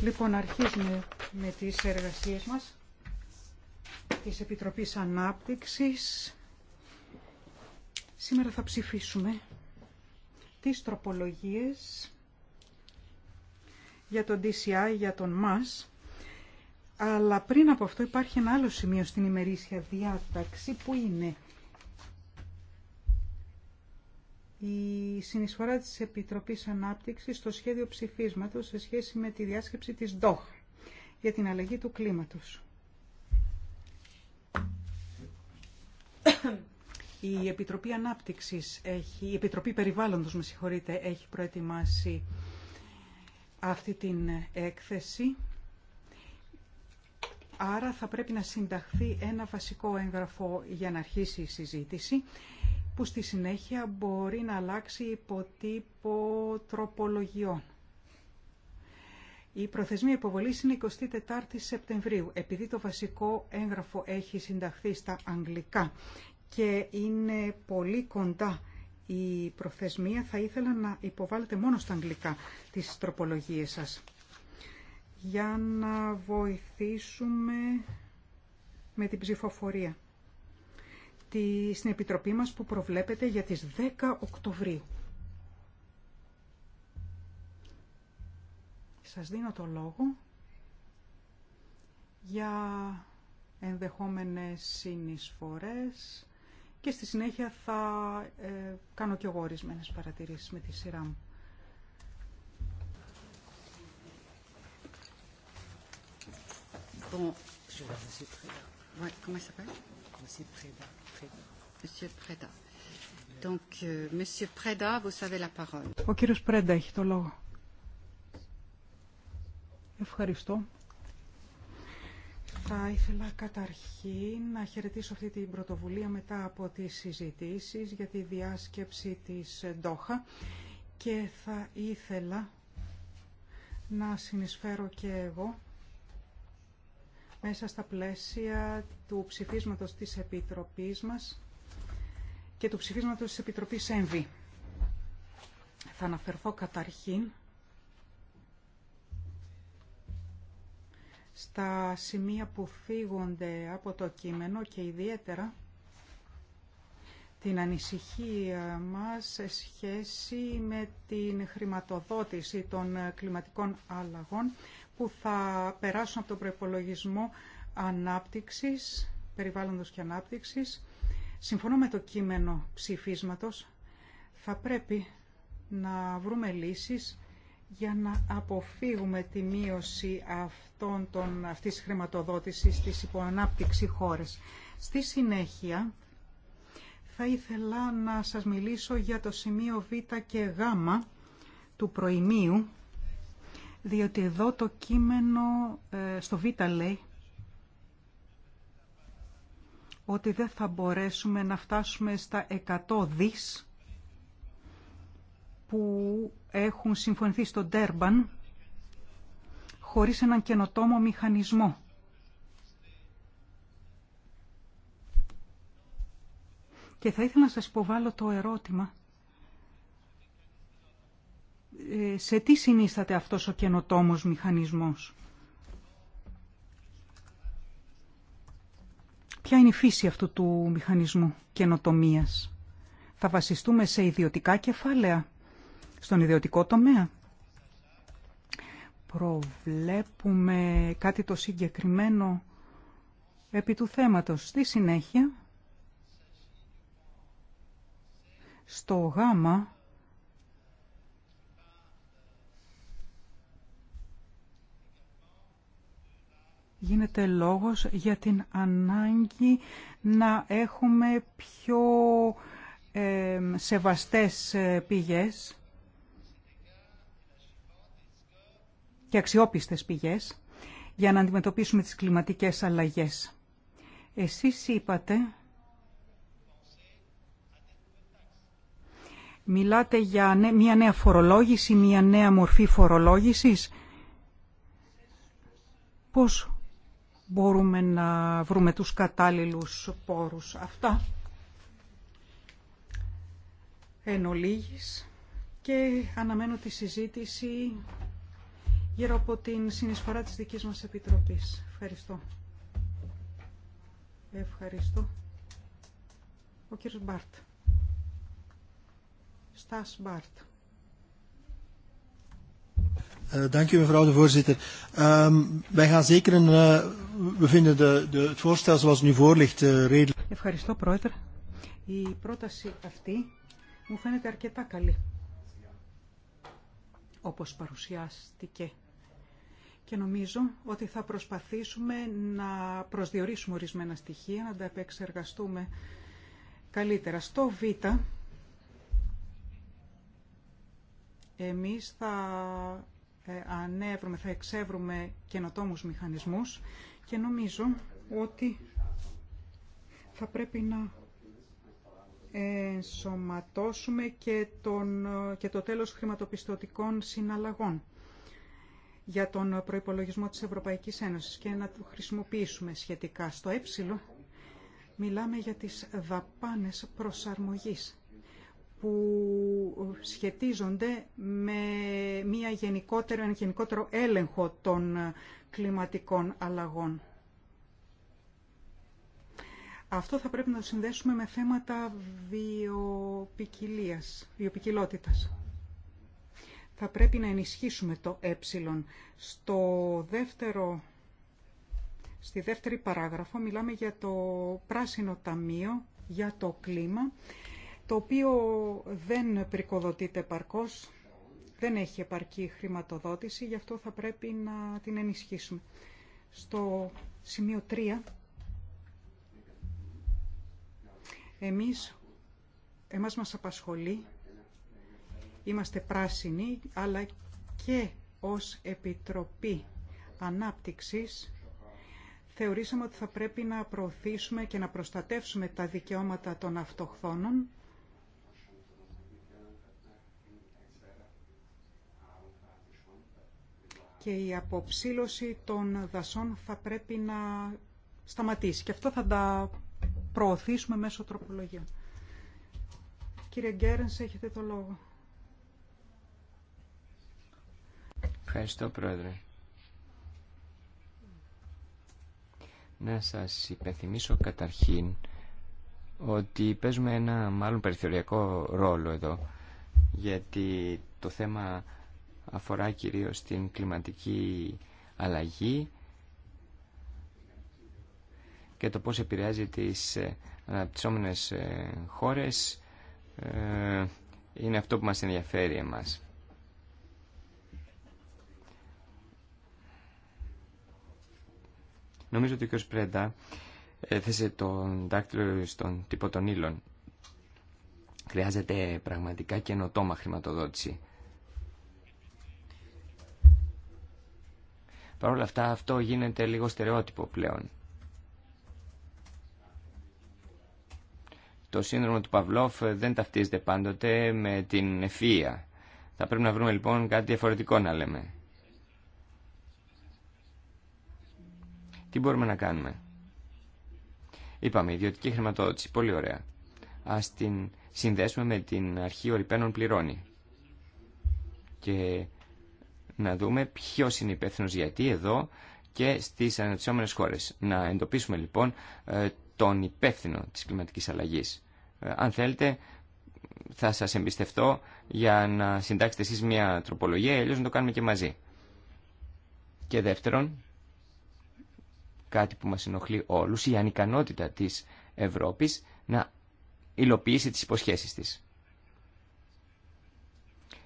Λοιπόν, αρχίζουμε με τις εργασίες μας της Επιτροπής Ανάπτυξης. Σήμερα θα ψηφίσουμε τις τροπολογίες για τον DCI, για τον ΜΑΣ. Αλλά πριν από αυτό υπάρχει ένα άλλο σημείο στην ημερήσια διάταξη που είναι η συνεισφορά της Επιτροπής Ανάπτυξης στο σχέδιο ψηφίσματος σε σχέση με τη διάσκεψη της ΔΟΧ για την αλλαγή του κλίματος. Η Επιτροπή Ανάπτυξης έχει, η Επιτροπή Περιβάλλοντος, με συγχωρείτε, έχει προετοιμάσει αυτή την έκθεση. Άρα θα πρέπει να συνταχθεί ένα βασικό έγγραφο για να αρχίσει η συζήτηση που στη συνέχεια μπορεί να αλλάξει υποτύπο τροπολογιών. Η προθεσμία υποβολής είναι 24 Σεπτεμβρίου. Επειδή το βασικό έγγραφο έχει συνταχθεί στα αγγλικά και είναι πολύ κοντά η προθεσμία, θα ήθελα να υποβάλλετε μόνο στα αγγλικά τις τροπολογίες σας. Για να βοηθήσουμε με την ψηφοφορία τη στην Επιτροπή μας που προβλέπεται για τις 10 Οκτωβρίου. Σας δίνω το λόγο για ενδεχόμενες συνεισφορές και στη συνέχεια θα ε, κάνω και εγώ ορισμένες παρατηρήσεις με τη σειρά μου. Comment s'appelle ο κύριος Πρέντα έχει το λόγο. Ευχαριστώ. Θα ήθελα καταρχήν να χαιρετήσω αυτή την πρωτοβουλία μετά από τις συζητήσεις για τη διάσκεψη της Ντόχα και θα ήθελα να συνεισφέρω και εγώ μέσα στα πλαίσια του ψηφίσματος της Επιτροπής μας και του ψηφίσματος της Επιτροπής ΕΜΒΗ. Θα αναφερθώ καταρχήν στα σημεία που φύγονται από το κείμενο και ιδιαίτερα την ανησυχία μας σε σχέση με την χρηματοδότηση των κλιματικών αλλαγών που θα περάσουν από τον προπολογισμό ανάπτυξης, περιβάλλοντος και ανάπτυξης. Συμφωνώ με το κείμενο ψηφίσματος. Θα πρέπει να βρούμε λύσεις για να αποφύγουμε τη μείωση αυτών των, αυτής της χρηματοδότησης στις υποανάπτυξη χώρες. Στη συνέχεια θα ήθελα να σας μιλήσω για το σημείο Β και Γ του προημίου διότι εδώ το κείμενο ε, στο Β λέει ότι δεν θα μπορέσουμε να φτάσουμε στα 100 δις που έχουν συμφωνηθεί στο Ντέρμπαν χωρίς έναν καινοτόμο μηχανισμό. Και θα ήθελα να σας υποβάλω το ερώτημα σε τι συνίσταται αυτός ο καινοτόμος μηχανισμός. Ποια είναι η φύση αυτού του μηχανισμού καινοτομίας. Θα βασιστούμε σε ιδιωτικά κεφάλαια, στον ιδιωτικό τομέα. Προβλέπουμε κάτι το συγκεκριμένο επί του θέματος. Στη συνέχεια, στο γάμα γίνεται λόγος για την ανάγκη να έχουμε πιο ε, σεβαστές ε, πηγές και αξιόπιστες πηγές για να αντιμετωπίσουμε τις κλιματικές αλλαγές. Εσείς είπατε, μιλάτε για μια νέα φορολόγηση, μια νέα μορφή φορολόγησης. Πώς μπορούμε να βρούμε τους κατάλληλους πόρους. Αυτά εν ολίγης και αναμένω τη συζήτηση γύρω από την συνεισφορά της δικής μας Επιτροπής. Ευχαριστώ. Ευχαριστώ. Ο κύριος Μπάρτ. Στάς Μπάρτ. Ευχαριστώ πρόεδρε. Η πρόταση αυτή μου φαίνεται αρκετά καλή. Όπως παρουσιάστηκε. Και νομίζω ότι θα προσπαθήσουμε να προσδιορίσουμε ορισμένα στοιχεία, να τα επεξεργαστούμε καλύτερα. Στο Β εμείς θα ε, ανέβρουμε, θα εξεύρουμε καινοτόμου μηχανισμούς και νομίζω ότι θα πρέπει να ενσωματώσουμε και, τον, και το τέλος χρηματοπιστωτικών συναλλαγών για τον προϋπολογισμό της Ευρωπαϊκής Ένωσης και να το χρησιμοποιήσουμε σχετικά στο ε. Μιλάμε για τις δαπάνες προσαρμογής που σχετίζονται με μια γενικότερο, ένα γενικότερο έλεγχο των κλιματικών αλλαγών. Αυτό θα πρέπει να το συνδέσουμε με θέματα βιοποικιλίας, βιοπικιλότητας. Θα πρέπει να ενισχύσουμε το ε. Στο δεύτερο, στη δεύτερη παράγραφο μιλάμε για το πράσινο ταμείο, για το κλίμα το οποίο δεν πρικοδοτείται παρκώς, δεν έχει επαρκή χρηματοδότηση, γι' αυτό θα πρέπει να την ενισχύσουμε. Στο σημείο 3, εμείς, εμάς μας απασχολεί, είμαστε πράσινοι, αλλά και ως Επιτροπή Ανάπτυξης θεωρήσαμε ότι θα πρέπει να προωθήσουμε και να προστατεύσουμε τα δικαιώματα των αυτοχθόνων και η αποψήλωση των δασών θα πρέπει να σταματήσει. Και αυτό θα τα προωθήσουμε μέσω τροπολογιών. Κύριε Γκέρνς, έχετε το λόγο. Ευχαριστώ, Πρόεδρε. Να σας υπενθυμίσω καταρχήν ότι παίζουμε ένα μάλλον περιθωριακό ρόλο εδώ, γιατί το θέμα αφορά κυρίως την κλιματική αλλαγή και το πώς επηρεάζει τις ε, αναπτυσσόμενες ε, χώρες ε, είναι αυτό που μας ενδιαφέρει εμάς. Νομίζω ότι ο κ. Πρέντα έθεσε τον δάκτυλο στον τύπο των ύλων. Χρειάζεται πραγματικά καινοτόμα χρηματοδότηση Παρ' όλα αυτά αυτό γίνεται λίγο στερεότυπο πλέον. Το σύνδρομο του Παυλόφ ε, δεν ταυτίζεται πάντοτε με την ευφύεια. Θα πρέπει να βρούμε λοιπόν κάτι διαφορετικό να λέμε. Τι μπορούμε να κάνουμε. Είπαμε, ιδιωτική χρηματοδότηση. Πολύ ωραία. Ας την συνδέσουμε με την αρχή ορυπαίνων πληρώνει. Και να δούμε ποιο είναι υπεύθυνο γιατί εδώ και στις αναπτυσσόμενε χώρε. Να εντοπίσουμε λοιπόν ε, τον υπεύθυνο της κλιματικής αλλαγή. Ε, αν θέλετε θα σα εμπιστευτώ για να συντάξετε εσεί μια τροπολογία, αλλιώ να το κάνουμε και μαζί. Και δεύτερον, κάτι που μας ενοχλεί όλους, η ανικανότητα της Ευρώπης να υλοποιήσει τις υποσχέσεις της.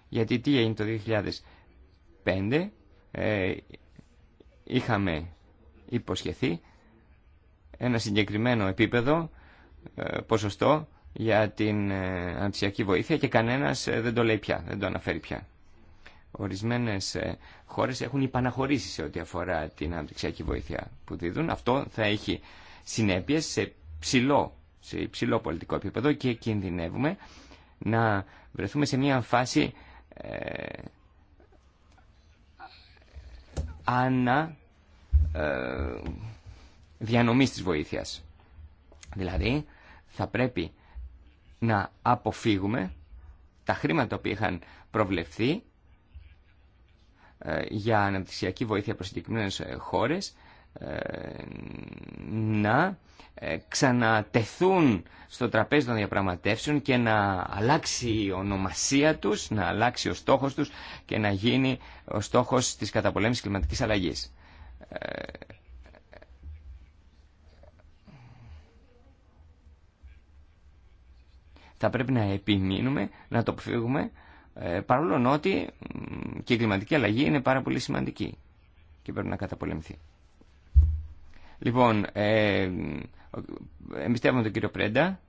Γιατί τι έγινε το ε, είχαμε υποσχεθεί ένα συγκεκριμένο επίπεδο, ε, ποσοστό για την ε, αντισιακή βοήθεια και κανένας δεν το λέει πια, δεν το αναφέρει πια. Ορισμένες χώρες έχουν υπαναχωρήσει σε ό,τι αφορά την αντισιακή βοήθεια που δίδουν. Αυτό θα έχει συνέπειες σε ψηλό, σε ψηλό πολιτικό επίπεδο και κινδυνεύουμε να βρεθούμε σε μια φάση ανά ε, διανομής της βοήθειας. Δηλαδή, θα πρέπει να αποφύγουμε τα χρήματα που είχαν προβλεφθεί ε, για αναπτυξιακή βοήθεια προς συγκεκριμένε ε, χώρες ε, να ε, ξανατεθούν στο τραπέζι των διαπραγματεύσεων και να αλλάξει η ονομασία τους, να αλλάξει ο στόχος τους και να γίνει ο στόχος της καταπολέμησης κλιματικής αλλαγής. Ε, θα πρέπει να επιμείνουμε, να το αποφύγουμε, παρόλο ότι και η κλιματική αλλαγή είναι πάρα πολύ σημαντική και πρέπει να καταπολεμηθεί. Λοιπόν, ε, εμπιστεύομαι τον κύριο Πρέντα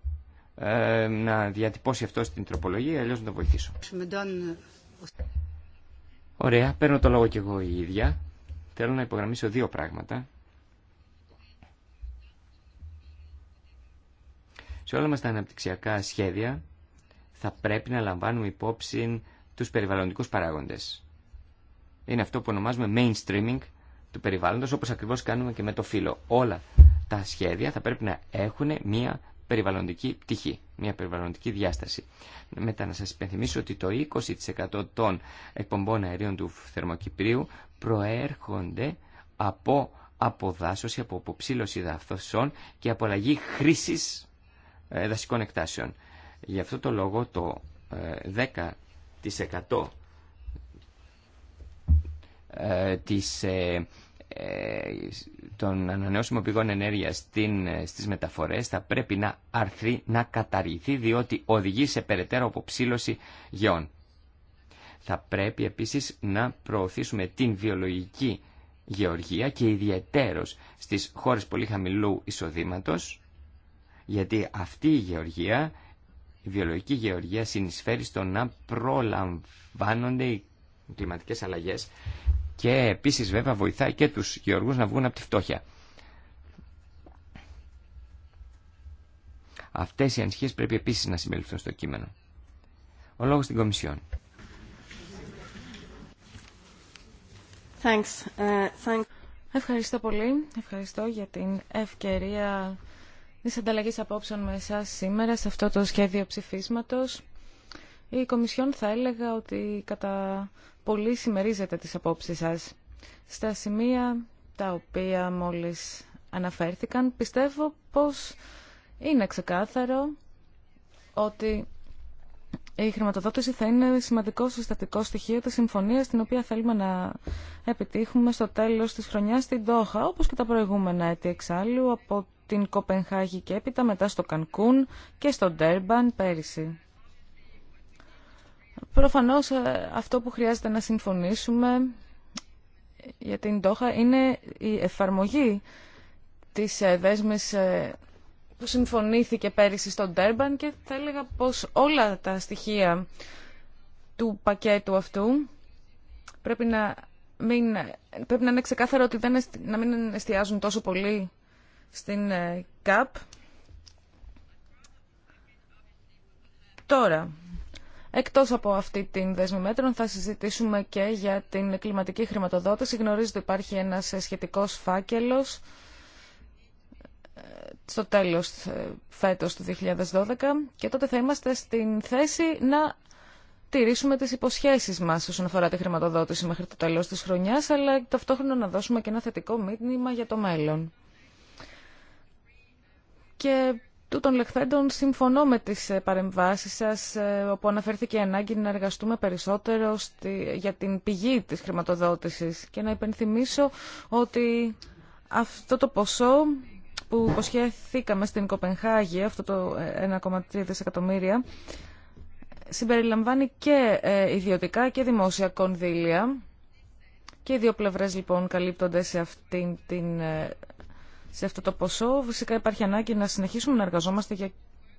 ε, να διατυπώσει αυτό στην τροπολογία, αλλιώ να το βοηθήσω. Ωραία, παίρνω το λόγο κι εγώ η ίδια. Θέλω να υπογραμμίσω δύο πράγματα. Σε όλα μας τα αναπτυξιακά σχέδια θα πρέπει να λαμβάνουμε υπόψη τους περιβαλλοντικούς παράγοντες. Είναι αυτό που ονομάζουμε mainstreaming του περιβάλλοντος, όπως ακριβώς κάνουμε και με το φύλλο. Όλα τα σχέδια θα πρέπει να έχουν μια περιβαλλοντική πτυχή, μια περιβαλλοντική διάσταση. Μετά να σας υπενθυμίσω ότι το 20% των εκπομπών αερίων του Θερμοκυπρίου προέρχονται από αποδάσωση, από αποψήλωση δαφθοσών και από αλλαγή χρήσης ε, δασικών εκτάσεων. Γι' αυτό το λόγο το 10% ε, ε, της ε, των ανανεώσιμων πηγών ενέργειας στι ε, στις μεταφορές θα πρέπει να αρθεί, να καταργηθεί διότι οδηγεί σε περαιτέρω αποψήλωση γεών. Θα πρέπει επίσης να προωθήσουμε την βιολογική γεωργία και ιδιαιτέρως στις χώρες πολύ χαμηλού εισοδήματος γιατί αυτή η γεωργία, η βιολογική γεωργία συνεισφέρει στο να προλαμβάνονται οι κλιματικές αλλαγές και επίσης βέβαια βοηθάει και τους γεωργούς να βγουν από τη φτώχεια. Αυτές οι ανησυχίες πρέπει επίσης να συμπεριληφθούν στο κείμενο. Ο λόγος στην Κομισιόν. Thanks. Ε, Ευχαριστώ πολύ. Ευχαριστώ για την ευκαιρία της ανταλλαγής απόψεων με εσάς σήμερα σε αυτό το σχέδιο ψηφίσματος. Η Κομισιόν θα έλεγα ότι κατά πολύ συμμερίζεται τις απόψεις σας. Στα σημεία τα οποία μόλις αναφέρθηκαν, πιστεύω πως είναι ξεκάθαρο ότι η χρηματοδότηση θα είναι σημαντικό συστατικό στοιχείο της συμφωνίας την οποία θέλουμε να επιτύχουμε στο τέλος της χρονιάς στην Τόχα, όπως και τα προηγούμενα έτη εξάλλου από την Κοπενχάγη και έπειτα, μετά στο Κανκούν και στο Ντέρμπαν πέρυσι. Προφανώς ε, αυτό που χρειάζεται να συμφωνήσουμε για την τόχα είναι η εφαρμογή της ε, δέσμης ε, που συμφωνήθηκε πέρυσι στον Τέρμπαν και θα έλεγα πως όλα τα στοιχεία του πακέτου αυτού πρέπει να, μην, πρέπει να είναι ξεκάθαρο ότι δεν, να μην εστιάζουν τόσο πολύ στην ΚΑΠ. Τώρα, Εκτός από αυτή την δέσμη μέτρων θα συζητήσουμε και για την κλιματική χρηματοδότηση. Γνωρίζετε υπάρχει ένας σχετικός φάκελος ε, στο τέλος ε, φέτος του 2012 και τότε θα είμαστε στην θέση να τηρήσουμε τις υποσχέσεις μας όσον αφορά τη χρηματοδότηση μέχρι το τέλος της χρονιάς αλλά ταυτόχρονα να δώσουμε και ένα θετικό μήνυμα για το μέλλον. Και Τούτων λεχθέντων συμφωνώ με τις ε, παρεμβάσεις σας ε, όπου αναφέρθηκε η ανάγκη να εργαστούμε περισσότερο για την πηγή της χρηματοδότησης και να υπενθυμίσω ότι αυτό το ποσό που υποσχεθήκαμε στην Κοπενχάγη, αυτό το 1,3 ε, δισεκατομμύρια, συμπεριλαμβάνει και ιδιωτικά και δημόσια κονδύλια και οι δύο πλευρές λοιπόν καλύπτονται σε αυτήν την σε αυτό το ποσό. Φυσικά υπάρχει ανάγκη να συνεχίσουμε να εργαζόμαστε για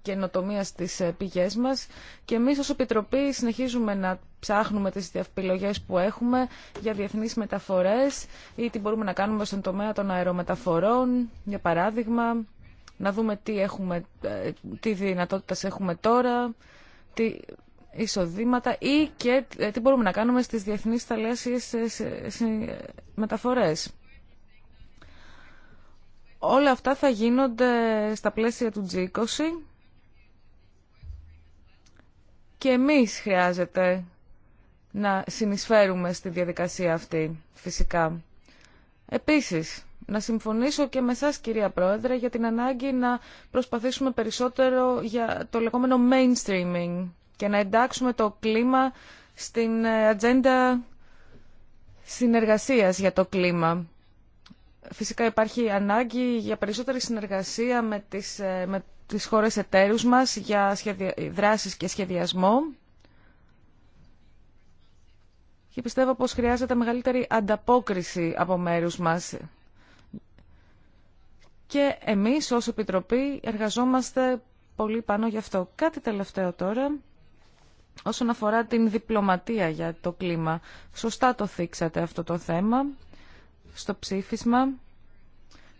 καινοτομία στι ε, πηγέ μας και εμείς ως Επιτροπή συνεχίζουμε να ψάχνουμε τις επιλογές που έχουμε για διεθνεί μεταφορές ή τι μπορούμε να κάνουμε στον τομέα των αερομεταφορών, για παράδειγμα, να δούμε τι, έχουμε, ε, τι δυνατότητες έχουμε τώρα, τι εισοδήματα ή και ε, τι μπορούμε να κάνουμε στις διεθνείς θαλάσσιες μεταφορές. Όλα αυτά θα γίνονται στα πλαίσια του G20 και εμείς χρειάζεται να συνεισφέρουμε στη διαδικασία αυτή, φυσικά. Επίσης, να συμφωνήσω και με εσάς, κυρία Πρόεδρε, για την ανάγκη να προσπαθήσουμε περισσότερο για το λεγόμενο mainstreaming και να εντάξουμε το κλίμα στην ε, ατζέντα συνεργασίας για το κλίμα. Φυσικά υπάρχει ανάγκη για περισσότερη συνεργασία με τις, ε, με τις χώρες εταίρους μας για σχεδια... δράσεις και σχεδιασμό και πιστεύω πως χρειάζεται μεγαλύτερη ανταπόκριση από μέρους μας. Και εμείς ως Επιτροπή εργαζόμαστε πολύ πάνω γι' αυτό. Κάτι τελευταίο τώρα όσον αφορά την διπλωματία για το κλίμα. Σωστά το θίξατε αυτό το θέμα στο ψήφισμα.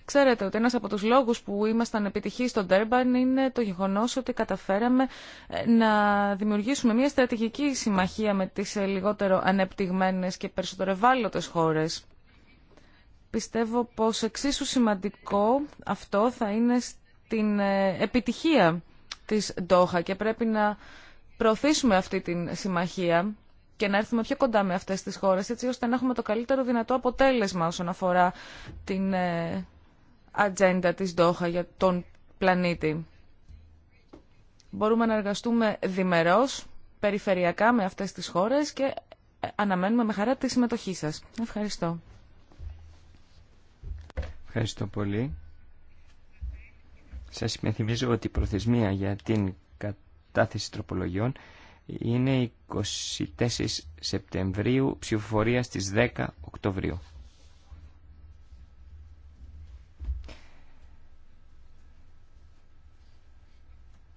Ξέρετε ότι ένας από τους λόγους που ήμασταν επιτυχείς στον Τέρμπαν είναι το γεγονός ότι καταφέραμε ε, να δημιουργήσουμε μια στρατηγική συμμαχία με τις ε, λιγότερο ανεπτυγμένες και περισσότερο ευάλωτες χώρες. Πιστεύω πως εξίσου σημαντικό αυτό θα είναι στην ε, επιτυχία της Ντόχα και πρέπει να προωθήσουμε αυτή την συμμαχία και να έρθουμε πιο κοντά με αυτές τις χώρες, έτσι ώστε να έχουμε το καλύτερο δυνατό αποτέλεσμα όσον αφορά την ε, ατζέντα της Ντόχα για τον πλανήτη. Μπορούμε να εργαστούμε διμερώς, περιφερειακά με αυτές τις χώρες και ε, αναμένουμε με χαρά τη συμμετοχή σας. Ευχαριστώ. Ευχαριστώ πολύ. Σας υπενθυμίζω ότι η προθεσμία για την κατάθεση τροπολογιών είναι 24 Σεπτεμβρίου, ψηφοφορία στις 10 Οκτωβρίου.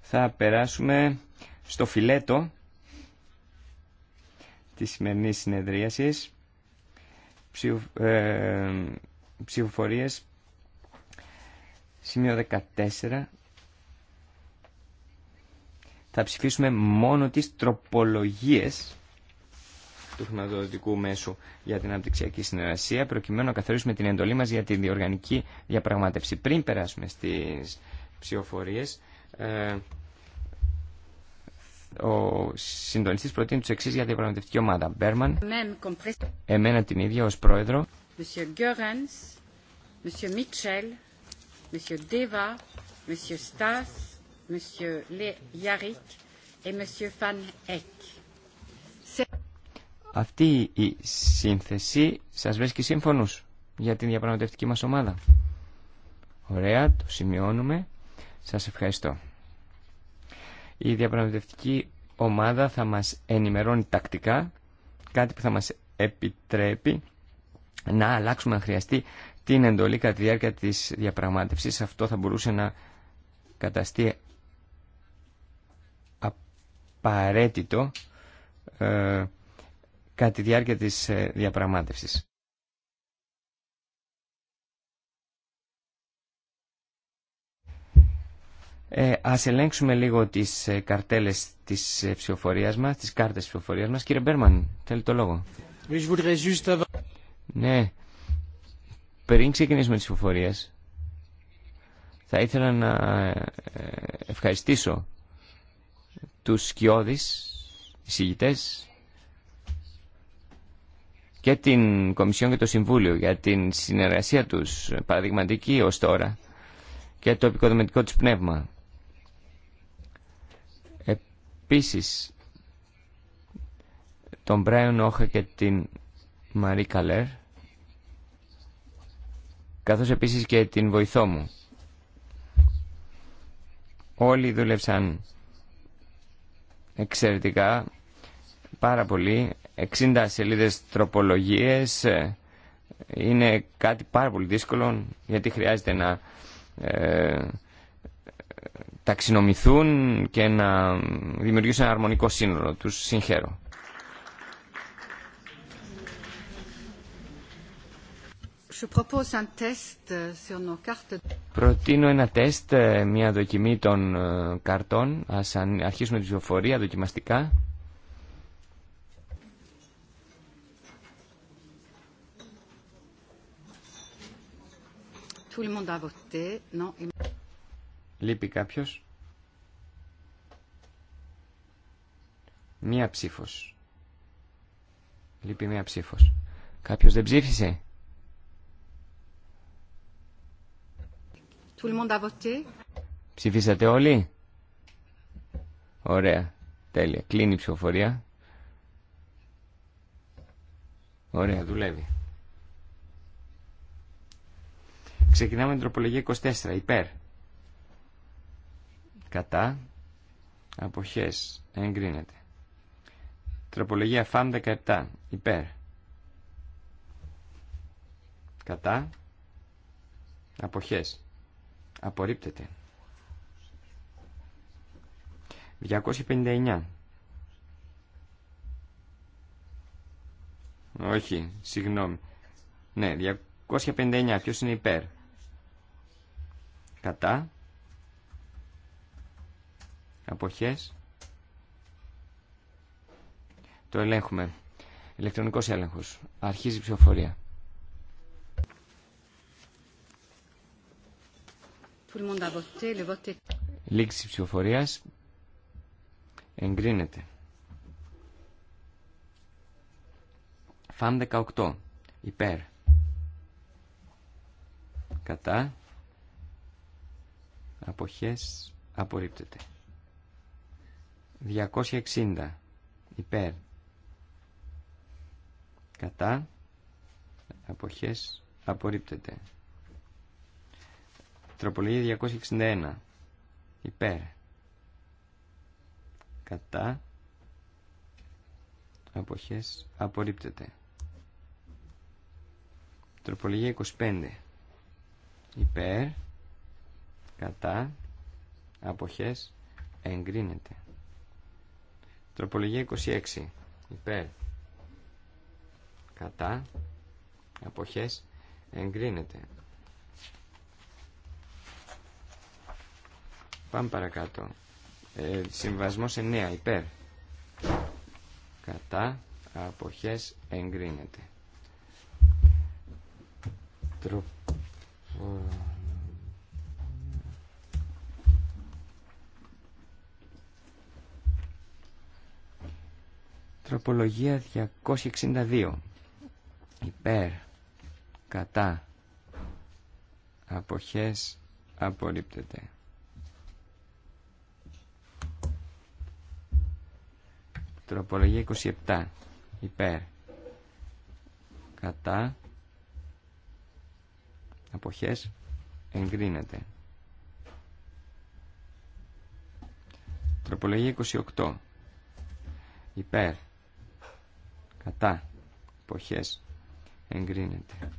Θα περάσουμε στο φιλέτο της σημερινής συνεδρίασης. Ε, ψηφοφορίες σημείο 14 θα ψηφίσουμε μόνο τις τροπολογίες του χρηματοδοτικού μέσου για την αναπτυξιακή συνεργασία, προκειμένου να καθορίσουμε την εντολή μας για την διοργανική διαπραγμάτευση. Πριν περάσουμε στις ψηφοφορίες, ε, ο συντονιστή προτείνει του εξή για την διαπραγματευτική ομάδα. Μπέρμαν, εμένα την ίδια ω πρόεδρο. Monsieur Monsieur Monsieur αυτή η σύνθεση σας βρίσκει σύμφωνους για την διαπραγματευτική μας ομάδα. Ωραία, το σημειώνουμε. Σας ευχαριστώ. Η διαπραγματευτική ομάδα θα μας ενημερώνει τακτικά, κάτι που θα μας επιτρέπει να αλλάξουμε αν χρειαστεί την εντολή κατά τη διάρκεια της διαπραγμάτευσης. Αυτό θα μπορούσε να καταστεί απαραίτητο ε, κατά τη διάρκεια της ε, διαπραγμάτευσης. Ε, ας ελέγξουμε λίγο τις ε, καρτέλες της ε, ψηφοφορίας μας, τις κάρτες ψηφοφορίας μας. Κύριε Μπέρμαν, θέλει το λόγο. Ναι, πριν ξεκινήσουμε τις ψηφοφορίες, θα ήθελα να ευχαριστήσω τους οι συγητέ και την Κομισιόν και το Συμβούλιο για την συνεργασία τους παραδειγματική ως τώρα και το επικοδομητικό του πνεύμα. Επίση, τον Μπράιον Όχα και την Μαρή Καλέρ καθώς επίσης και την βοηθό μου. Όλοι δούλευσαν εξαιρετικά πάρα πολύ. 60 σελίδες τροπολογίες ε, είναι κάτι πάρα πολύ δύσκολο γιατί χρειάζεται να ε, ταξινομηθούν και να δημιουργήσουν ένα αρμονικό σύνολο. Τους συγχαίρω. Euh, Προτείνω ένα τεστ, ε, μια δοκιμή των ε, καρτών. Ας αρχίσουμε τη ψηφοφορία δοκιμαστικά. Λείπει κάποιος. Μία ψήφος. Λείπει μία ψήφος. Κάποιος δεν ψήφισε. Ψηφίσατε όλοι. Ωραία. Τέλεια. Κλείνει η ψηφοφορία. Ωραία. Δουλεύει. Ξεκινάμε με την τροπολογία 24. Υπέρ. Κατά. Αποχές. Εγκρίνεται. Τροπολογία ΦΑΜ 17. Υπέρ. Κατά. Αποχές. Απορρίπτεται. 259. Όχι, συγγνώμη. Ναι, 259. Ποιος είναι υπέρ. Κατά. Αποχές. Το ελέγχουμε. Ηλεκτρονικός έλεγχος. Αρχίζει η ψηφοφορία. Λήξη ψηφοφορία Εγκρίνεται. ΦΑΜ 18. Υπέρ. Κατά. Αποχές. Απορρίπτεται. 260. Υπέρ. Κατά. Αποχές. Απορρίπτεται. Τροπολογία 261. Υπέρ. Κατά. Αποχές. Απορρίπτεται. Τροπολογία 25. Υπέρ. Κατά. Αποχές. Εγκρίνεται. Τροπολογία 26. Υπέρ. Κατά. Αποχές. Εγκρίνεται. Πάμε παρακάτω. Ε, συμβασμός 9 υπέρ. Κατά απόχέ εγκρίνεται. Τροπολογία 262 υπέρ κατά αποχές απορρίπτεται. Τροπολογία 27. Υπέρ. Κατά. Αποχές. Εγκρίνεται. Τροπολογία 28. Υπέρ. Κατά. Αποχές. Εγκρίνεται.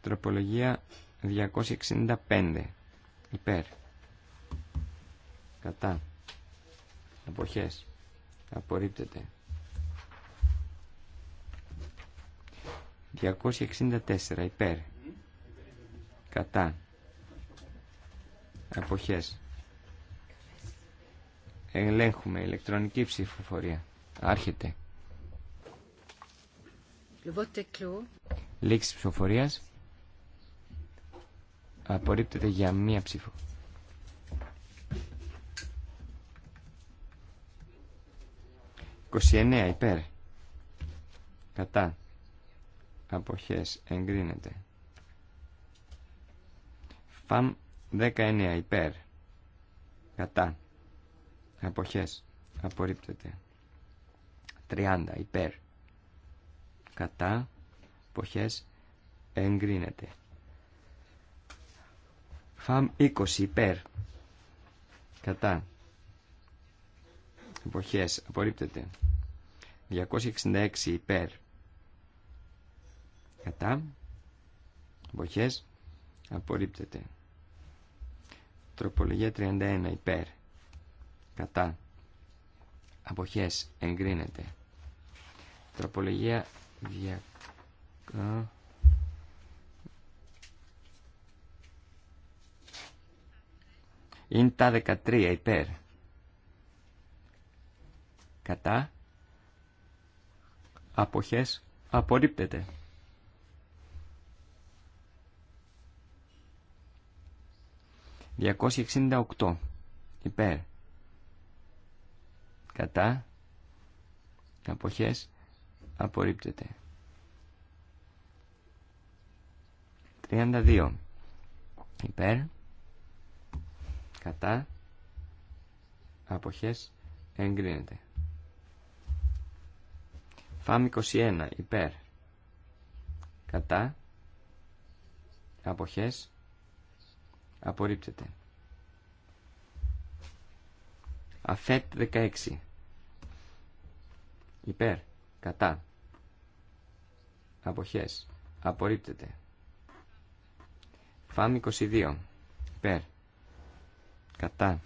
Τροπολογία 265. Υπέρ κατά αποχές απορρίπτεται 264 υπέρ κατά αποχές ελέγχουμε ηλεκτρονική ψηφοφορία άρχεται λήξη ψηφοφορίας απορρίπτεται για μία ψήφο 29 υπέρ. Κατά. Αποχές εγκρίνεται. Φαμ 19 υπέρ. Κατά. Αποχές απορρίπτεται. 30 υπέρ. Κατά. Αποχές εγκρίνεται. Φαμ 20 υπέρ. Κατά εποχές απορρίπτεται 266 υπέρ κατά εποχές απορρίπτεται τροπολογία 31 υπέρ κατά αποχές εγκρίνεται τροπολογία 200 Είναι τα 13 υπέρ κατά, αποχές, απορρίπτεται. ...268 υπέρ κατά αποχές απορρίπτεται. 32. Υπέρ, κατά, αποχές εγκρίνεται. Φάμ 21 υπέρ. Κατά. Αποχές. Απορρίπτεται. Αφέτ 16. Υπέρ. Κατά. Αποχές. Απορρίπτεται. Φάμ 22. Υπέρ. Κατά.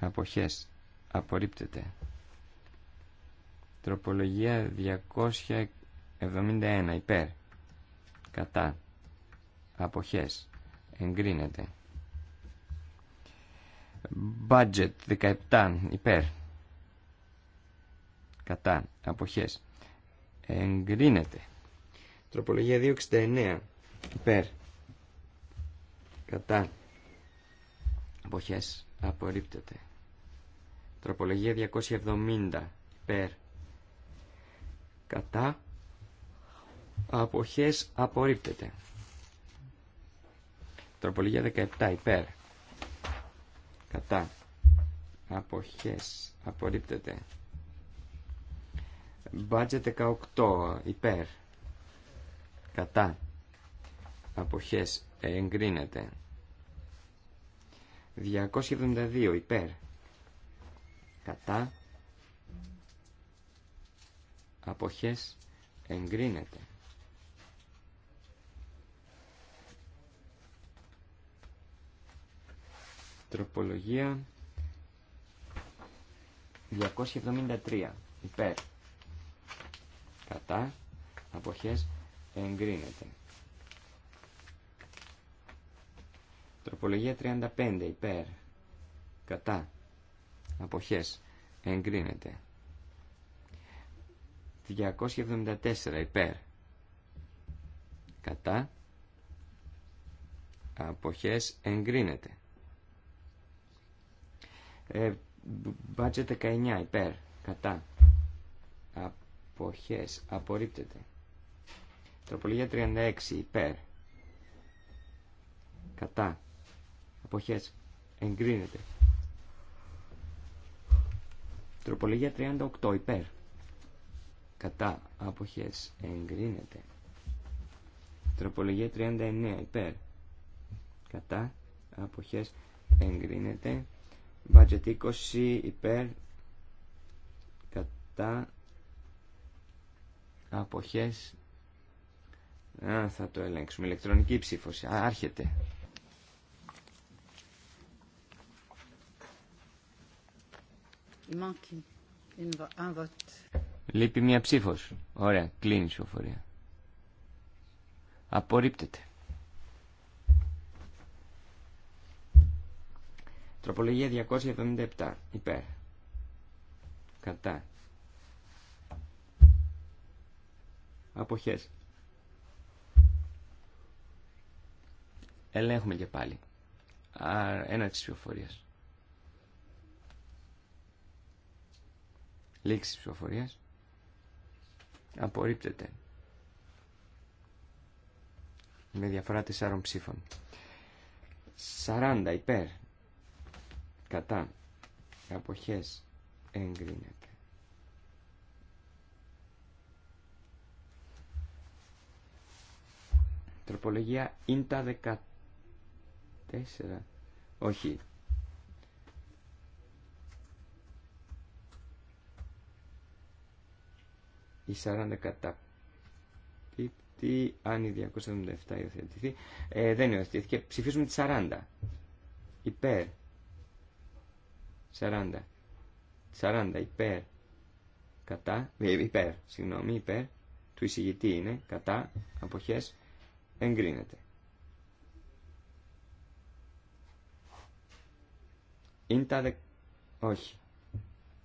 Αποχές. Απορρίπτεται. Τροπολογία 271 υπέρ. Κατά. Αποχές. Εγκρίνεται. Budget 17 υπέρ. Κατά. Αποχές. Εγκρίνεται. Τροπολογία 269 υπέρ. Κατά. Αποχές. Απορρίπτεται. Τροπολογία 270 υπέρ κατά αποχές απορρίπτεται. Τροπολογία 17 υπέρ κατά αποχές απορρίπτεται. Μπάτζετ 18 υπέρ κατά αποχές εγκρίνεται. 272 υπέρ κατά αποχές εγκρίνεται. Τροπολογία 273 υπέρ κατά αποχές εγκρίνεται. Τροπολογία 35 υπέρ κατά αποχές εγκρίνεται. 274 υπέρ κατά αποχές εγκρίνεται ε, budget 19 υπέρ κατά αποχές απορρίπτεται τροπολογία 36 υπέρ κατά αποχές εγκρίνεται τροπολογία 38 υπέρ κατά αποχές εγκρίνεται τροπολογία 39 υπέρ κατά αποχές εγκρίνεται budget 20 υπέρ κατά αποχές Α, θα το ελέγξουμε ηλεκτρονική ψήφωση. Α, άρχεται Il manque Λείπει μία ψήφος. Ωραία, κλείνει η ψηφοφορία. Απορρίπτεται. Τροπολογία 277. Υπέρ. Κατά. Αποχές. Ελέγχουμε και πάλι. Ένα της ψηφοφορίας. Λήξη ψηφοφορίας απορρίπτεται με διαφορά τεσσάρων ψήφων Σαράντα υπέρ κατά αποχές εγκρίνεται Τροπολογία Τροπολογία τα δεκατέσσερα. όχι η 40 Πίπτη αν η 277 υιοθετηθεί, ε, δεν υιοθετήθηκε, ψηφίζουμε τη 40, υπέρ, 40, 40 υπέρ, κατά, ε, υπέρ, συγγνώμη, υπέρ, του εισηγητή είναι, κατά, αποχέ εγκρίνεται. Είναι τα δε... όχι,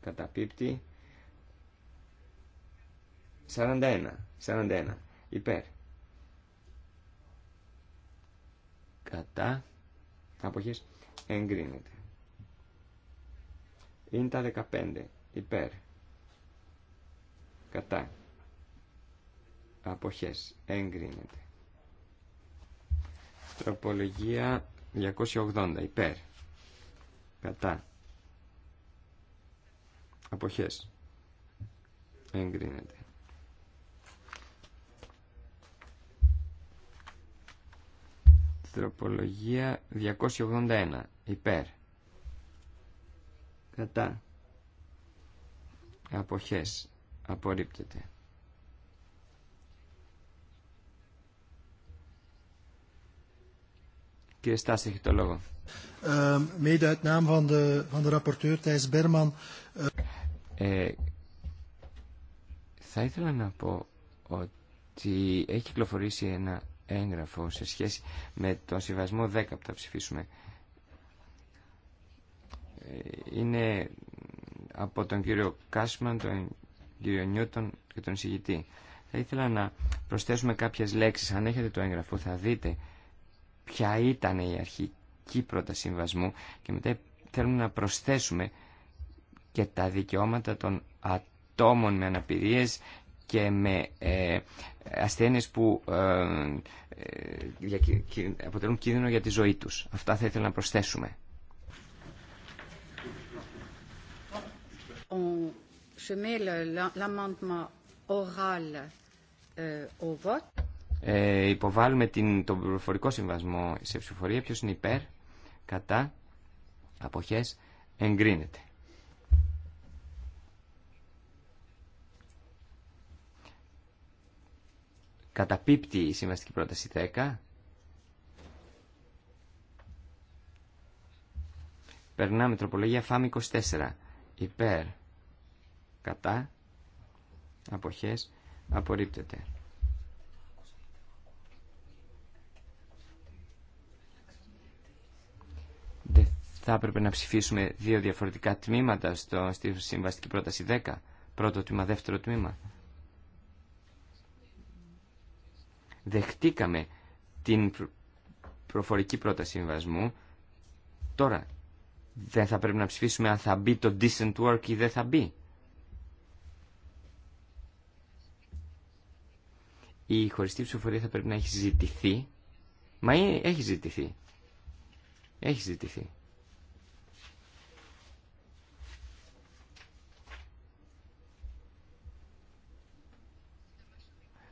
καταπίπτει, 41. 41. Υπέρ. Κατά. Αποχής. Εγκρίνεται. Είναι τα 15. Υπέρ. Κατά. Αποχές. Εγκρίνεται. Τροπολογία 280. Υπέρ. Κατά. Αποχές. Εγκρίνεται. Τροπολογία 281. Υπέρ. Κατά. Αποχές. Απορρίπτεται. Κύριε Στάση, έχει το λόγο. Ehm, ε, θα ήθελα να πω ότι έχει κυκλοφορήσει ένα έγγραφο σε σχέση με τον συμβασμό 10 που θα ψηφίσουμε. Ε, είναι από τον κύριο Κάσμαν, τον κύριο Νιούτον και τον Συγητή. Θα ήθελα να προσθέσουμε κάποιες λέξεις. Αν έχετε το έγγραφο θα δείτε ποια ήταν η αρχική πρώτα συμβασμού και μετά θέλουμε να προσθέσουμε και τα δικαιώματα των ατόμων με αναπηρίες και με ε, ασθένειες που ε, ε, αποτελούν κίνδυνο για τη ζωή τους. Αυτά θα ήθελα να προσθέσουμε. υποβάλλουμε την, τον Πληροφορικό συμβασμό σε ψηφοφορία. Ποιος είναι υπέρ, κατά, αποχές, εγκρίνεται. Καταπίπτει η συμβαστική πρόταση 10. Περνάμε τροπολογία ΦΑΜ 24. Υπέρ. Κατά. Αποχές. Απορρίπτεται. Δεν θα έπρεπε να ψηφίσουμε δύο διαφορετικά τμήματα στο, στη συμβαστική πρόταση 10. Πρώτο τμήμα, δεύτερο τμήμα. δεχτήκαμε την προφορική πρόταση συμβασμού. Τώρα δεν θα πρέπει να ψηφίσουμε αν θα μπει το decent work ή δεν θα μπει. Η χωριστή ψηφοφορία θα πρέπει να έχει ζητηθεί. Μα έχει ζητηθεί. Έχει ζητηθεί.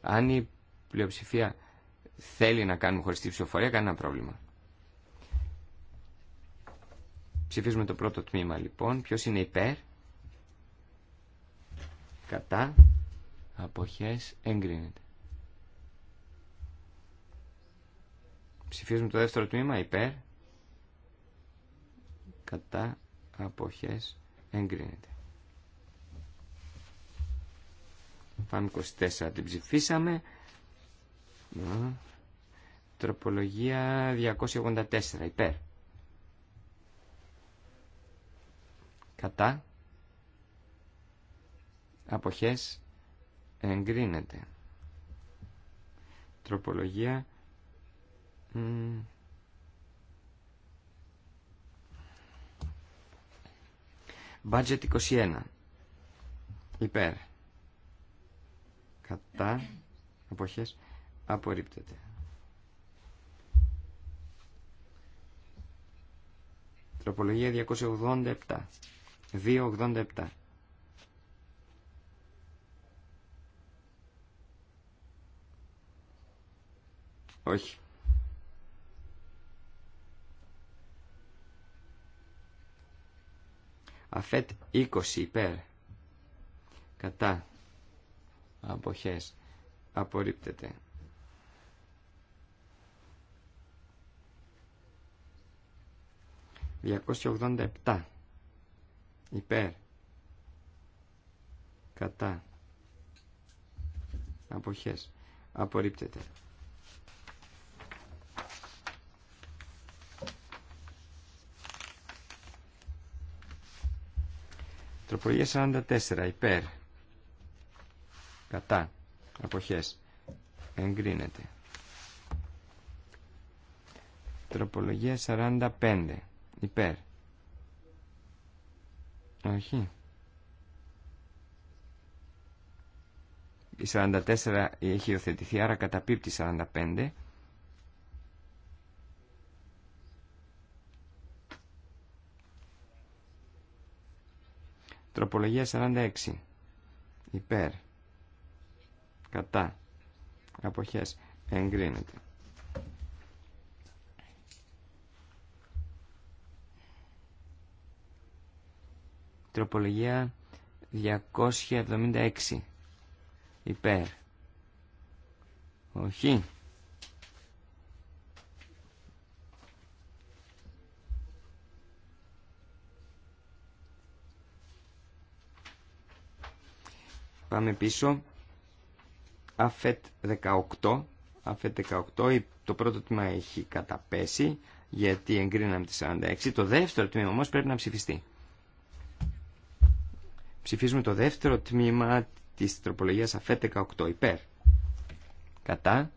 Αν πλειοψηφία θέλει να κάνουμε χωριστή ψηφοφορία, κανένα πρόβλημα. Ψηφίζουμε το πρώτο τμήμα λοιπόν. Ποιο είναι υπέρ, κατά, αποχές, εγκρίνεται. Ψηφίζουμε το δεύτερο τμήμα υπέρ, κατά, αποχές, εγκρίνεται. Πάμε 24, την ψηφίσαμε. Τροπολογία 284 υπέρ. Κατά. Αποχές εγκρίνεται. Τροπολογία... Budget 21. Υπέρ. Κατά. Αποχές απορρίπτεται. Τροπολογία 287. 287. Όχι. Αφέτ 20 υπέρ. Κατά. Αποχές. Απορρίπτεται. 287 υπέρ κατά αποχές απορρίπτεται Τροπολογία 44 υπέρ κατά αποχές εγκρίνεται Τροπολογία 45 Υπέρ. Όχι. Η 44 έχει υιοθετηθεί, άρα καταπίπτει 45. Τροπολογία 46. Υπέρ. Κατά. Αποχές. Εγκρίνεται. Τροπολογία 276. Υπέρ. Όχι. Πάμε πίσω. Αφετ 18. Αφετ 18. Το πρώτο τμήμα έχει καταπέσει γιατί εγκρίναμε τη 46. Το δεύτερο τμήμα όμως πρέπει να ψηφιστεί. Ψηφίζουμε το δεύτερο τμήμα της τροπολογίας ΑΦΕΤ 18 υπέρ. Κατά.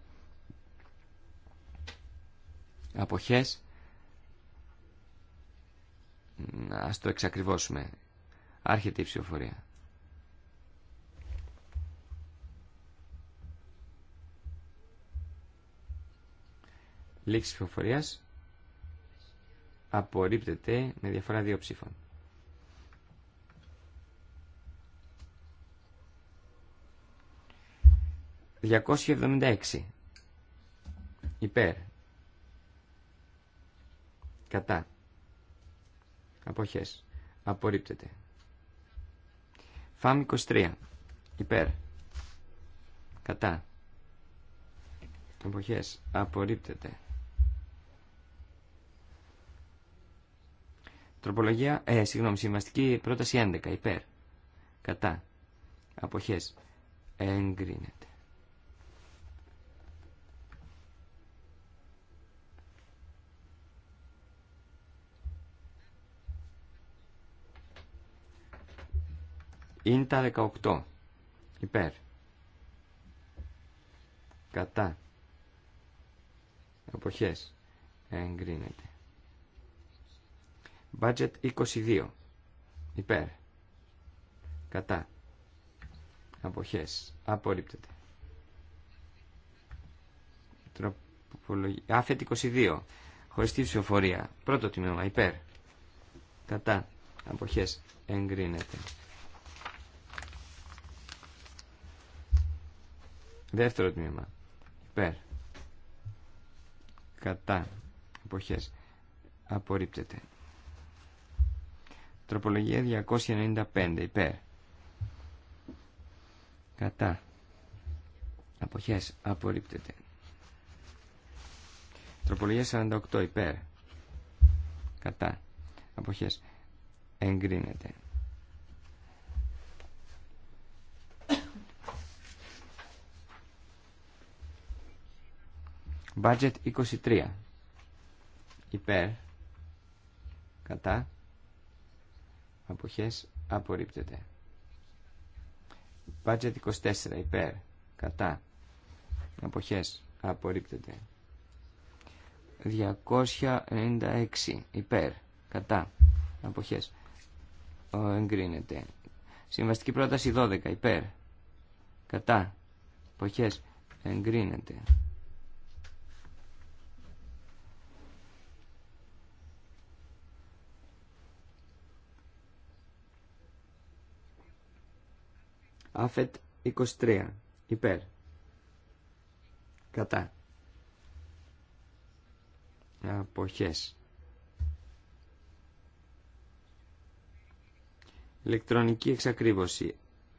Αποχές. Ας το εξακριβώσουμε. Άρχεται η ψηφοφορία. Λήξη ψηφοφορίας απορρίπτεται με διαφορά δύο ψήφων. 276. Υπέρ. Κατά. Αποχές. Απορρίπτεται. Φάμ 23. Υπέρ. Κατά. Αποχές. Απορρίπτεται. Τροπολογία, ε, συγγνώμη, συμβαστική πρόταση 11, υπέρ. Κατά. Αποχές. Εγκρίνεται. Είναι τα 18. Υπέρ. Κατά. Εποχές. Εγκρίνεται. Budget 22. Υπέρ. Κατά. Αποχές. Απορρίπτεται. Τροπολογία. Άφετ 22. Χωριστή ψηφοφορία. Πρώτο τμήμα. Υπέρ. Κατά. Αποχές. Εγκρίνεται. Δεύτερο τμήμα. Υπέρ. Κατά. Εποχές. Απορρίπτεται. Τροπολογία 295. Υπέρ. Κατά. Αποχές. Απορρίπτεται. Τροπολογία 48. Υπέρ. Κατά. Αποχές. Εγκρίνεται. Budget 23. Υπέρ. Κατά. Αποχές απορρίπτεται. Budget 24. Υπέρ. Κατά. Αποχές απορρίπτεται. 296. Υπέρ. Κατά. Αποχές. Εγκρίνεται. Συμβαστική πρόταση 12. Υπέρ. Κατά. Αποχές. Εγκρίνεται. Αφετ 23. Υπέρ. Κατά. Αποχές. Ηλεκτρονική εξακρίβωση.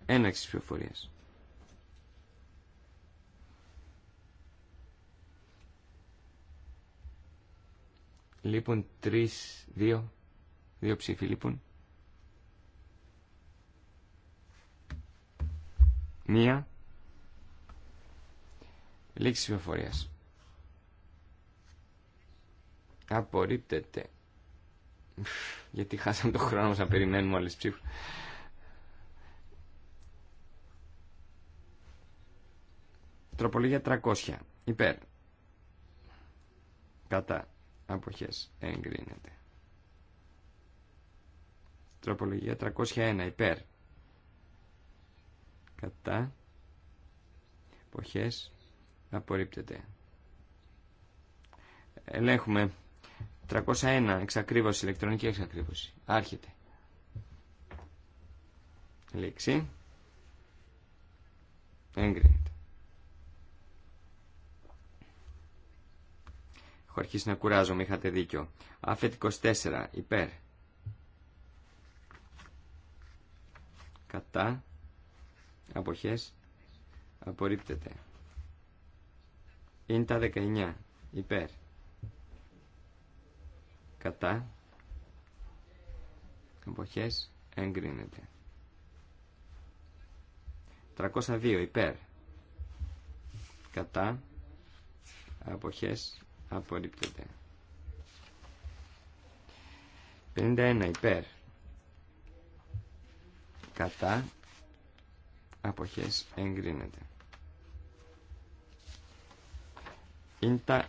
Έναξη πληροφορίας. Λείπουν λοιπόν, τρεις, δύο, δύο ψήφοι λείπουν. Λοιπόν. Μία. Λήξη ψηφοφορίας. Απορρίπτεται. Γιατί χάσαμε τον χρόνο μας να περιμένουμε όλε ψήφους. Τροπολογία 300. Υπέρ. Κατά. Αποχές. Εγκρίνεται. Τροπολογία 301. Υπέρ κατά εποχές απορρίπτεται. Ελέγχουμε 301 εξακρίβωση, ηλεκτρονική εξακρίβωση. Άρχεται. Λήξη. Έγκρινεται. Έχω αρχίσει να κουράζομαι, είχατε δίκιο. Αφέτη 24, υπέρ. Κατά αποχές απορρίπτεται. Είναι τα 19 υπέρ κατά αποχές εγκρίνεται. 302 υπέρ κατά αποχές απορρίπτεται. 51 υπέρ κατά αποχές εγκρίνεται. Ίντα...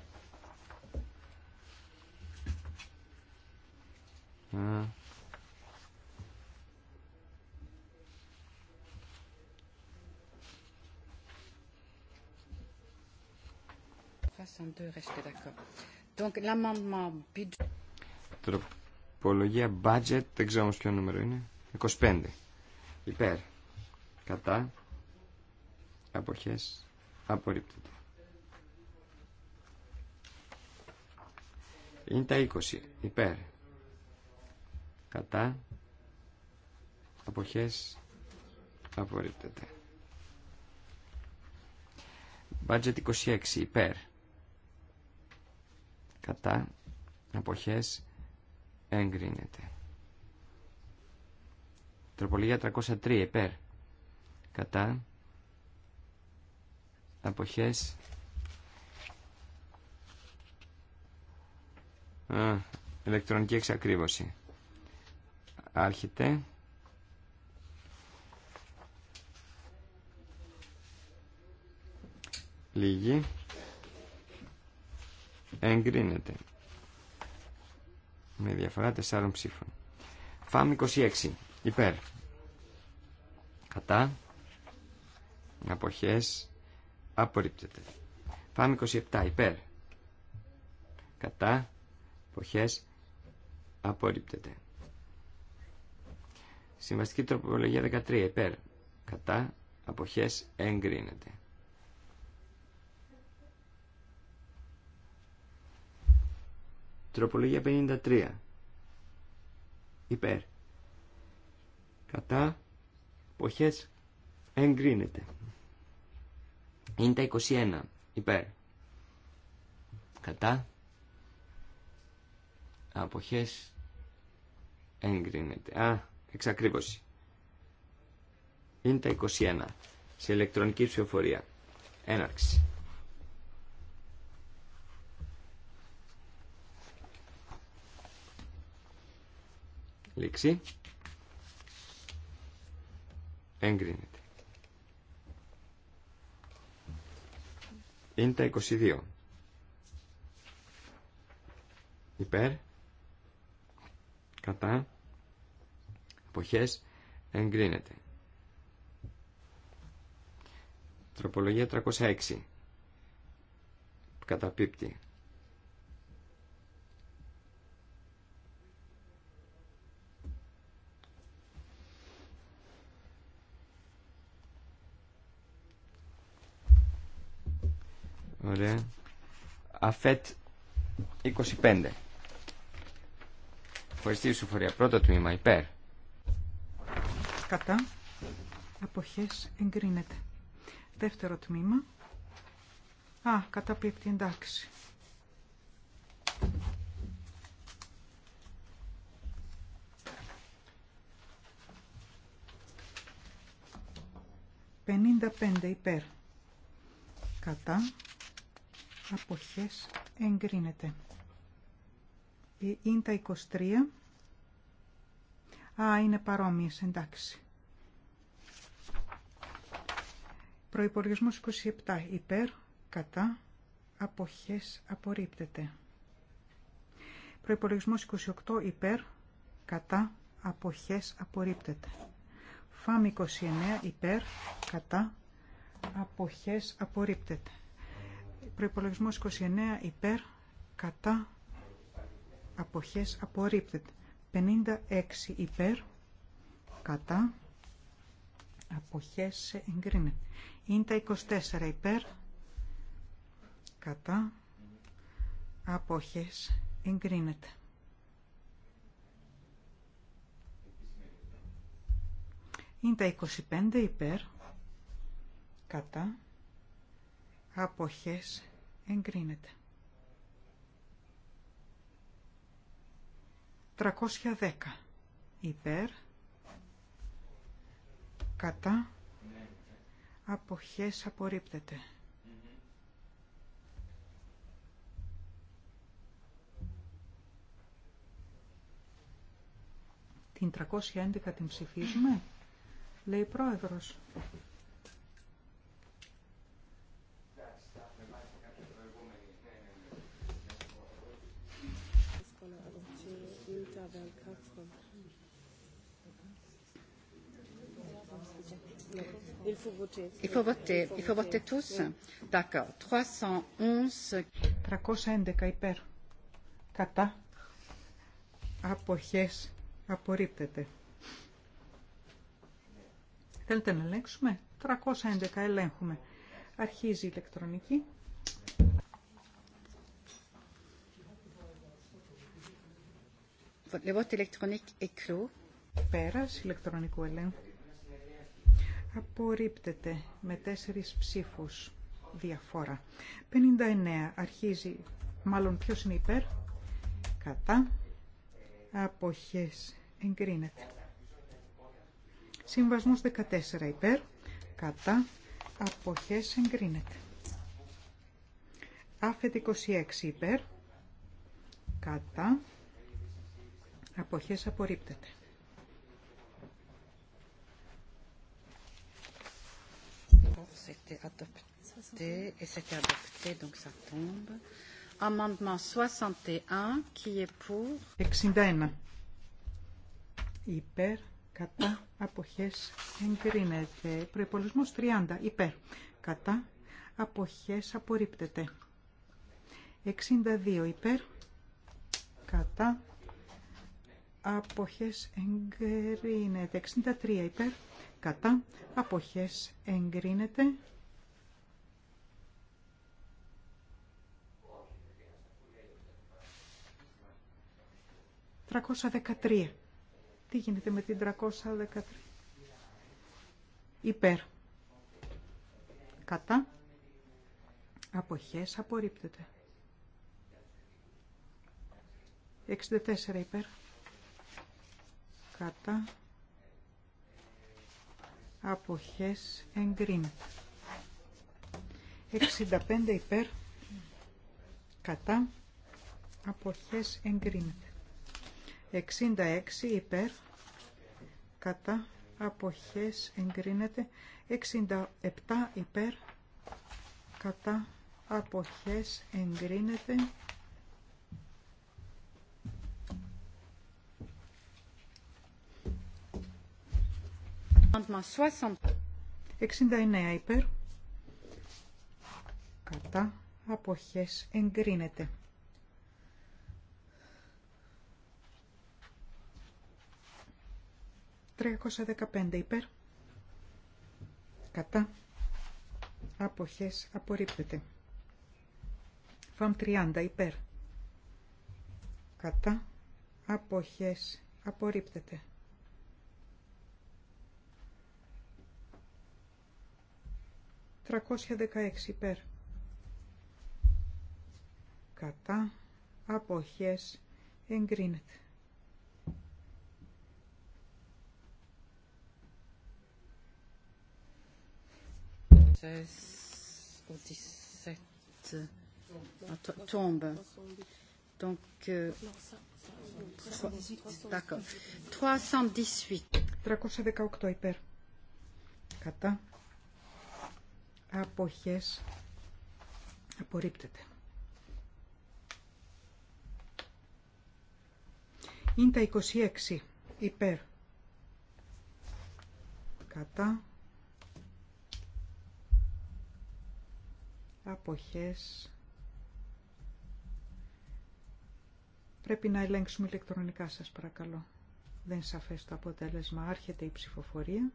Τροπολογία budget, δεν ξέρω όμως ποιο νούμερο είναι. 25. Υπέρ κατά αποχές απορρίπτεται. Είναι τα 20 υπέρ κατά αποχές απορρίπτεται. Budget 26 υπέρ κατά αποχές εγκρίνεται. Τροπολογία 303 υπέρ κατά αποχές Α, ηλεκτρονική εξακρίβωση άρχεται λίγη εγκρίνεται με διαφορά τεσσάρων ψήφων. ΦΑΜ 26 υπέρ κατά αποχές απορρίπτεται. Πάμε 27 υπέρ. Κατά αποχές απορρίπτεται. Συμβαστική τροπολογία 13 υπέρ. Κατά αποχές εγκρίνεται. Τροπολογία 53 υπέρ. Κατά αποχές εγκρίνεται. Είναι τα 21. Υπέρ. Κατά. Αποχές. Εγκρίνεται. Α, εξακρίβωση. Είναι τα 21. Σε ηλεκτρονική ψηφοφορία. Έναρξη. Λήξη. Εγκρίνεται. Είναι τα 22. Υπέρ. Κατά. ΕΠΟΧΕΣ Εγκρίνεται. Τροπολογία 306. Καταπίπτει. Ωραία. Αφέτ 25. Χωριστή σουφοριά. Πρώτο τμήμα. Υπέρ. Κατά. Αποχές εγκρίνεται. Δεύτερο τμήμα. Α, καταπίπτει εντάξει. Πενήντα πέντε υπέρ. Κατά αποχές εγκρίνεται. Είναι τα 23. Α, είναι παρόμοιες, εντάξει. Προϋπολογισμός 27. Υπέρ, κατά, αποχές απορρίπτεται. Προϋπολογισμός 28. Υπέρ, κατά, αποχές απορρίπτεται. ΦΑΜ 29. Υπέρ, κατά, αποχές απορρίπτεται προπολογισμό 29 υπέρ, κατά, αποχές απορρίπτεται. 56 υπέρ, κατά, αποχές εγκρίνεται. Είναι τα 24 υπέρ, κατά, αποχές εγκρίνεται. Είναι τα 25 υπέρ, κατά, αποχές εγκρίνεται. 310 υπέρ κατά αποχές απορρίπτεται. 311 την ψηφίζουμε, λέει πρόεδρος. Il faut voter. Il faut voter. Il faut voter tous. D'accord. 311. 311 υπέρ. Κατά. Αποχές. Απορρίπτεται. Θέλετε να ελέγξουμε. 311 ελέγχουμε. Αρχίζει η ηλεκτρονική. Le vote électronique est clos. Πέρας ηλεκτρονικού ελέγχου. Απορρίπτεται με τέσσερις ψήφους διαφορά. 59 αρχίζει, μάλλον ποιος είναι υπέρ, κατά, αποχές, εγκρίνεται. Συμβασμός 14 υπέρ, κατά, αποχές, εγκρίνεται. Άφετ 26 υπέρ, κατά, αποχές απορρίπτεται. c'était adopté et c'était adopté donc ça tombe. Amendement 61 qui est pour. 61. Υπέρ, κατά, αποχές, εγκρίνεται. Προϋπολογισμός 30. Υπέρ, κατά, αποχές, απορρίπτεται. 62. Υπέρ, κατά, αποχές, εγκρίνεται. 63. Υπέρ, κατά αποχές εγκρίνεται. 313. Τι γίνεται με την 313. Υπέρ. Κατά. Αποχές απορρίπτεται. 64 υπέρ. Κατά αποχές εγκρίνεται. 65 υπέρ κατά αποχές εγκρίνεται. 66 υπέρ κατά αποχές εγκρίνεται. 67 υπέρ κατά αποχές εγκρίνεται. 69 υπέρ. Κατά αποχές εγκρίνεται. 315 υπέρ. Κατά αποχές απορρίπτεται. Φαμ 30 υπέρ. Κατά αποχές απορρίπτεται. 316 πέρ. Κατά αποχές εγκρίνεται. au 17 donc, tombe donc euh, d'accord 318 318 hyper kata αποχές απορρίπτεται. Είναι τα 26 υπέρ κατά αποχές πρέπει να ελέγξουμε ηλεκτρονικά σας παρακαλώ δεν σαφές το αποτέλεσμα άρχεται η ψηφοφορία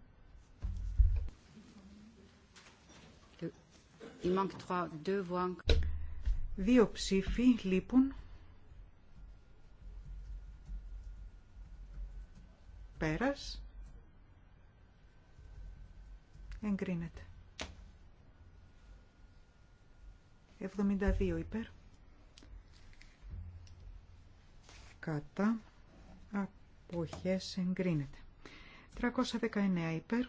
Δύο ψήφοι λείπουν. Πέρας. Εγκρίνεται. 72 υπέρ. Κατά. Αποχές εγκρίνεται. 319 υπέρ.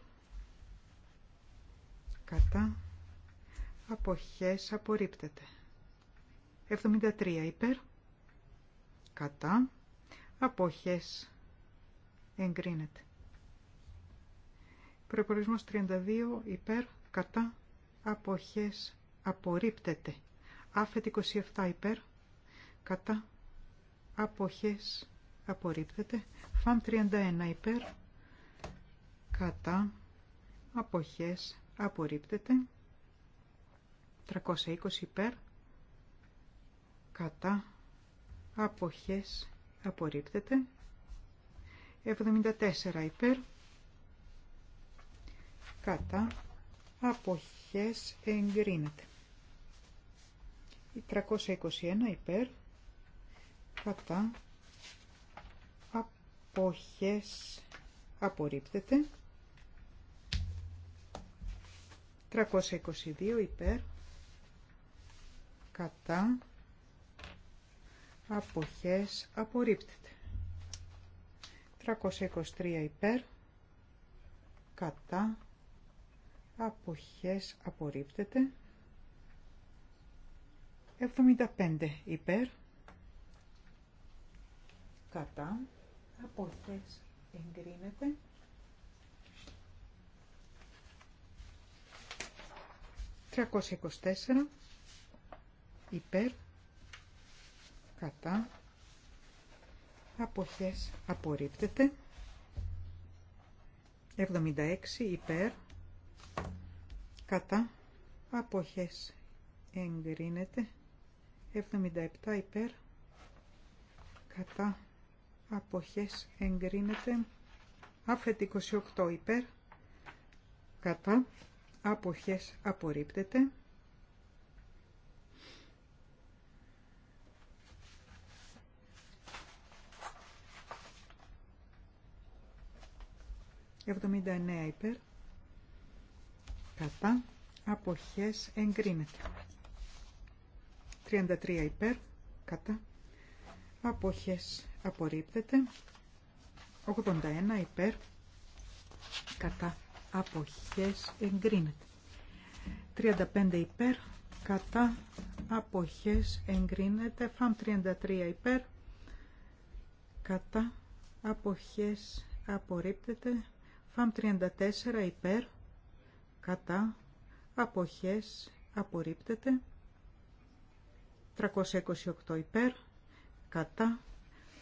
Κατά αποχές απορρίπτεται. 73 υπέρ, κατά, αποχές εγκρίνεται. Προϋπολογισμός 32 υπέρ, κατά, αποχές απορρίπτεται. Άφετ 27 υπέρ, κατά, αποχές απορρίπτεται. Φαμ 31 υπέρ, κατά, αποχές απορρίπτεται. 320 υπέρ κατά αποχές απορρίπτεται 74 υπέρ κατά αποχές εγκρίνεται 321 υπέρ κατά αποχές απορρίπτεται 322 υπέρ κατά αποχές απορρίπτεται 323 υπέρ κατά αποχές απορρίπτεται 75 υπέρ κατά αποχές εγκρίνεται 324 υπέρ κατά αποχές απορρίπτεται 76 υπέρ κατά αποχές εγκρίνεται 77 υπέρ κατά αποχές εγκρίνεται άφετη 28 υπέρ κατά αποχές απορρίπτεται 79 υπέρ κατά αποχές εγκρίνεται 33 υπέρ κατά αποχές απορρίπτεται 81 υπέρ κατά αποχές εγκρίνεται 35 υπέρ κατά αποχές εγκρίνεται φαμ 33 υπέρ κατά αποχές απορρίπτεται ΦΑΜ 34 υπέρ, κατά, αποχές, απορρίπτεται. 328 υπέρ, κατά,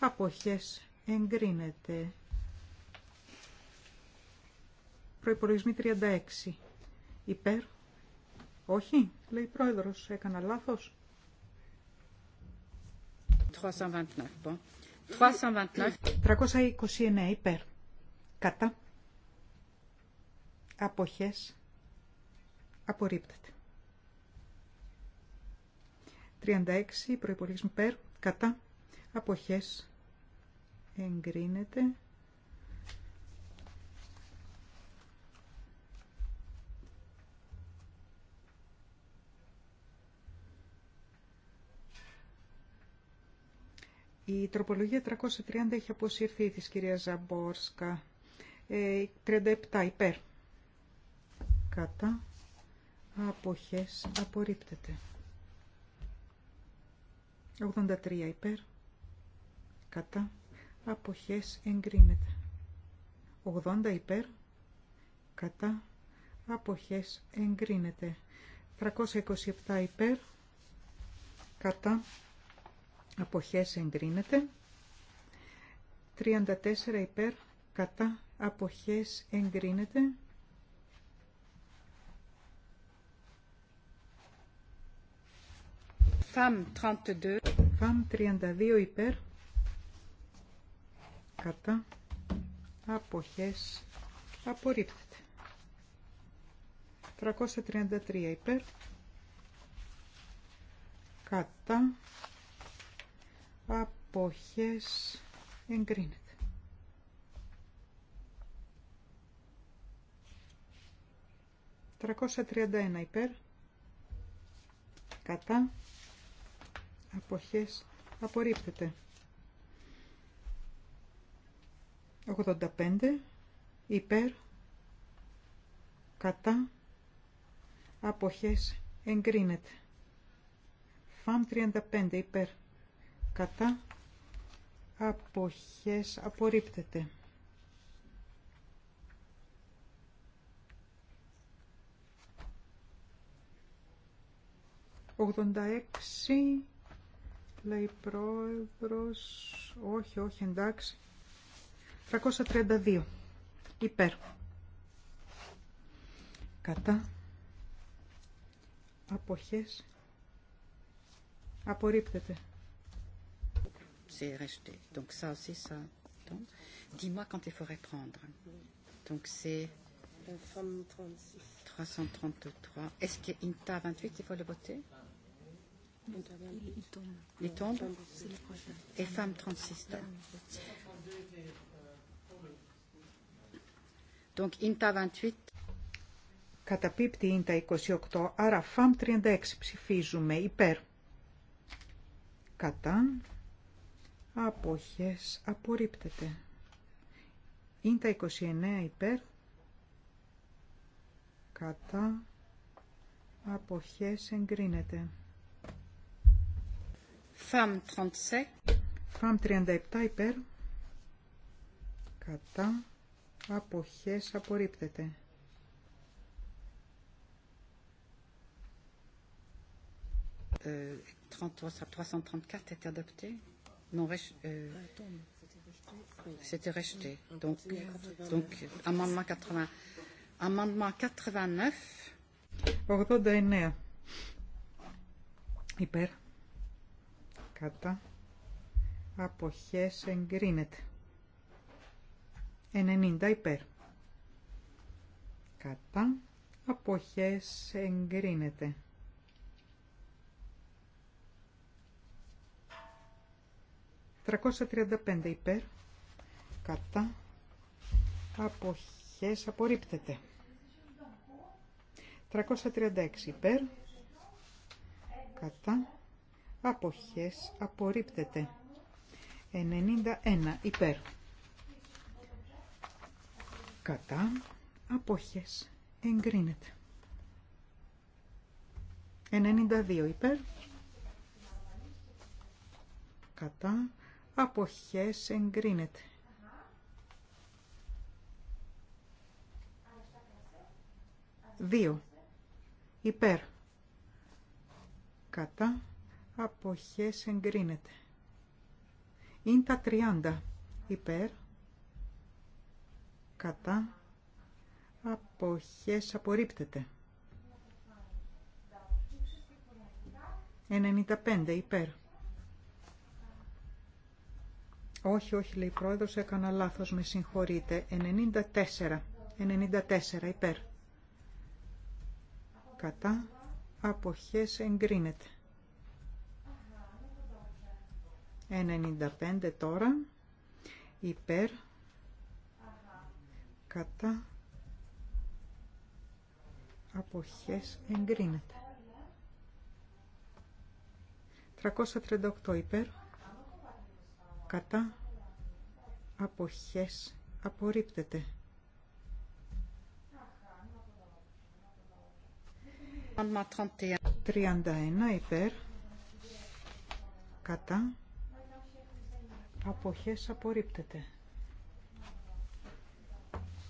αποχές, εγκρίνεται. Προϋπολογισμή 36 υπέρ, όχι, λέει πρόεδρος, έκανα λάθος. 329, 329 υπέρ, κατά αποχές απορρίπτεται. 36 προϋπολογισμό περ κατά αποχές εγκρίνεται. Η τροπολογία 330 έχει αποσύρθει της κυρία Ζαμπόρσκα. 37 ε, υπέρ κατά αποχές απορρίπτεται 83 υπέρ κατά αποχές εγκρίνεται 80 υπέρ κατά αποχές εγκρίνεται 327 υπέρ κατά αποχές εγκρίνεται 34 υπέρ κατά αποχές εγκρίνεται Φαμ 32. 32 υπέρ. Κατά. Αποχές. Απορρίπτεται. 333 υπέρ. Κατά. Αποχές. Εγκρίνεται. 331 τριάντα ένα υπέρ κατά αποχές απορρίπτεται. 85 υπέρ κατά αποχές εγκρίνεται. Φαμ 35 υπέρ κατά αποχές απορρίπτεται. Ογδόντα έξι λέει πρόεδρος, όχι, όχι, εντάξει. 332, υπέρ. Κατά. Αποχές. Απορρίπτεται. C'est rejeté. Donc ça aussi, ça donc Dis-moi quand il faut reprendre. Donc c'est 333. Est-ce qu'il y a une qu'Inta 28, il faut le voter Κατά πίπτη Et femmes 36. Donc, INTA 28. Καταπίπτει ίντα 28, άρα ΦΑΜ 36 ψηφίζουμε υπέρ. Κατά. Αποχές απορρίπτεται. Ίντα 29 υπέρ. Κατά. Αποχές εγκρίνεται. Φαμ 37. Φαμ 37 υπέρ. Κατά. Αποχές απορρίπτεται. Euh, 33, 334 était adopté Non, euh, c'était rejeté. Donc, donc amendement, 80, amendement 89. 89. Υπέρ κατά αποχές εγκρίνεται. 90 υπέρ. Κατά αποχές εγκρίνεται. 335 υπέρ. Κατά αποχές απορρίπτεται. 336 υπέρ. Κατά αποχές απορρίπτεται. 91 υπέρ. Κατά αποχές εγκρίνεται. 92 υπέρ. Κατά αποχές εγκρίνεται. 2 Υπέρ. Κατά αποχές εγκρίνεται. Είναι τα 30 υπέρ, κατά, αποχές απορρίπτεται. 95 υπέρ. Όχι, όχι, λέει η πρόεδρος, έκανα λάθος, με συγχωρείτε. 94, 94 υπέρ. Κατά, αποχές εγκρίνεται. 95 τώρα υπέρ κατά αποχές εγκρίνεται 338 υπέρ κατά αποχές απορρίπτεται 31 υπέρ κατά Αποχές απορρίπτεται.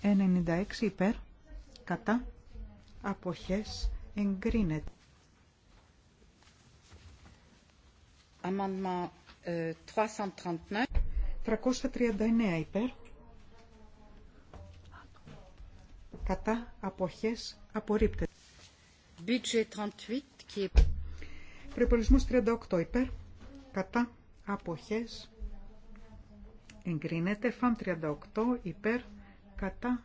96 υπέρ. Κατά. Αποχές εγκρίνεται. Amendement 339. Euh, 339 υπέρ. Κατά αποχές απορρίπτεται. Budget 38 38 υπέρ. Κατά αποχές εγκρίνεται. Φαμ 38 υπέρ κατά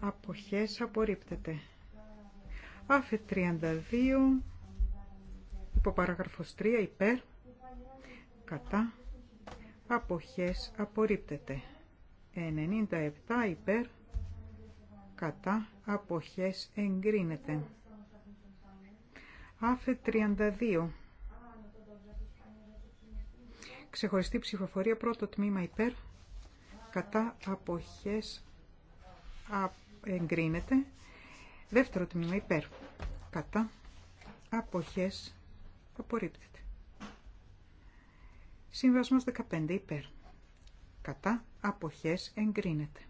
αποχές απορρίπτεται. Άφε 32 υποπαράγραφος 3 υπέρ κατά αποχές απορρίπτεται. 97 υπέρ κατά αποχές εγκρίνεται. Άφε 32 Ξεχωριστή ψηφοφορία πρώτο τμήμα υπέρ κατά αποχές εγκρίνεται. Δεύτερο τμήμα υπέρ. Κατά αποχές απορρίπτεται. Συμβασμός 15 υπέρ. Κατά αποχές εγκρίνεται.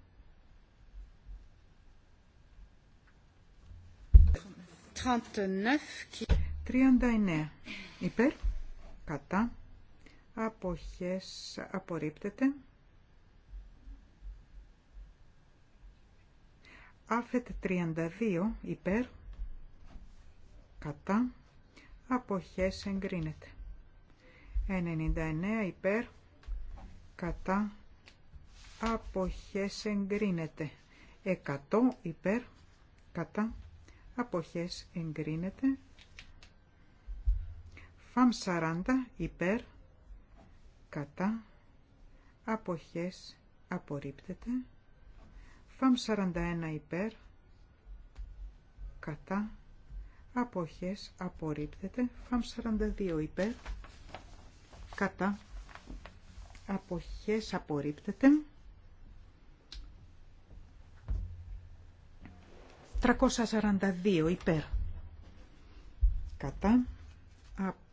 Τριάντα 39 υπέρ. Κατά αποχές απορρίπτεται. Άφετ 32 υπέρ, κατά, αποχές εγκρίνεται. 99 υπέρ, κατά, αποχές εγκρίνεται. 100 υπέρ, κατά, αποχές εγκρίνεται. Φαμ 40 υπέρ, κατά, αποχές απορρίπτεται. ΦΑΜ 41 υπέρ, κατά, αποχές, απορρίπτεται. ΦΑΜ 42 υπέρ, κατά, αποχές, απορρίπτεται. 342 υπέρ, κατά,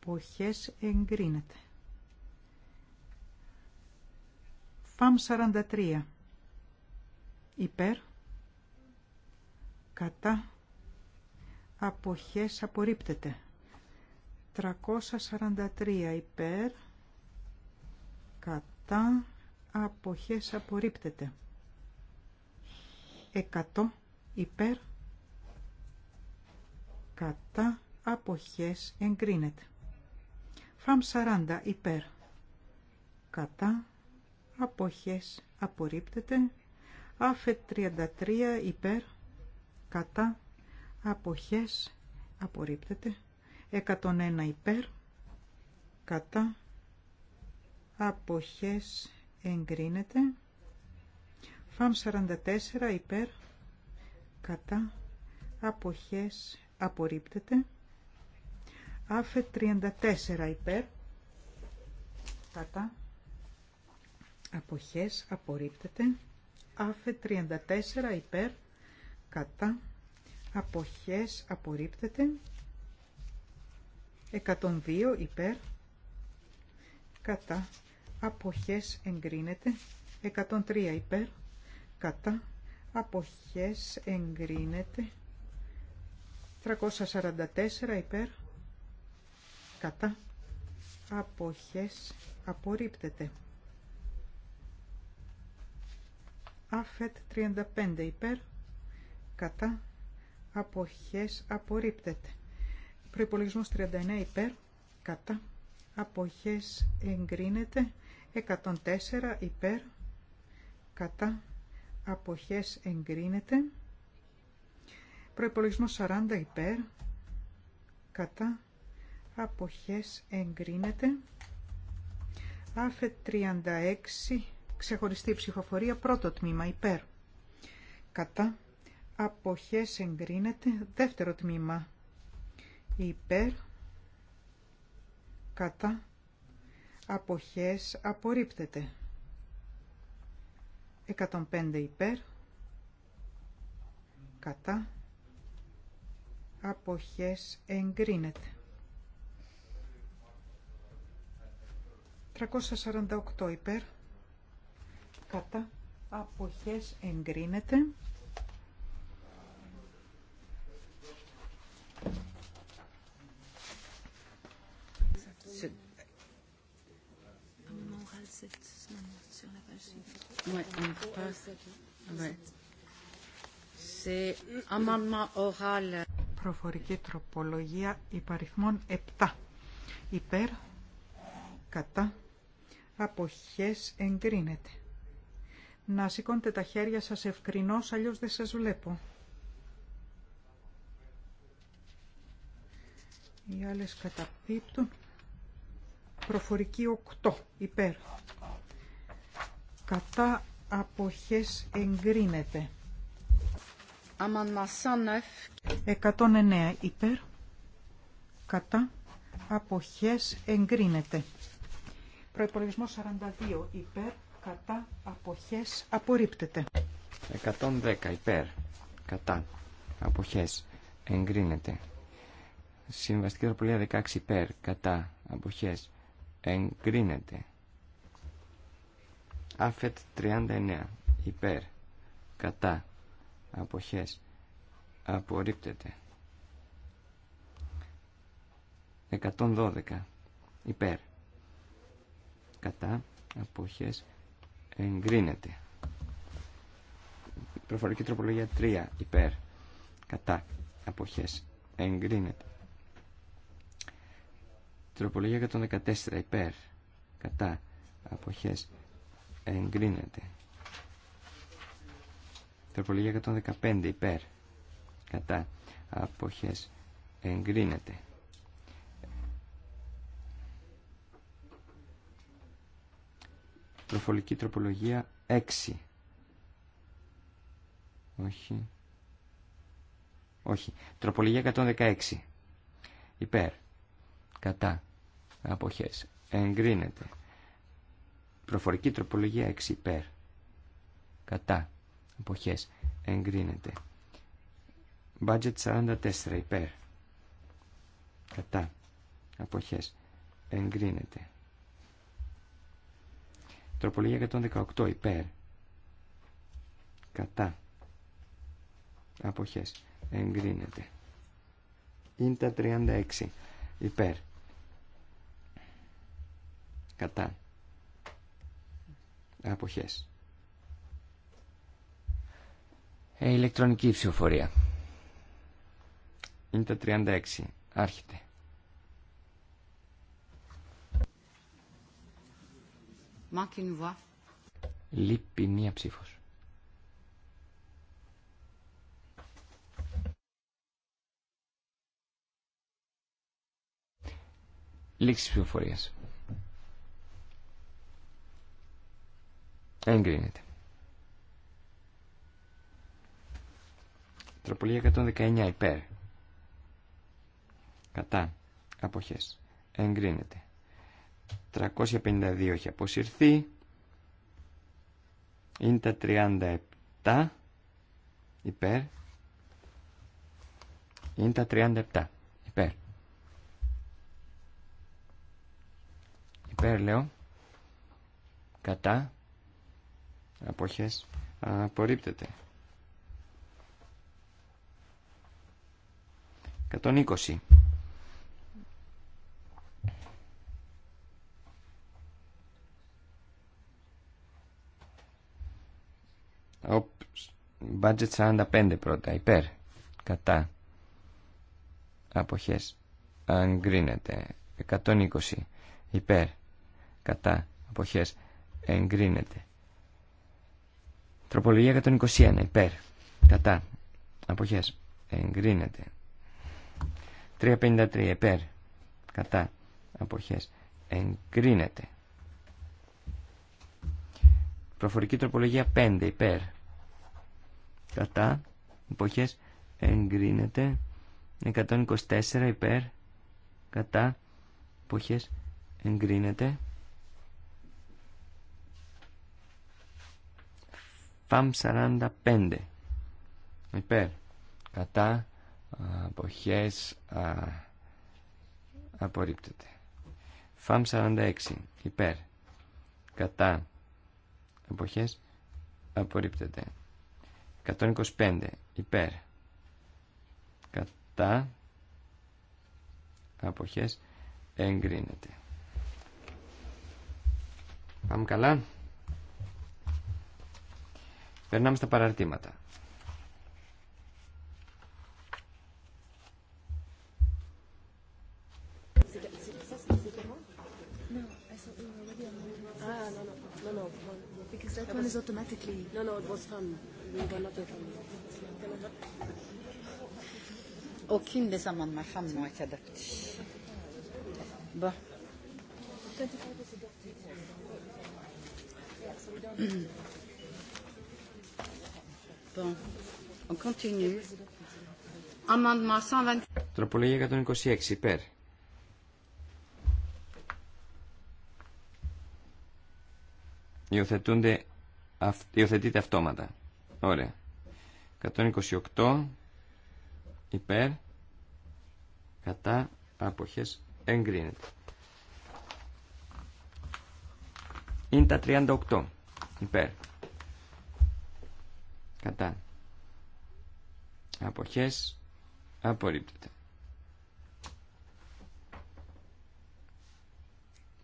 αποχές, εγκρίνεται. ΦΑΜ 43 υπέρ, κατά, αποχές απορρίπτεται. 343 υπέρ, κατά, αποχές απορρίπτεται. 100 υπέρ, κατά, αποχές εγκρίνεται. Φαμ 40 υπέρ, κατά, αποχές απορρίπτεται. Αφε 33 υπέρ κατά αποχές απορρίπτεται 101 υπέρ κατά αποχές εγκρίνεται ΦΑΜ 44 υπέρ κατά αποχές απορρίπτεται ΑΦΕ 34 υπέρ κατά αποχές απορρίπτεται άφε 34 υπέρ κατά αποχές απορρίπτεται 102 υπέρ κατά αποχές εγκρίνεται 103 υπέρ κατά αποχές εγκρίνεται 344 υπέρ κατά αποχές απορρίπτεται Αφετ 35 υπέρ, κατά, αποχές απορρίπτεται. Προϋπολογισμός 39 υπέρ, κατά, αποχές εγκρίνεται. 104 υπέρ, κατά, αποχές εγκρίνεται. Προϋπολογισμός 40 υπέρ, κατά, αποχές εγκρίνεται. Άφε 36 Ξεχωριστή ψηφοφορία, πρώτο τμήμα, υπέρ. Κατά. Αποχές εγκρίνεται, δεύτερο τμήμα, υπέρ. Κατά. Αποχές απορρίπτεται. 105 υπέρ. Κατά. Αποχές εγκρίνεται. 348 υπέρ κατά αποχές εγκρίνεται. Προφορική τροπολογία υπαριθμών 7. Υπέρ, κατά, αποχές εγκρίνεται να σηκώνετε τα χέρια σας ευκρινώς, αλλιώς δεν σας βλέπω. Οι άλλες καταπίπτουν. Προφορική 8, υπέρ. Κατά αποχές εγκρίνεται. 109 υπέρ. Κατά αποχές εγκρίνεται. Προϋπολογισμό 42 υπέρ κατά αποχές απορρίπτεται. 110 υπέρ κατά αποχές εγκρίνεται. Συμβαστική τροπολία 16 υπέρ κατά αποχές εγκρίνεται. Άφετ 39 υπέρ κατά αποχές απορρίπτεται. 112 υπέρ κατά αποχές εγκρίνεται. Προφορική τροπολογία 3 υπέρ κατά αποχές εγκρίνεται. Τροπολογία 114 υπέρ κατά αποχές εγκρίνεται. Τροπολογία 115 υπέρ κατά αποχές εγκρίνεται. προφορική τροπολογία 6. Όχι. Όχι. Τροπολογία 116. Υπέρ. Κατά. Αποχές. Εγκρίνεται. Προφορική τροπολογία 6. Υπέρ. Κατά. Αποχές. Εγκρίνεται. Budget 44. Υπέρ. Κατά. Αποχές. Εγκρίνεται. Τροπολογία 118 υπέρ. Κατά. Αποχές. Εγκρίνεται. Ίντα 36 υπέρ. Κατά. Αποχές. Ε, ηλεκτρονική ψηφοφορία. Ίντα 36. Άρχεται. Λείπει μία ψήφο. Λήξη τη πληροφορία. Εγκρίνεται. Τροπολία 119 υπέρ. Κατά. Αποχές. Εγκρίνεται. 352 έχει αποσυρθεί. Είναι τα 37 υπέρ. Είναι τα 37 υπέρ. Υπέρ λέω. Κατά. Αποχές. Απορρίπτεται. 120 Budget 45 πρώτα. Υπέρ. Κατά. Αποχές. Εγκρίνεται. 120. Υπέρ. Κατά. Αποχές. Εγκρίνεται. Τροπολογία 121. Υπέρ. Κατά. Αποχές. Εγκρίνεται. 353. Υπέρ. Κατά. Αποχές. Εγκρίνεται. Προφορική τροπολογία 5 υπέρ. Κατά. Εποχές εγκρίνεται. 124 υπέρ. Κατά. Εποχές εγκρίνεται. ΦΑΜ 45 υπέρ. Κατά. Αποχές απορρίπτεται. ΦΑΜ 46 υπέρ. Κατά Αποχές απορρίπτεται. 125 υπέρ. Κατά. Αποχές εγκρίνεται. Πάμε καλά. Περνάμε στα παραρτήματα. that one is automatically. No, no, it was We were not Aucune des On continue. Amendement 120. Τροπολογία 126 υπέρ. Υιοθετούνται Υιοθετείτε αυτόματα. Ωραία. 128 υπέρ κατά άποχες εγκρίνεται. Είναι τα 38 υπέρ κατά αποχές απορρίπτεται.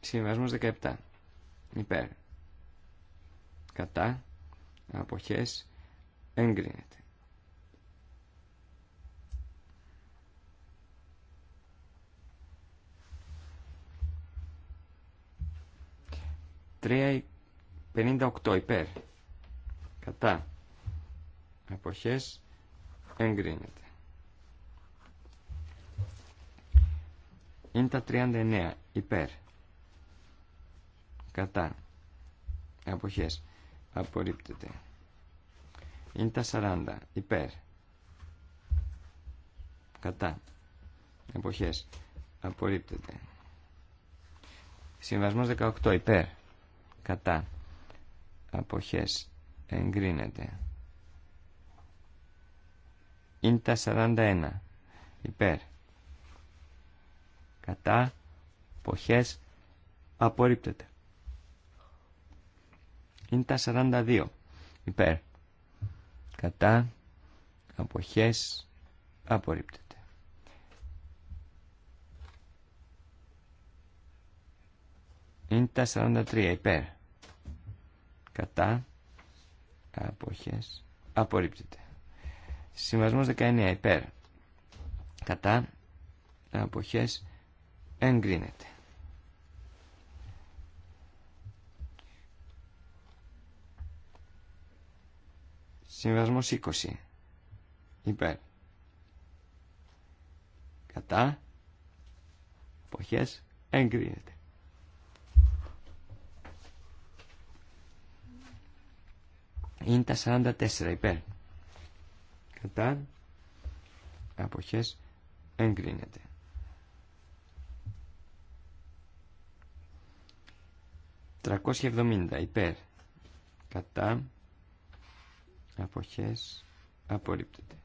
Συμβασμός 17 υπέρ κατά αποχές εγκρίνεται. Τρία 58 υπέρ κατά αποχές εγκρίνεται. Είναι τα 39 υπέρ κατά αποχές απορρίπτεται. Είναι τα 40 υπέρ. Κατά. Εποχές. Απορρίπτεται. Συμβασμός 18 υπέρ. Κατά. Αποχές. Εγκρίνεται. Είναι τα 41 υπέρ. Κατά. Εποχές. Απορρίπτεται είναι τα 42 υπέρ κατά αποχές απορρίπτεται. Είναι τα 43 υπέρ κατά αποχές απορρίπτεται. Συμβασμός 19 υπέρ κατά αποχές εγκρίνεται. Συμβασμό 20. Υπέρ. Κατά. Εποχές. Εγκρίνεται. Είναι τα 44 υπέρ. Κατά. Κατά, Εγκρίνεται. Τρακόσια υπέρ. Κατά Αποχές... Απολύπτωται.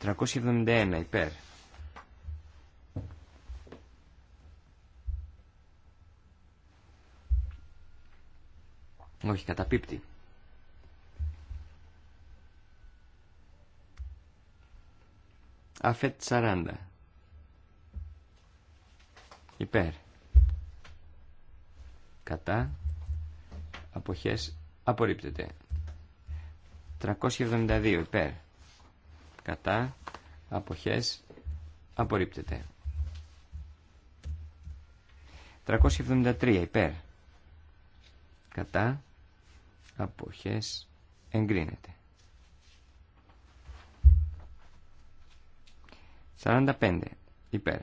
371 υπέρ. Όχι, καταπίπτει. Αφέτ σαράντα υπέρ κατά αποχές απορρίπτεται 372 υπέρ κατά αποχές απορρίπτεται 373 υπέρ κατά αποχές εγκρίνεται 45 υπέρ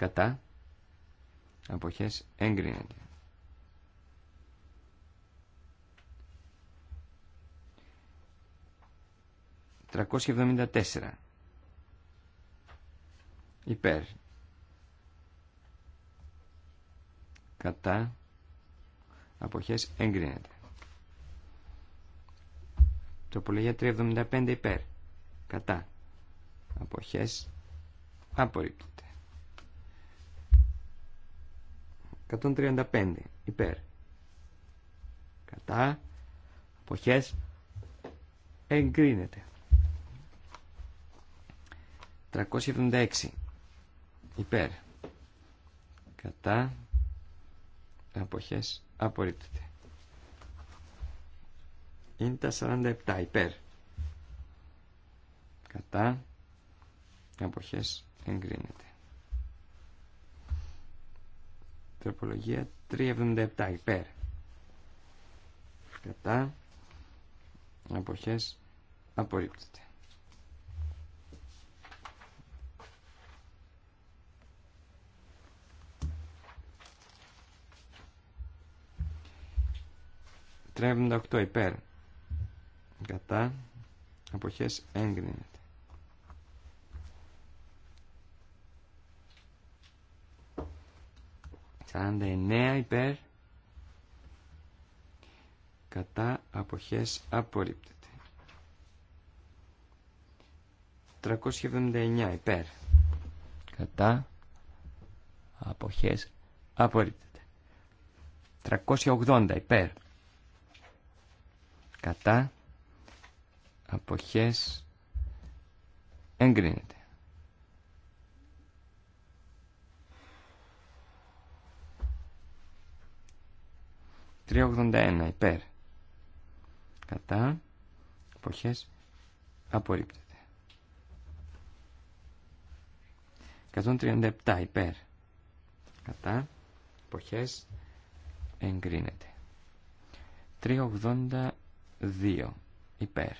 κατά αποχές εγκρίνεται. ...374... ...υπέρ... ...κατά... ...αποχές εγκρίνεται... Το ...τροπολογία 375 υπέρ... ...κατά... ...αποχές απορρίπτει... 135 υπέρ κατά αποχές εγκρίνεται 376 υπέρ κατά αποχές απορρίπτεται είναι τα 47 υπέρ κατά αποχές εγκρίνεται Τροπολογία 377 υπέρ. Κατά. Αποχές απορρίπτεται. 3.78 υπέρ. Κατά. Αποχές έγκρινε. 49 υπέρ κατά αποχές απορρίπτεται 379 υπέρ κατά αποχές απορρίπτεται 380 υπέρ κατά αποχές εγκρίνεται 381 υπέρ. Κατά. Εποχές. Απορρίπτεται. 137 υπέρ. Κατά. Εποχές. Εγκρίνεται. 382 υπέρ.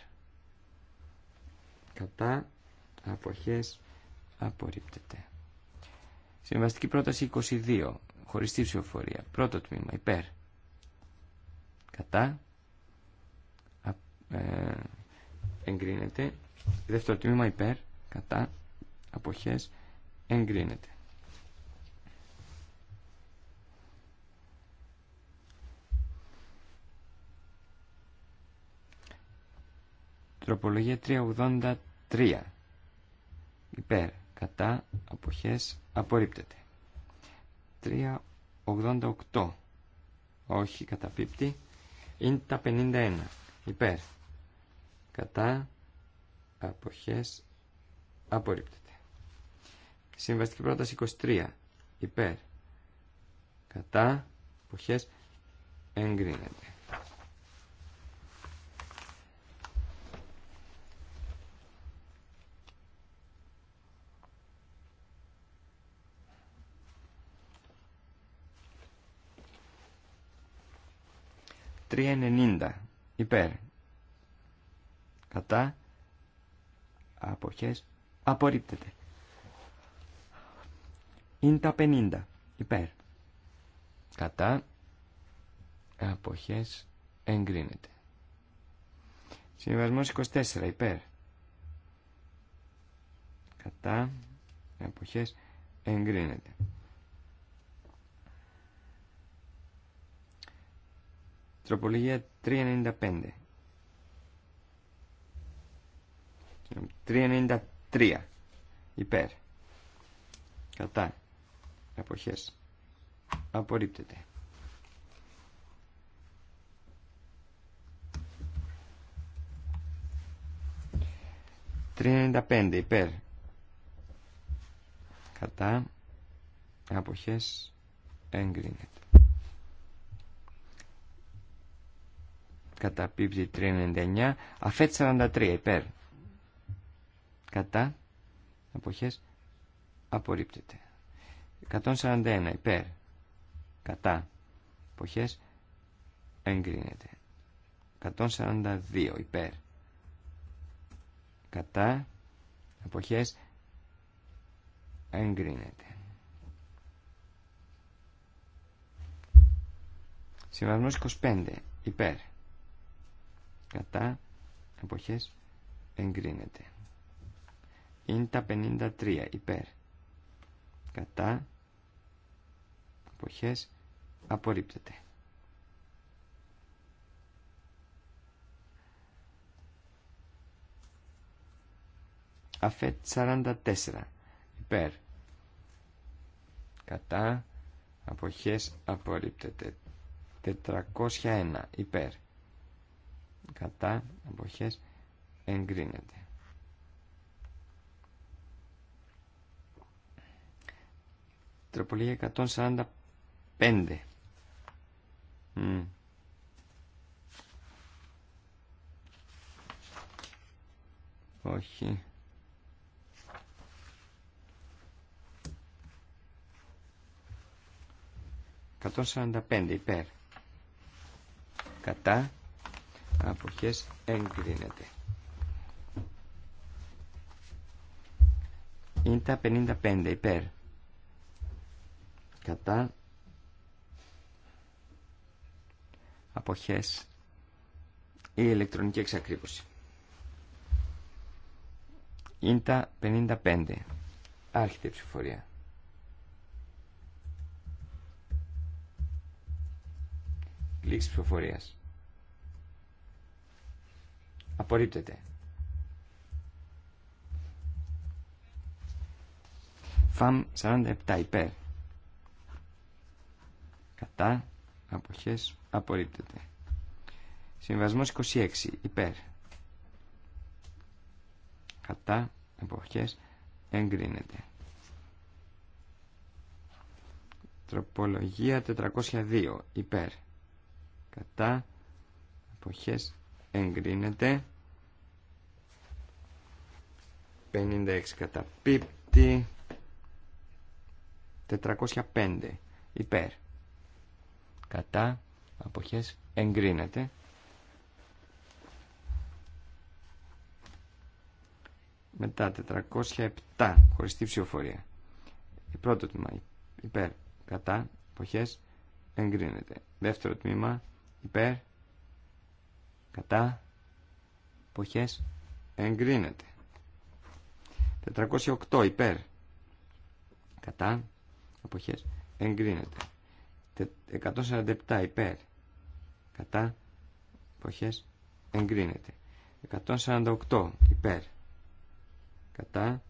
Κατά. εποχές Απορρίπτεται. Συμβαστική πρόταση 22. Χωριστή ψηφοφορία. Πρώτο τμήμα υπέρ κατά ε, εγκρίνεται δεύτερο τμήμα υπέρ κατά αποχές εγκρίνεται Τροπολογία 383 υπέρ κατά αποχές απορρίπτεται 388 όχι καταπίπτει είναι τα 51. Υπέρ. Κατά. Αποχές. Απορρίπτεται. Συμβαστική πρόταση 23. Υπέρ. Κατά. Αποχές. Εγκρίνεται. 390 υπέρ κατά αποχές απορρίπτεται. Είναι τα 50 υπέρ κατά αποχές εγκρίνεται. Συμβασμός 24 υπέρ κατά αποχές εγκρίνεται. Τροπολογία 395. 393. Υπέρ. Κατά. Αποχές. Απορρίπτεται. 3.95 υπέρ. Κατά. Αποχές. Εγκρίνεται. Κατά πίπτη 399 αφέτ 43 υπέρ κατά εποχές απορρίπτεται 141 υπέρ κατά εποχές εγκρίνεται 142 υπέρ κατά εποχές εγκρίνεται Συμβασμός 25 υπέρ κατά εποχές εγκρίνεται. Είναι τα 53 υπέρ κατά εποχές απορρίπτεται. Αφέτ 44 υπέρ κατά εποχές απορρίπτεται. 401 υπέρ κατά αποχές εγκρίνεται. τροπολία 145. Mm. Όχι. Κατόν υπέρ. Κατά αποχές εγκρίνεται. Είναι τα 55 υπέρ. Κατά αποχές η ηλεκτρονική εξακρίβωση. Είναι τα 55. Άρχεται η ψηφορία. Λήξη ψηφοφορίας. Απορρίπτεται. Φαμ 47 υπέρ. Κατά αποχές απορρίπτεται. Συμβασμός 26 υπέρ. Κατά αποχές εγκρίνεται. Τροπολογία 402 υπέρ. Κατά αποχές εγκρίνεται. 56 κατά πίπτη, 405 υπέρ κατά αποχές εγκρίνεται μετά 407 χωριστή ψηφοφορία η πρώτο τμήμα υπέρ κατά αποχές εγκρίνεται δεύτερο τμήμα υπέρ κατά αποχές εγκρίνεται 408 υπέρ. Κατά. Αποχές. Εγκρίνεται. 147 υπέρ. Κατά. Αποχές. Εγκρίνεται. 148 υπέρ. Κατά.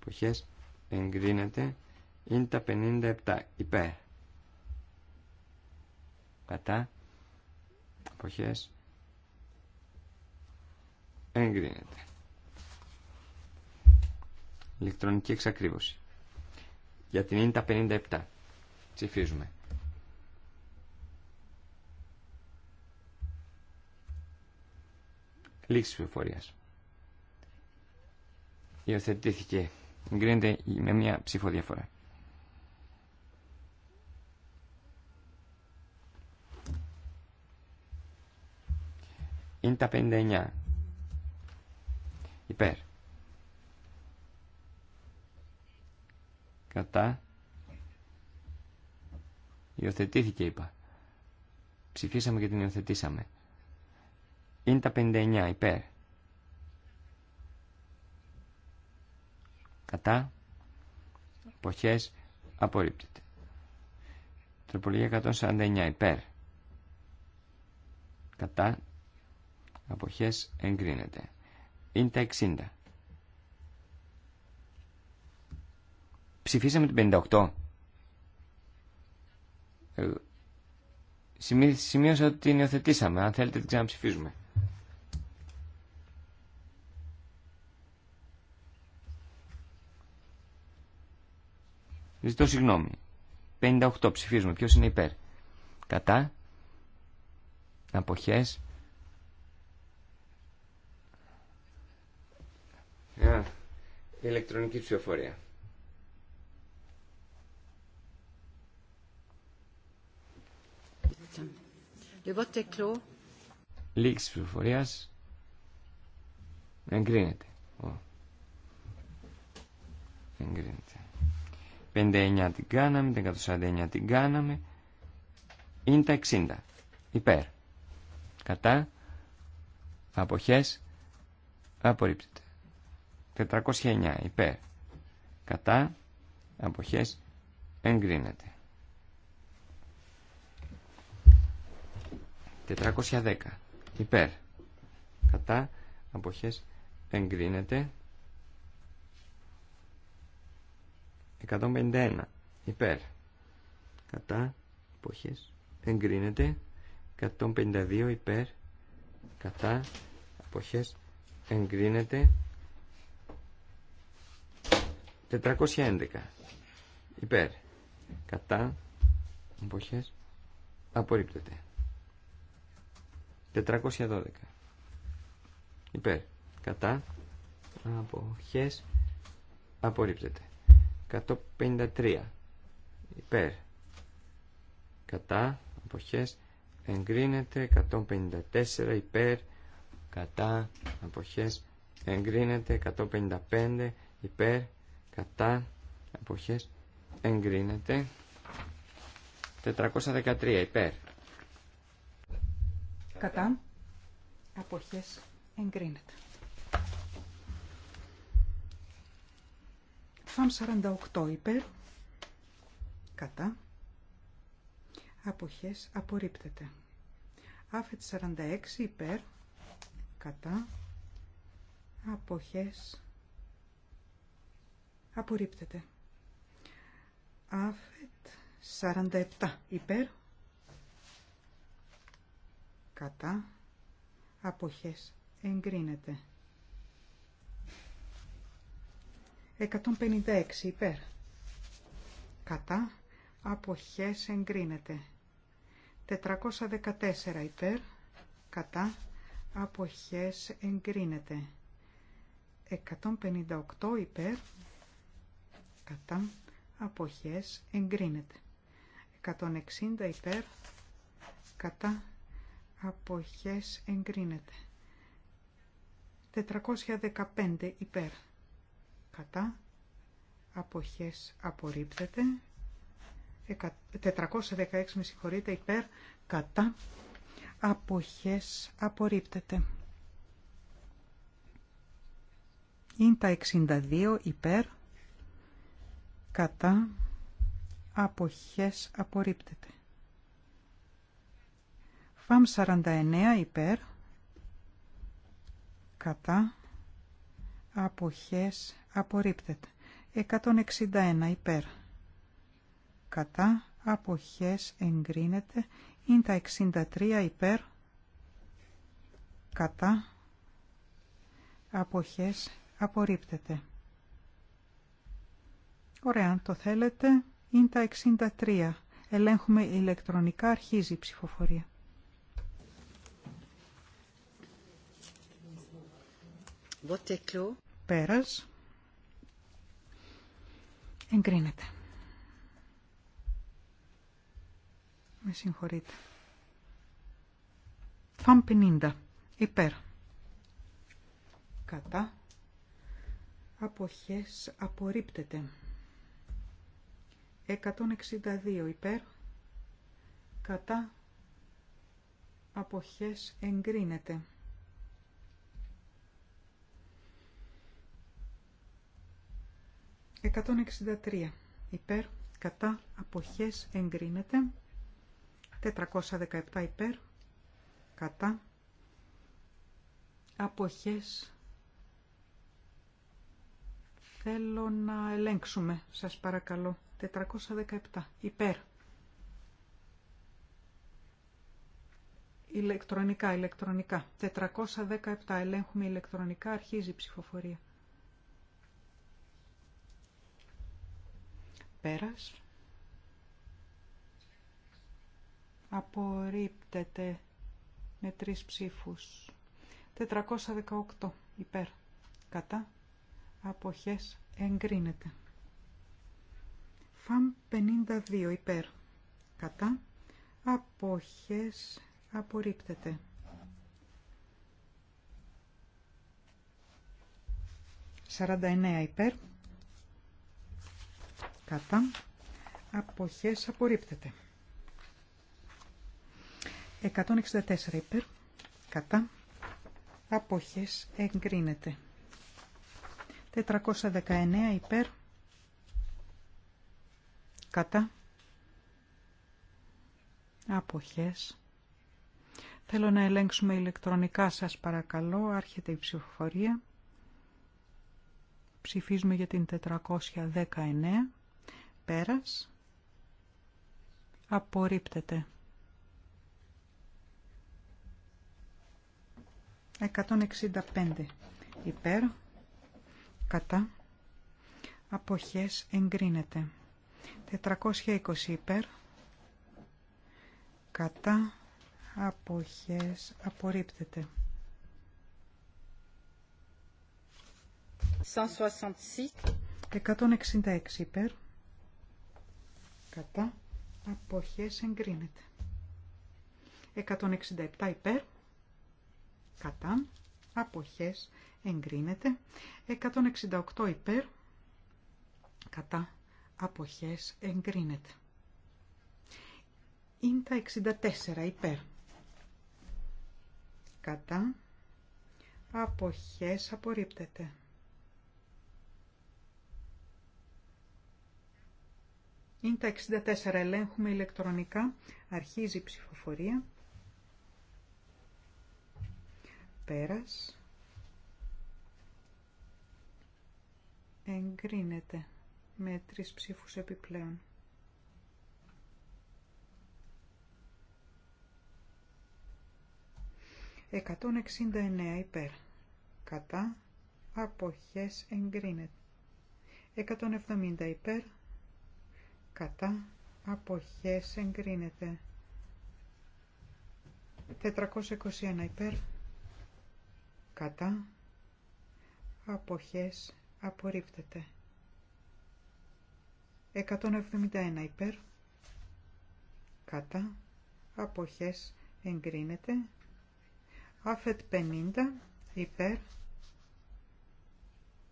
Αποχές. Εγκρίνεται. Είναι τα 57 υπέρ. Κατά. Αποχές. Εγκρίνεται ηλεκτρονική εξακρίβωση. Για την ίντα 57. Ψηφίζουμε. Λήξη ψηφοφορία. Υιοθετήθηκε. Εγκρίνεται με μια ψηφοδιαφορά. Είναι τα 59. Υπέρ. κατά υιοθετήθηκε είπα ψηφίσαμε και την υιοθετήσαμε είναι τα 59 υπέρ κατά εποχές απορρίπτεται τροπολογία 149 υπέρ κατά αποχές εγκρίνεται είναι τα 60 Ψηφίσαμε την 58. Ε, σημείωσα ότι την υιοθετήσαμε. Αν θέλετε την ξαναψηφίζουμε. Ζητώ συγγνώμη. 58 ψηφίζουμε. Ποιος είναι υπέρ. Κατά. Αποχές. Ελεκτρονική ηλεκτρονική ψηφοφορία. Le vote Λήξη πληροφορία. Εγκρίνεται. Εγκρίνεται. 59 την κάναμε, 149 την κάναμε. Είναι τα 60. Υπέρ. Κατά. Αποχές. Απορρίπτεται. 409. Υπέρ. Κατά. Αποχές. Εγκρίνεται. 410 υπέρ κατά αποχές εγκρίνεται 151 υπέρ κατά αποχές εγκρίνεται 152 υπέρ κατά αποχές εγκρίνεται 411 υπέρ κατά αποχές απορρίπτεται 412. Υπέρ. Κατά. Αποχές. Απορρίπτεται. 153. Υπέρ. Κατά. Αποχές. Εγκρίνεται. 154. Υπέρ. Κατά. Αποχές. Εγκρίνεται. 155. Υπέρ. Κατά. Αποχές. Εγκρίνεται. 413. Υπέρ κατά, αποχές εγκρίνεται. ΦΑΜ 48 υπέρ, κατά, αποχές απορρίπτεται. ΑΦΕΤ 46 υπέρ, κατά, αποχές απορρίπτεται. ΑΦΕΤ 47 υπέρ, κατά αποχές εγκρίνεται 156 υπέρ κατά αποχές εγκρίνεται 414 υπέρ κατά αποχές εγκρίνεται 158 υπέρ κατά αποχές εγκρίνεται 160 υπέρ κατά αποχές εγκρίνεται. 415 υπέρ κατά αποχές απορρίπτεται. 416 με συγχωρείτε υπέρ κατά αποχές απορρίπτεται. Είναι τα 62 υπέρ κατά αποχές απορρίπτεται. Φαμ 49 υπέρ, κατά, αποχές, απορρίπτεται. 161 υπέρ, κατά, αποχές, εγκρίνεται. Είναι τα 63 υπέρ, κατά, αποχές, απορρίπτεται. Ωραία, αν το θέλετε, είναι τα 63. Ελέγχουμε ηλεκτρονικά, αρχίζει η ψηφοφορία. Πέρας. Εγκρίνεται. Με συγχωρείτε. Φαμ 50. Υπέρ. Κατά. Αποχές απορρίπτεται. 162 υπέρ. Κατά. Αποχές εγκρίνεται. 163 υπέρ, κατά, αποχές, εγκρίνεται. 417 υπέρ, κατά, αποχές, θέλω να ελέγξουμε, σας παρακαλώ. 417 υπέρ. Ηλεκτρονικά, ηλεκτρονικά. 417 ελέγχουμε ηλεκτρονικά, αρχίζει η ψηφοφορία. Πέρας. Απορρίπτεται με τρεις ψήφους. 418 υπέρ. Κατά. Αποχές εγκρίνεται. ΦΑΜ 52 υπέρ. Κατά. Αποχές απορρίπτεται. Σαράντα υπέρ κατά αποχές απορρίπτεται 164 υπέρ κατά αποχές εγκρίνεται 419 υπέρ κατά αποχές Θέλω να ελέγξουμε ηλεκτρονικά σας παρακαλώ, άρχεται η ψηφοφορία. Ψηφίζουμε για την 419. Πέρας. Απορρίπτεται. 165 υπέρ, κατά, αποχές εγκρίνεται. 420 υπέρ, κατά, αποχές απορρίπτεται. 166 υπέρ, κατά αποχές εγκρίνεται. 167 υπέρ κατά αποχές εγκρίνεται. 168 υπέρ κατά αποχές εγκρίνεται. Είναι τα 64 υπέρ κατά αποχές απορρίπτεται. Είναι τα 64. Ελέγχουμε ηλεκτρονικά. Αρχίζει η ψηφοφορία. Πέρας. Εγκρίνεται με τρεις ψήφους επιπλέον. Εκατόν εξήντα υπέρ. Κατά. Αποχές εγκρίνεται. Εκατόν υπέρ κατά αποχές εγκρίνεται 421 υπέρ κατά αποχές απορρίπτεται 171 υπέρ κατά αποχές εγκρίνεται άφετ 50 υπέρ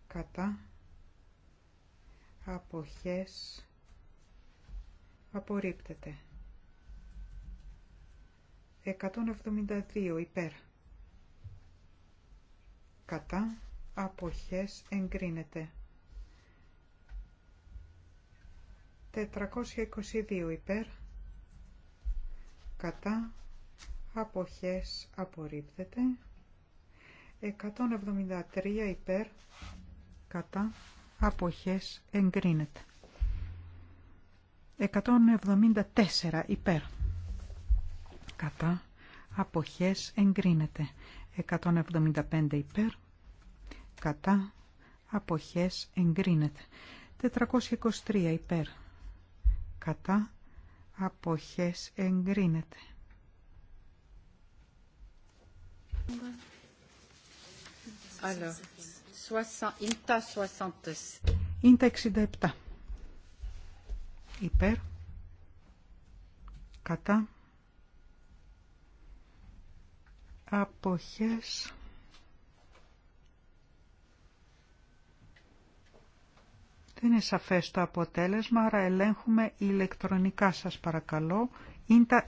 κατά αποχές απορρίπτεται. 172 υπέρ. Κατά αποχές εγκρίνεται. 422 υπέρ. Κατά αποχές απορρίπτεται. 173 υπέρ. Κατά αποχές εγκρίνεται. 174 υπέρ. Κατά αποχές εγκρίνεται. 175 υπέρ. Κατά αποχές εγκρίνεται. 423 υπέρ. Κατά αποχές εγκρίνεται. Alors, 60, 67 υπέρ, κατά, αποχές, δεν είναι σαφές το αποτέλεσμα, άρα ελέγχουμε ηλεκτρονικά σας παρακαλώ, είναι τα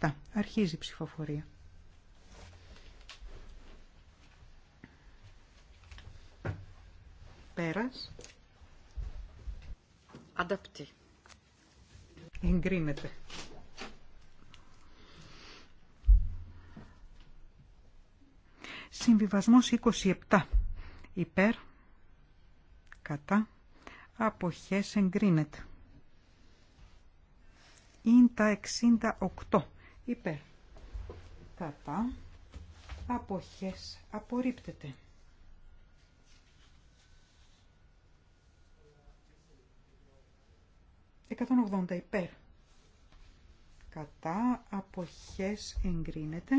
67, αρχίζει η ψηφοφορία. Πέρας. Ανταπτή. Εγκρίνεται. Συμβιβασμός 27. Υπέρ, κατά, αποχές εγκρίνεται. Ίντα 68. Υπέρ, κατά, αποχές απορρίπτεται. 180 υπέρ. Κατά αποχές εγκρίνεται.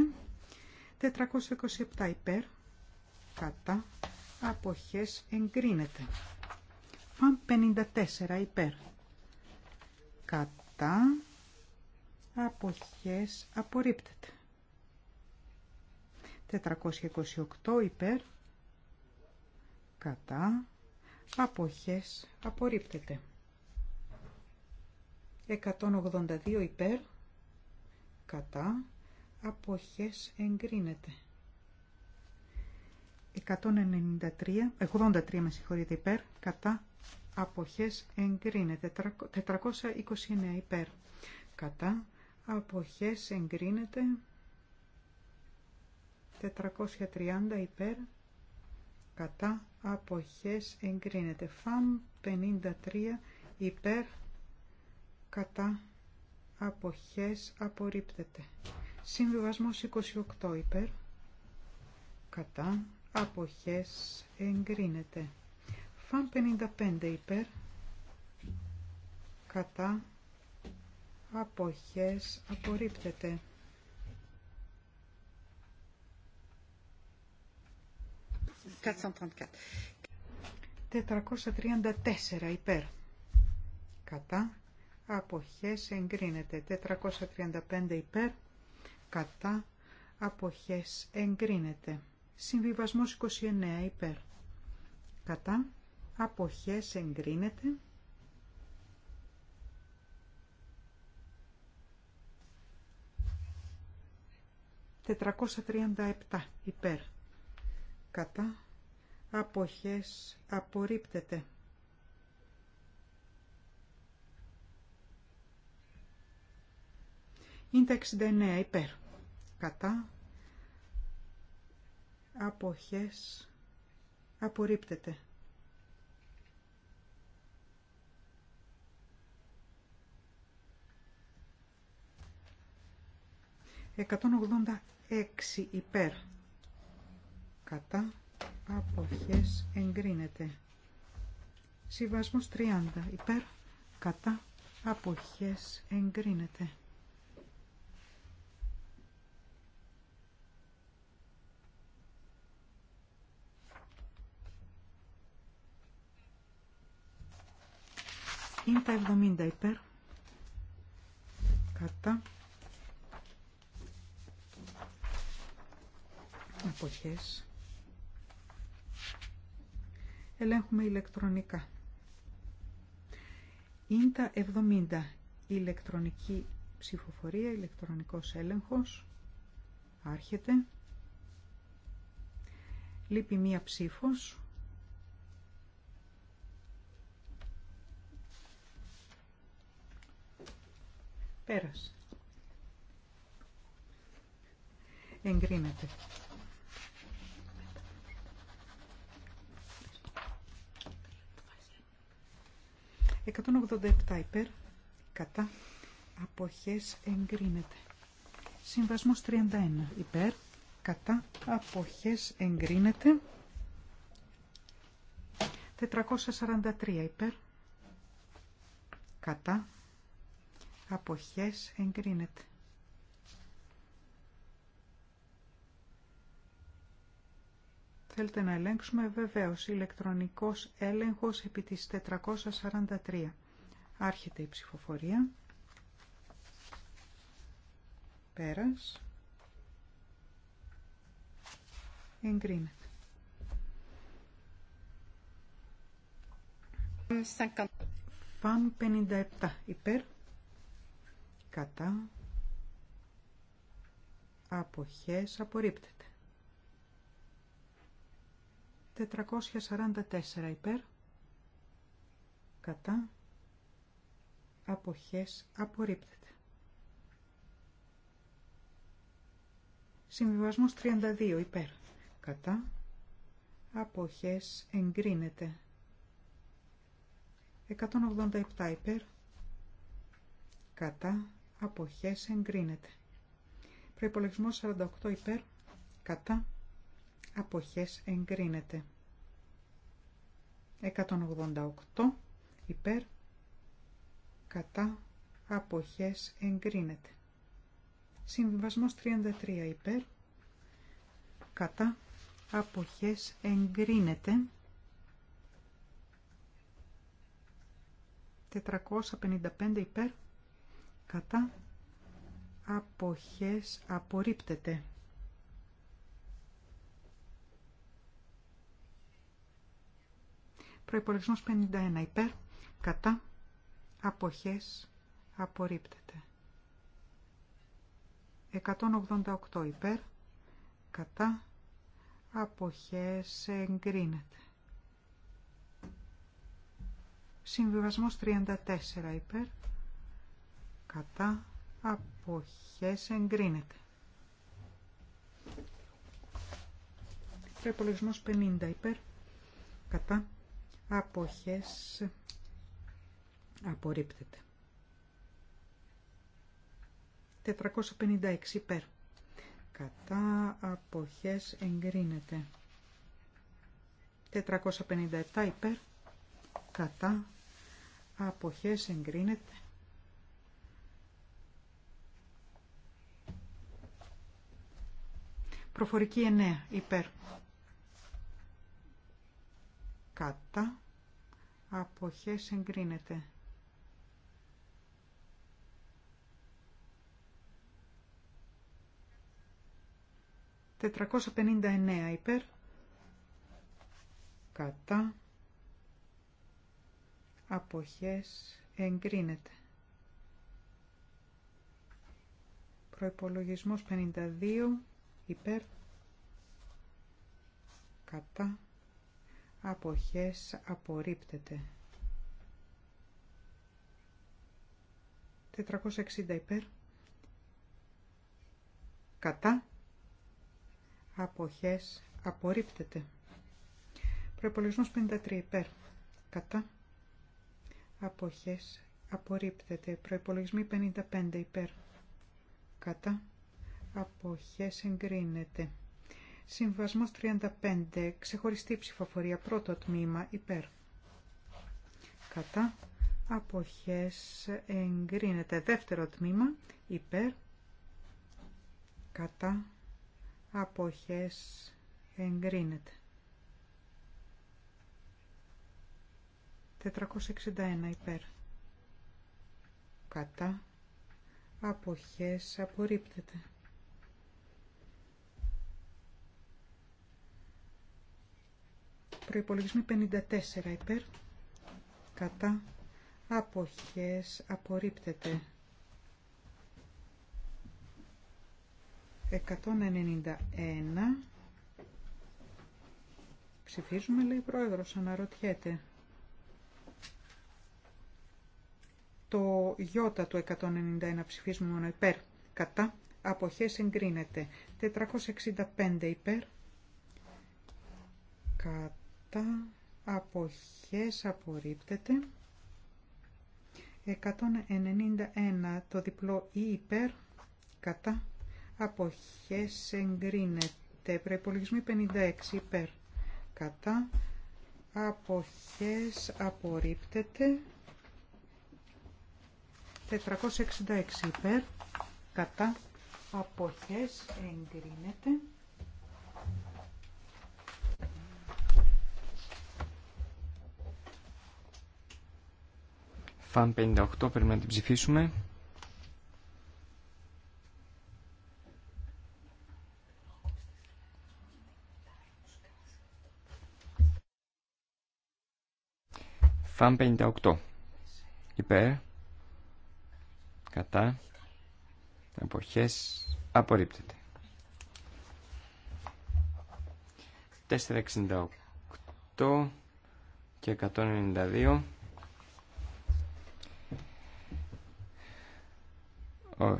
427 υπέρ. Κατά αποχές εγκρίνεται. Φαν 54 υπέρ. Κατά αποχές απορρίπτεται. 428 υπέρ. Κατά αποχές απορρίπτεται. 182 υπέρ, κατά, αποχές εγκρίνεται. 193, 83 με συγχωρείτε υπέρ, κατά, αποχές εγκρίνεται. 429 υπέρ, κατά, αποχές εγκρίνεται. 430 υπέρ, κατά, αποχές εγκρίνεται. Φαμ 53 υπέρ, κατά αποχές απορρίπτεται. Συμβιβασμός 28 υπέρ κατά αποχές εγκρίνεται. Φαν 55 υπέρ κατά αποχές απορρίπτεται. 434 υπέρ κατά αποχές εγκρίνεται. 435 υπέρ, κατά, αποχές εγκρίνεται. Συμβιβασμός 29 υπέρ, κατά, αποχές εγκρίνεται. «437 υπέρ» κατά «αποχές απορρίπτεται» Είναι τα 69 υπέρ. Κατά. Αποχές. Απορρίπτεται. Εκατόν ογδόντα έξι υπέρ. Κατά. Αποχές εγκρίνεται. Συμβασμός 30 υπέρ. Κατά. Αποχές εγκρίνεται. τα 70 υπέρ. Κατά. Εποχές. Ελέγχουμε ηλεκτρονικά. τα 70. Ηλεκτρονική ψηφοφορία, ηλεκτρονικός έλεγχος. Άρχεται. Λείπει μία ψήφος. Πέρας. Εγκρίνεται. 187 υπέρ. Κατά. Αποχές εγκρίνεται. Συμβασμός 31 υπέρ. Κατά. Αποχές εγκρίνεται. 443 υπέρ. Κατά αποχές εγκρίνεται. Θέλετε να ελέγξουμε βεβαίως ηλεκτρονικός έλεγχος επί της 443. Άρχεται η ψηφοφορία. Πέρας. Εγκρίνεται. Φαμ 57 υπέρ κατά αποχές απορρίπτεται 444 υπέρ κατά αποχές απορρίπτεται Συμβιβασμός 32 υπέρ κατά αποχές εγκρίνεται 187 υπέρ κατά αποχές εγκρίνεται. Προϋπολογισμός 48 υπέρ, κατά, αποχές εγκρίνεται. 188 υπέρ, κατά, αποχές εγκρίνεται. Συμβιβασμός 33 υπέρ, κατά, αποχές εγκρίνεται. 455 υπέρ, κατά αποχές απορρίπτεται. Προϋπολογισμός 51 υπέρ, κατά, αποχές, απορρίπτεται. 188 υπέρ, κατά, αποχές, εγκρίνεται. Συμβιβασμός 34 υπέρ, κατά αποχές εγκρίνεται. Προπολογισμός 50 υπέρ κατά αποχές απορρίπτεται. 456 υπέρ κατά αποχές εγκρίνεται. 457 υπέρ κατά αποχές εγκρίνεται. Προφορική 9 υπέρ. Κατά. Αποχές εγκρίνεται. 459, πενήντα υπέρ. Κατά. Αποχές εγκρίνεται. Προϋπολογισμός 52 υπέρ κατά αποχές απορρίπτεται 460 υπέρ κατά αποχές απορρίπτεται προϋπολογισμός 53 υπέρ κατά αποχές απορρίπτεται προϋπολογισμή 55 υπέρ κατά αποχές εγκρίνεται. Συμβασμός 35. Ξεχωριστή ψηφοφορία. Πρώτο τμήμα υπέρ. Κατά. Αποχές εγκρίνεται. Δεύτερο τμήμα υπέρ. Κατά. Αποχές εγκρίνεται. 461 υπέρ. Κατά. Αποχές απορρίπτεται. προϋπολογισμοί 54 υπέρ. Κατά. Αποχές. Απορρίπτεται. 191. Ψηφίζουμε, λέει πρόεδρος, αναρωτιέται. Το Ι του 191 ψηφίζουμε μόνο υπέρ. Κατά. Αποχές εγκρίνεται. 465 υπέρ. Κατά κατά αποχές απορρίπτεται 191 το διπλό ή υπέρ κατά αποχές εγκρίνεται προϋπολογισμή 56 υπέρ κατά αποχές απορρίπτεται 466 υπέρ κατά αποχές εγκρίνεται φάν 58 πρέπει να την ψηφίσουμε. φάν 58 υπέρ κατά εποχές απορρίπτεται. 468 και 192 468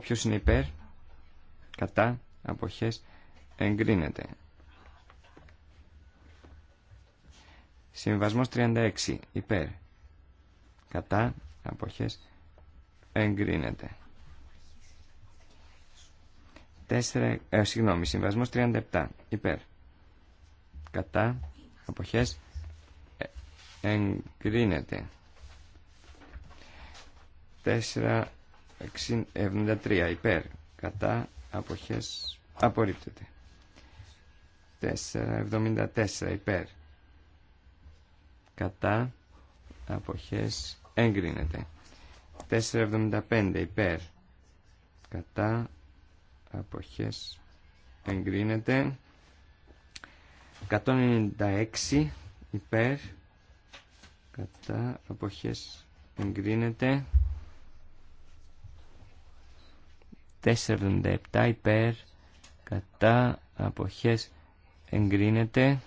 ποιος είναι υπέρ κατά αποχές εγκρίνεται Συμβασμός 36 υπέρ κατά αποχές εγκρίνεται 4, ε, συγγνώμη, συμβασμός 37 υπέρ κατά αποχές εγκρίνεται 473 υπέρ κατά αποχές απορρίπτεται 474 υπέρ κατά αποχές εγκρίνεται 475 υπέρ κατά αποχές εγκρίνεται 196 υπέρ κατά αποχές εγκρίνεται 477 υπέρ κατά αποχές εγκρίνεται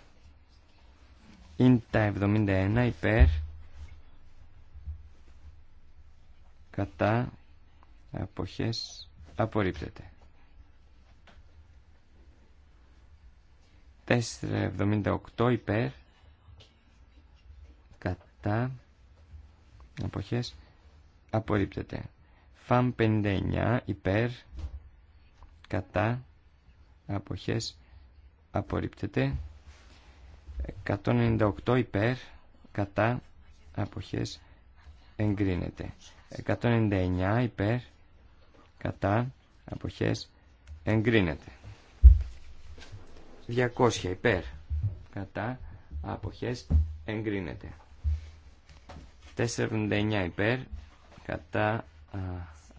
είναι τα 71 υπέρ κατά αποχές απορρίπτεται 478 υπέρ κατά εποχές απορρίπτεται φαμ 59 υπέρ κατά αποχές απορρίπτεται 198 υπέρ κατά αποχές εγκρίνεται 199 υπέρ κατά αποχές εγκρίνεται 200 υπέρ κατά αποχές εγκρίνεται 479 υπέρ κατά α,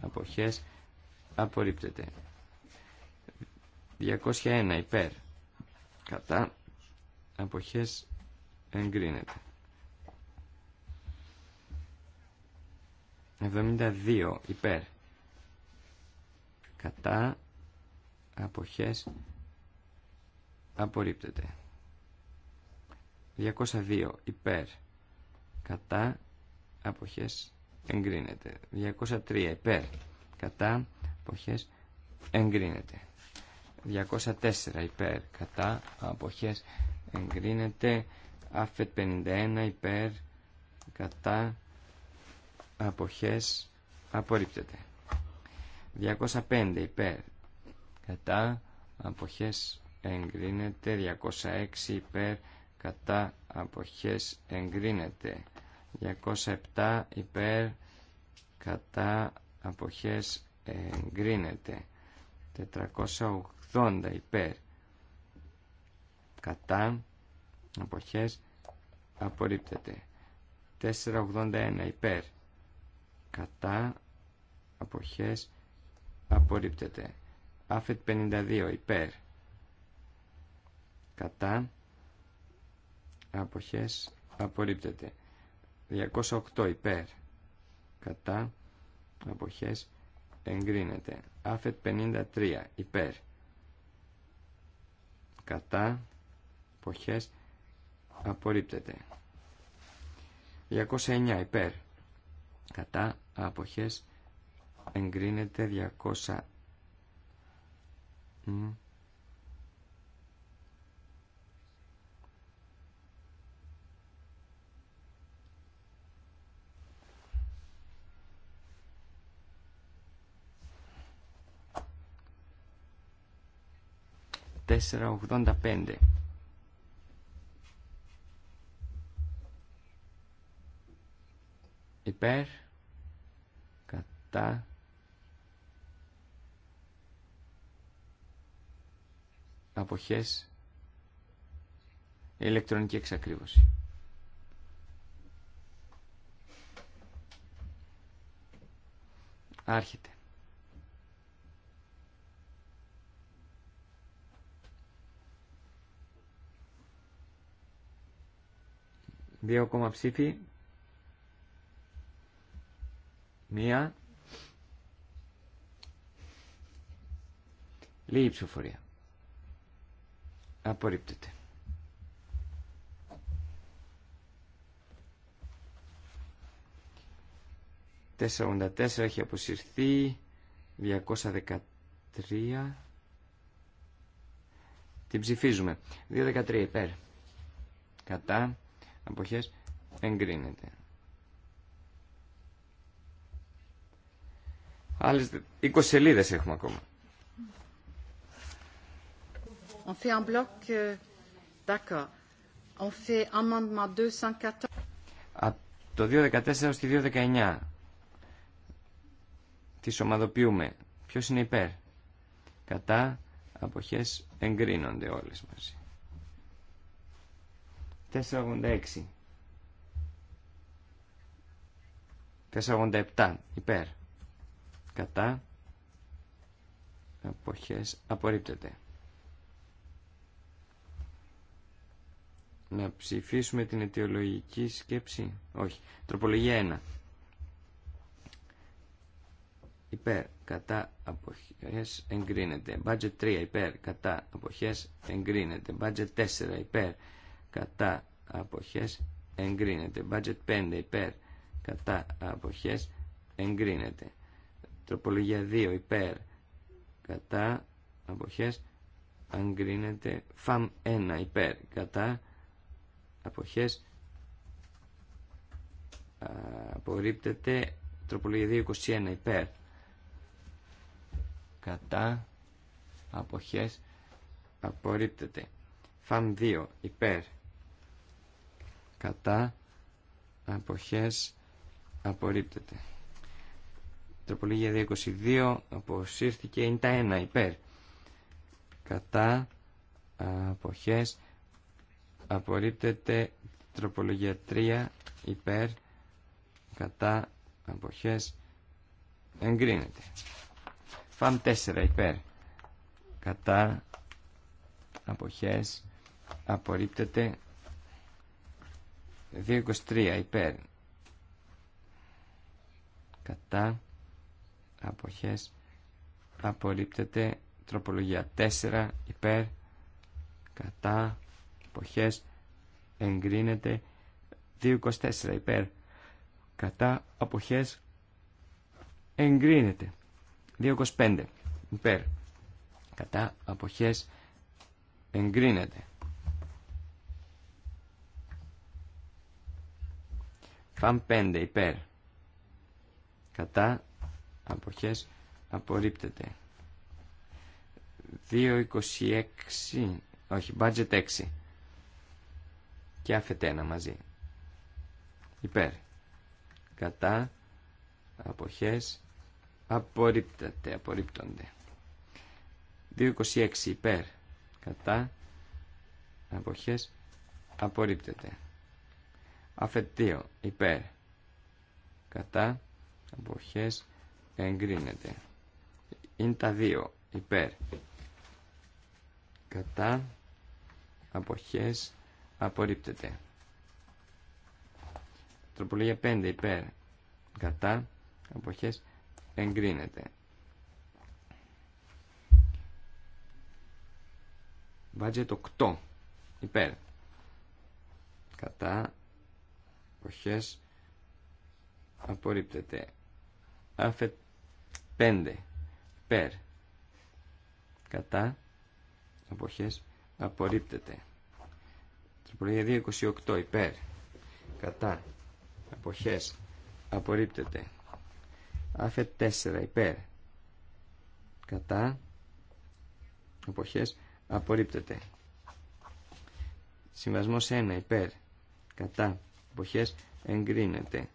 αποχές απορρίπτεται 201 υπέρ κατά αποχές εγκρίνεται 72 υπέρ κατά αποχές απορρίπτεται 202 υπέρ κατά αποχές εγκρίνεται 203 υπέρ κατά αποχές εγκρίνεται 204 υπέρ κατά αποχές εγκρίνεται άφετ 51 υπέρ κατά αποχές απορρίπτεται 205 υπέρ κατά αποχές εγκρίνεται 206 υπέρ κατά αποχές εγκρίνεται 207 υπέρ κατά αποχές εγκρίνεται 480 υπέρ κατά αποχές απορρίπτεται 481 υπέρ κατά αποχές απορρίπτεται άφετ 52 υπέρ κατά αποχές απορρίπτεται 208 υπέρ κατά αποχές εγκρίνεται άφετ 53 υπέρ κατά αποχές απορρίπτεται 209 υπέρ κατά αποχές εγκρίνεται 200 84-85 Υπέρ, κατά, αποχές, ηλεκτρονική εξακρίβωση. Άρχεται. Δύο ακόμα ψήφοι. Μία. Λίγη ψηφοφορία. Απορρίπτεται. Τέσσερα έχει αποσυρθεί. 213. Την ψηφίζουμε. 213 υπέρ. Κατά αποχές εγκρίνεται. Άλλες 20 σελίδες έχουμε ακόμα. On fait un bloc, euh, d'accord. On fait amendement 214. Από το 2.14 στη 2.19 Τι ομαδοποιούμε. Ποιος είναι υπέρ. Κατά αποχές εγκρίνονται όλες μαζί. 486. 487 υπέρ. Κατά. Αποχές απορρίπτεται. Να ψηφίσουμε την αιτιολογική σκέψη. Όχι. Τροπολογία 1. Υπέρ. Κατά. Αποχές εγκρίνεται. Budget 3. Υπέρ. Κατά. Αποχές εγκρίνεται. Budget 4. Υπέρ κατά αποχές εγκρίνεται. Budget 5 υπέρ κατά αποχές εγκρίνεται. Τροπολογία 2 υπέρ κατά αποχές εγκρίνεται. Φαμ 1 υπέρ κατά αποχές απορρίπτεται. Τροπολογία 2 21 υπέρ κατά αποχές απορρίπτεται. Φαμ 2 υπέρ κατά αποχές απορρίπτεται. Τροπολογία 22 αποσύρθηκε, είναι τα 1 υπέρ. Κατά αποχές απορρίπτεται τροπολογία 3 υπέρ κατά αποχές εγκρίνεται. Φαμ 4 υπέρ κατά αποχές απορρίπτεται 2.23 υπέρ κατά αποχές απορρίπτεται τροπολογία 4 υπέρ κατά αποχές εγκρίνεται 2.24 υπέρ κατά αποχές εγκρίνεται 2.25 υπέρ κατά αποχές εγκρίνεται Φαμ 5 υπέρ. Κατά αποχές απορρίπτεται. 2.26 όχι, budget 6 και άφετε ένα μαζί. Υπέρ. Κατά αποχές απορρίπτεται, απορρίπτονται. 2.26 υπέρ. Κατά αποχές απορρίπτεται. Αφετείο. Υπέρ. Κατά. Αποχές. Εγκρίνεται. Είναι τα δύο. Υπέρ. Κατά. Αποχές. Απορρίπτεται. Τροπολογία 5. Υπέρ. Κατά. Αποχές. Εγκρίνεται. το 8. Υπέρ. Κατά εποχές απορρίπτεται άφετ 5 περ κατά εποχές απορρίπτεται τροπολογία 228 υπέρ κατά εποχές απορρίπτεται άφετ 4 υπέρ κατά εποχές απορρίπτεται συμβασμός 1 υπέρ κατά εποχές εγκρίνεται.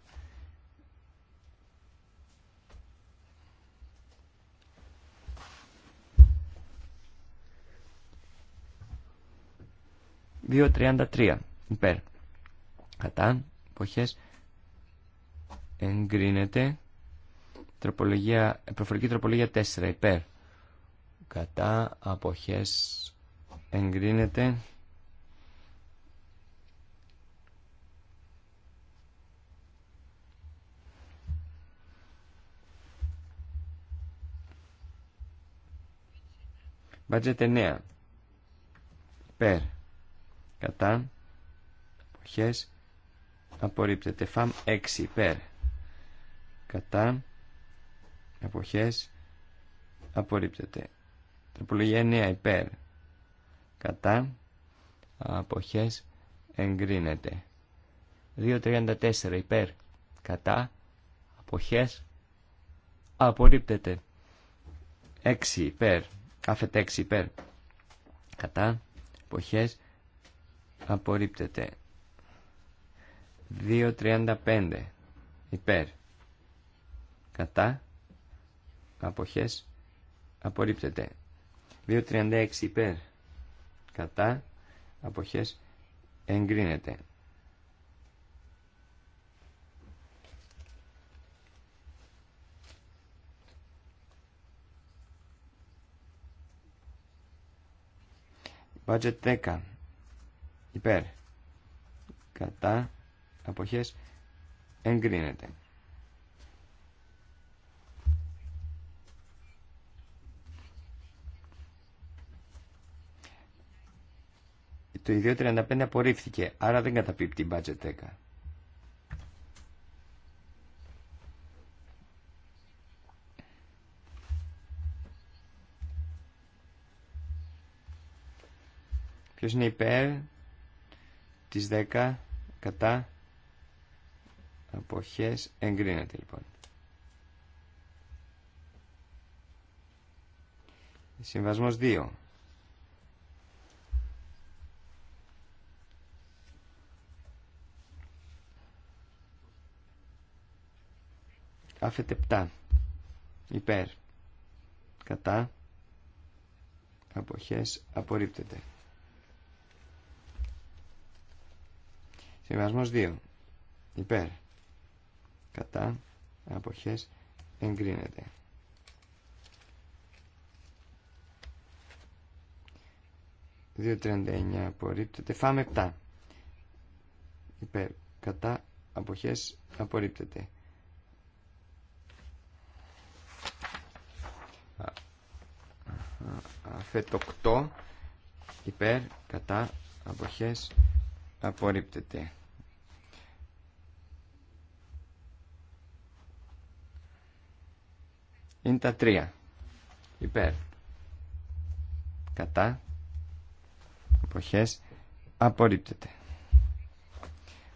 Δύο υπέρ. Κατά εποχές εγκρίνεται. Τροπολογία, προφορική τροπολογία 4 υπέρ. Κατά αποχές εγκρίνεται. Budget 9. Περ. Κατά. Αποχές. Απορρίπτεται. Φαμ 6. Περ. Κατά. Αποχές. Απορρίπτεται. Τροπολογία 9. Υπέρ. Κατά. Αποχές. Εγκρίνεται. 2.34. Υπέρ. Κατά. Αποχές. Απορρίπτεται. 6. Υπέρ Κάθε 6 υπέρ. Κατά. Εποχές. Απορρίπτεται. 2.35 υπέρ. Κατά. Αποχές. Απορρίπτεται. 2.36 υπέρ. Κατά. Αποχές. Εγκρίνεται. Budget 10. Υπέρ. Κατά. Αποχές. Εγκρίνεται. Το ίδιο 35 απορρίφθηκε, άρα δεν καταπίπτει η budget 10. Ποιος είναι υπέρ της 10 κατά αποχές εγκρίνεται λοιπόν. Συμβασμός 2. Άφετε 7. Υπέρ. Κατά. Αποχές απορρίπτεται. Συμβασμός 2. Υπέρ. Κατά. Αποχές. Εγκρίνεται. ...2.39 απορρίπτεται... ...φάμε 7... ...υπέρ... ...κατά... απόχέ ...απορρίπτεται... Αφέτο 8... ...υπέρ... ...κατά... ...αποχές απορρίπτεται. Είναι τα τρία. Υπέρ. Κατά. Εποχές. Απορρίπτεται.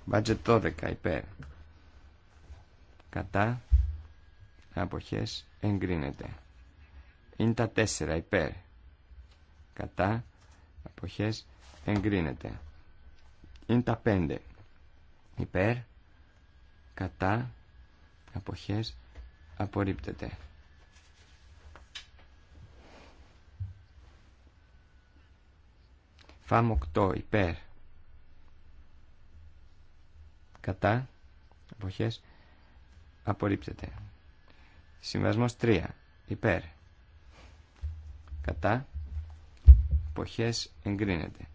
Μπάτζετ 12. Υπέρ. Κατά. Αποχές. Εγκρίνεται. Είναι τα τέσσερα. Υπέρ. Κατά. Αποχές. Εγκρίνεται είναι τα πέντε. υπέρ κατά αποχές απορρίπτεται φάμ 8 υπέρ κατά αποχές απορρίπτεται συμβασμός 3 υπέρ κατά αποχές εγκρίνεται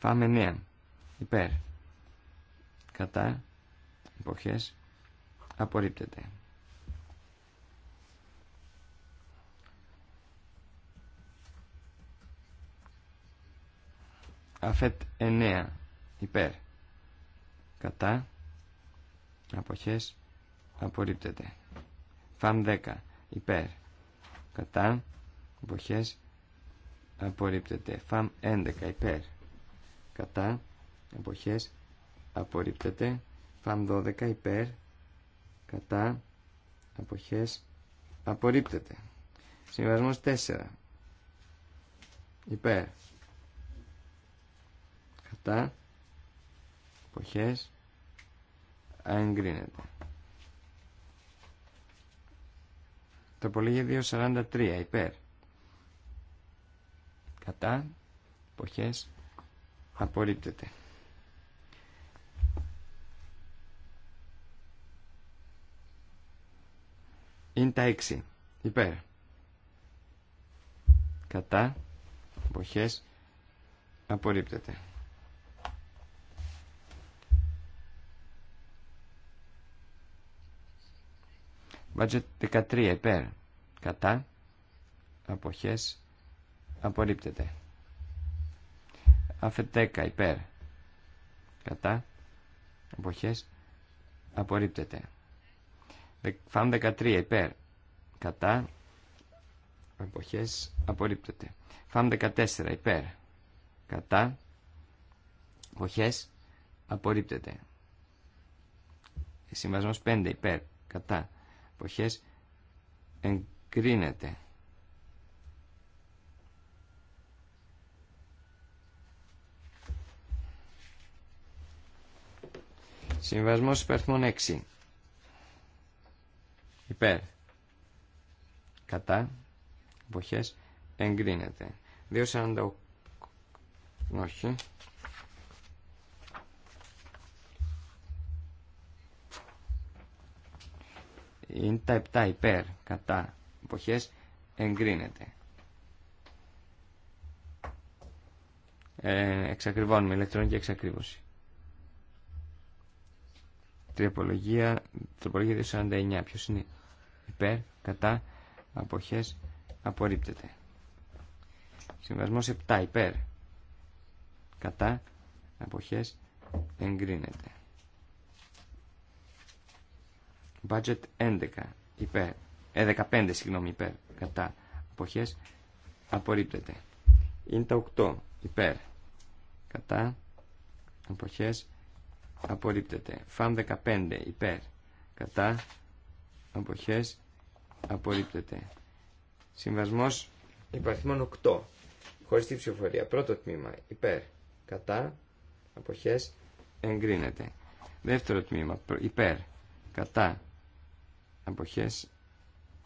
ΦΑΜ 9 Υπέρ. Κατά. Εποχές. Απορρίπτεται. Αφέτ 9. Υπέρ. Κατά. Αποχές. Απορρίπτεται. Φαμ 10. Υπέρ. Κατά. Εποχές. Απορρίπτεται. Φαμ 11. Υπέρ κατά εποχές απορρίπτεται φαμ 12 υπέρ κατά εποχές απορρίπτεται συμβασμός 4 υπέρ κατά εποχές Το πολίγιο 243 υπέρ κατά εποχές Απορρίπτεται. Είναι τα έξι. Υπέρ. Κατά. Εποχές. Απορρίπτεται. Budget 13 υπέρ. Κατά. Αποχές. Απορρίπτεται. Αφετέκα υπέρ. Κατά. Εποχές. Απορρίπτεται. Φαμ 13 υπέρ. Κατά. Εποχές. Απορρίπτεται. Φαμ 14 υπέρ. Κατά. Εποχές. Απορρίπτεται. Συμβασμός 5 υπέρ. Κατά. Εποχές. Εγκρίνεται. Συμβασμός υπέρθμων 6. Υπέρ. Κατά. Εποχές. Εγκρίνεται. 2.48. Όχι. Είναι τα 7 υπέρ. Κατά. Εποχές. Εγκρίνεται. Ε, εξακριβώνουμε ηλεκτρονική εξακρίβωση. Τροπολογία, τροπολογία 249. Ποιος είναι υπέρ, κατά, απόχέ, απορρίπτεται. Συμβασμό 7 υπέρ, κατά, απόχέ, εγκρίνεται. Budget 11 υπέρ, ε, 15 συγγνώμη υπέρ, κατά, αποχέ, απορρίπτεται. Είναι τα 8 υπέρ, κατά, αποχές, απορρίπτεται. Φαμ 15 υπέρ κατά αποχές απορρίπτεται. Συμβασμός υπαριθμών 8 τη ψηφοφορία. Πρώτο τμήμα υπέρ κατά αποχές εγκρίνεται. Δεύτερο τμήμα υπέρ κατά αποχές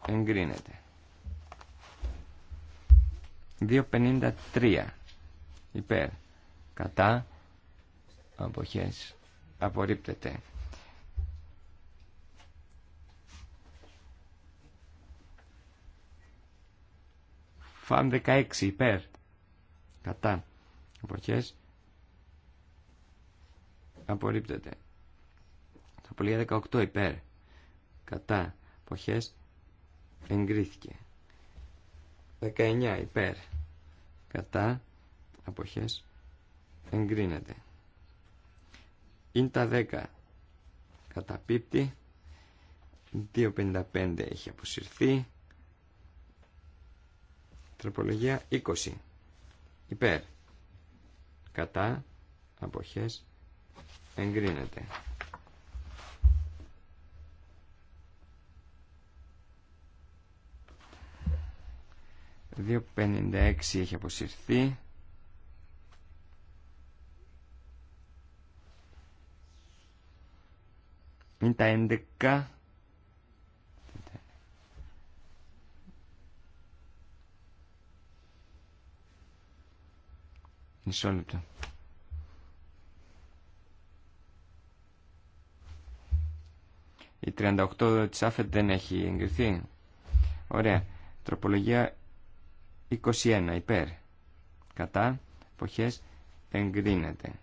εγκρίνεται. 2.53 υπέρ κατά αποχές απορρίπτεται. Φαμ 16 υπέρ. Κατά. Εποχές. Απορρίπτεται. Τροπολογία 18 υπέρ. Κατά. Εποχές. Εγκρίθηκε. 19 υπέρ. Κατά. Αποχές. Εγκρίνεται. Είναι τα 10. κατά Καταπίπτει. 2.55 έχει αποσυρθεί. Τροπολογία 20. Υπέρ. Κατά. Αποχές. Εγκρίνεται. ...2.56 έχει αποσυρθεί... Είναι τα 11. Μισό λεπτό. Η 38 της ΑΦΕΤ δεν έχει εγκριθεί. Ωραία. Τροπολογία 21 υπέρ. Κατά. Εποχές εγκρίνεται.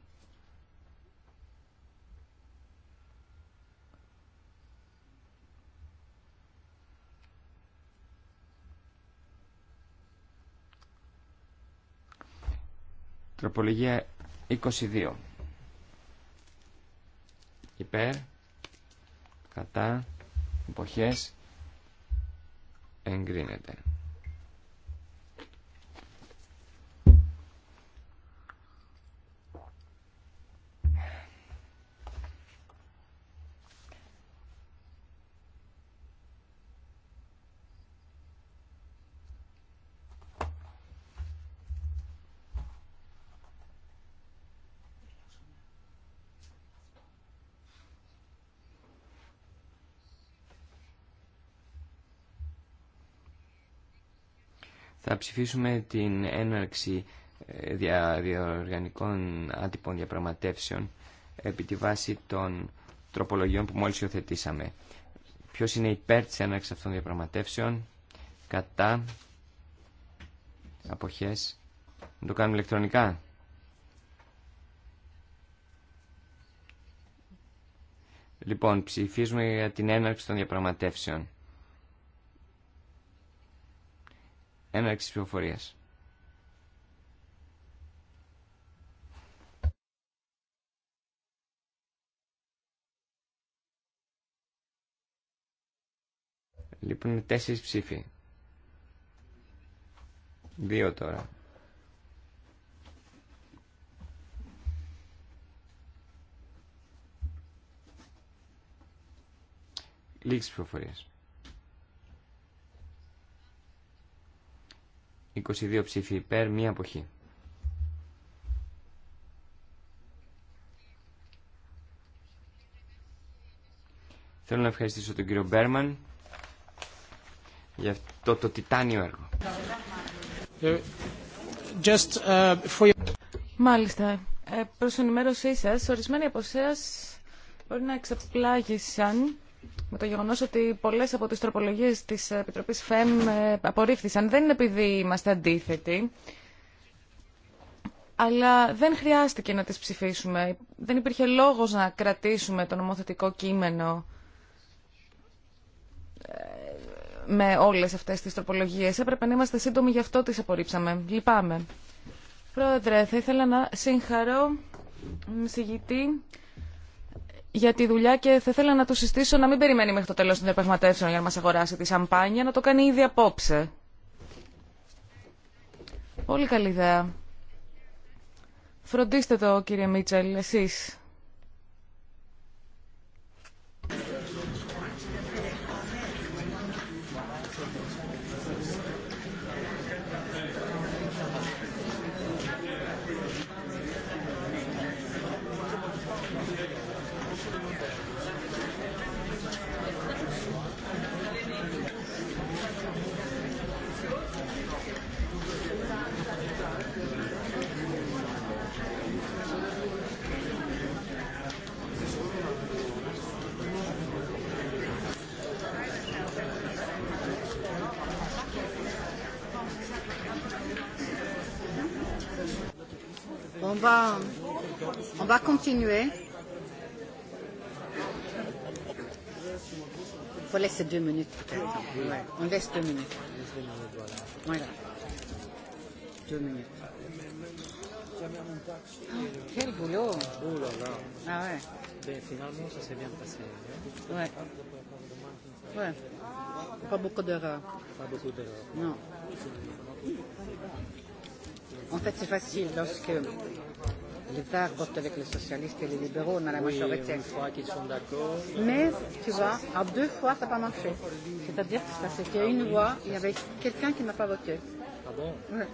Τροπολογία 22. Υπέρ, κατά, εποχές, εγκρίνεται. Θα ψηφίσουμε την έναρξη ε, δια, διοργανικών άτυπων διαπραγματεύσεων επί τη βάση των τροπολογιών που μόλις υιοθετήσαμε. Ποιο είναι υπέρ της έναρξης αυτών των διαπραγματεύσεων, κατά, αποχές. Να το κάνουμε ηλεκτρονικά. Λοιπόν, ψηφίζουμε για την έναρξη των διαπραγματεύσεων. Έναρξη ψηφοφορία. Λοιπόν, είναι τέσσερις ψήφοι. Δύο τώρα. Λήξη ψηφοφορίας. 22 ψήφοι υπέρ, μία αποχή. Θέλω να ευχαριστήσω τον κύριο Μπέρμαν για αυτό το τιτάνιο έργο. Ε, ε, Μάλιστα. Ε, προς ενημέρωσή σας, ορισμένοι από εσάς μπορεί να εξαπλάγησαν με το γεγονός ότι πολλές από τις τροπολογίες της Επιτροπής ΦΕΜ ε, απορρίφθησαν. Δεν είναι επειδή είμαστε αντίθετοι, αλλά δεν χρειάστηκε να τις ψηφίσουμε. Δεν υπήρχε λόγος να κρατήσουμε το νομοθετικό κείμενο ε, με όλες αυτές τις τροπολογίες. Έπρεπε να είμαστε σύντομοι, γι' αυτό τις απορρίψαμε. Λυπάμαι. Πρόεδρε, θα ήθελα να συγχαρώ συγητή για τη δουλειά και θα ήθελα να του συστήσω να μην περιμένει μέχρι το τέλος των διαπραγματεύσεων για να μα αγοράσει τη σαμπάνια, να το κάνει ήδη απόψε. Πολύ καλή ιδέα. Φροντίστε το κύριε Μίτσελ, εσείς. va, on va continuer. Il faut laisser deux minutes peut-être. Ouais, on laisse deux minutes. Voilà. Deux minutes. Quel boulot Oh là là Ah ouais Mais finalement, ça s'est bien passé. Ouais. Ouais. Pas beaucoup d'erreurs. Pas beaucoup d'erreurs. Non. En fait, c'est facile lorsque les Verts votent avec les socialistes et les libéraux, on a la majorité. Mais, tu vois, à deux fois, ça n'a pas marché. C'est-à-dire que qu'il une voix, il y avait quelqu'un qui n'a pas voté. Ah bon ouais.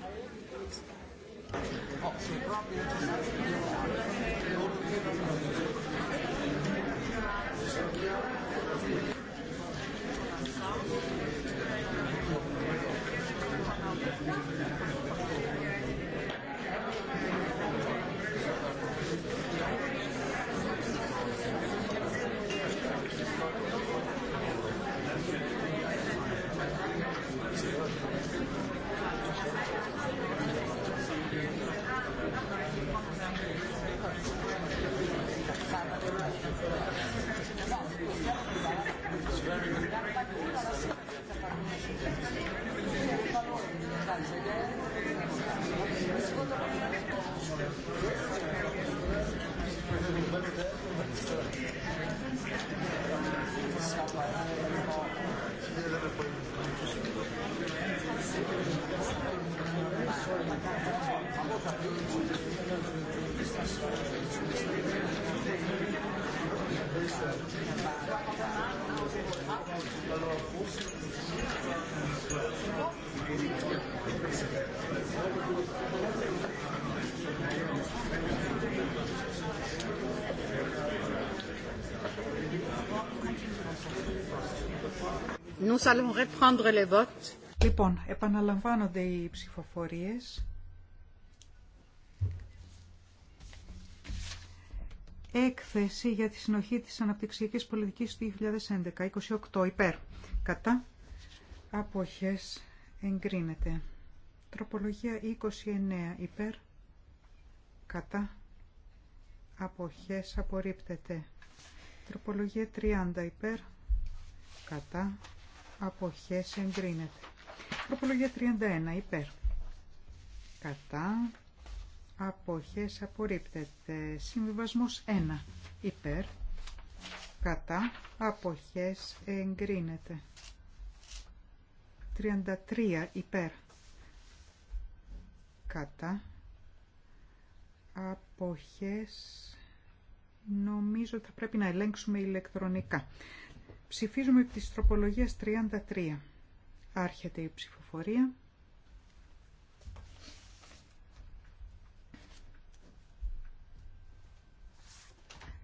Λοιπόν, επαναλαμβάνονται οι ψηφοφορίες. Έκθεση για τη συνοχή της αναπτυξιακής πολιτικής του 2011, 28 υπέρ. Κατά αποχές εγκρίνεται. Τροπολογία 29 υπέρ. Κατά αποχές απορρίπτεται. Τροπολογία 30 υπέρ. Κατά αποχές εγκρίνεται. Προπολογία 31 υπέρ. Κατά αποχές απορρίπτεται. Συμβιβασμό 1 υπέρ. Κατά αποχές εγκρίνεται. 33 υπέρ. Κατά αποχές νομίζω θα πρέπει να ελέγξουμε ηλεκτρονικά. Ψηφίζουμε επί της 33. Άρχεται η ψηφοφορία.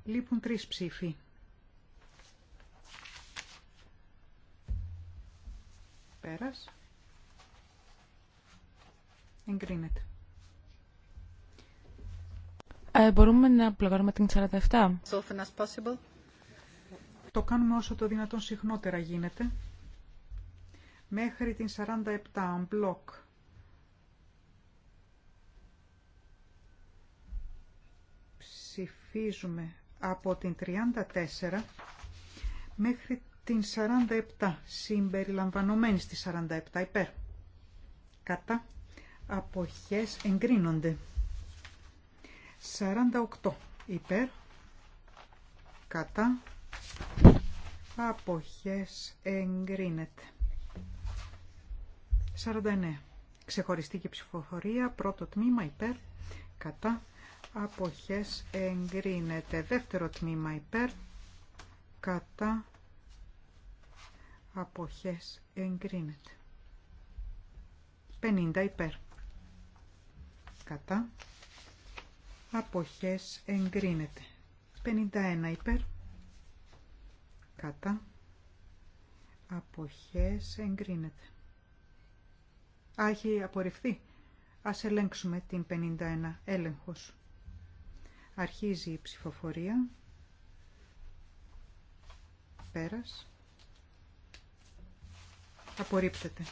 Λείπουν τρεις ψήφοι. Πέρας. Εγκρίνεται. Ε, μπορούμε να πλαγάρουμε την 47. So το κάνουμε όσο το δυνατόν συχνότερα γίνεται. Μέχρι την 47, μπλοκ. Ψηφίζουμε από την 34 μέχρι την 47, συμπεριλαμβανωμένη στη 47, υπέρ. Κατά αποχές εγκρίνονται. 48 υπέρ, κατά Αποχές εγκρίνεται. 49. Ξεχωριστή και ψηφοφορία. Πρώτο τμήμα υπέρ. Κατά. Αποχές εγκρίνεται. Δεύτερο τμήμα υπέρ. Κατά. Αποχές εγκρίνεται. 50 υπέρ. Κατά. Αποχές εγκρίνεται. 51 υπέρ κατά αποχές εγκρίνεται. Α, έχει απορριφθεί. Ας ελέγξουμε την 51. Έλεγχος. Αρχίζει η ψηφοφορία. Πέρας. Απορρίπτεται.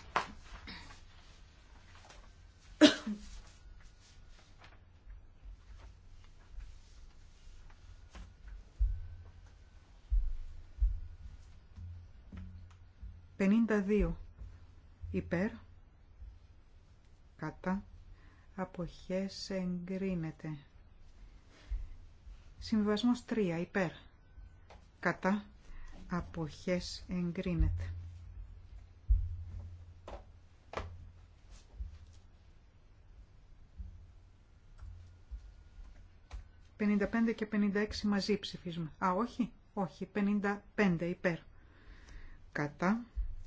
52 υπέρ κατά αποχές εγκρίνεται συμβιβασμός 3 υπέρ κατά αποχές εγκρίνεται «55 και 56 μαζί ψηφίζουμε». Α, όχι, όχι, 55 υπέρ. Κατά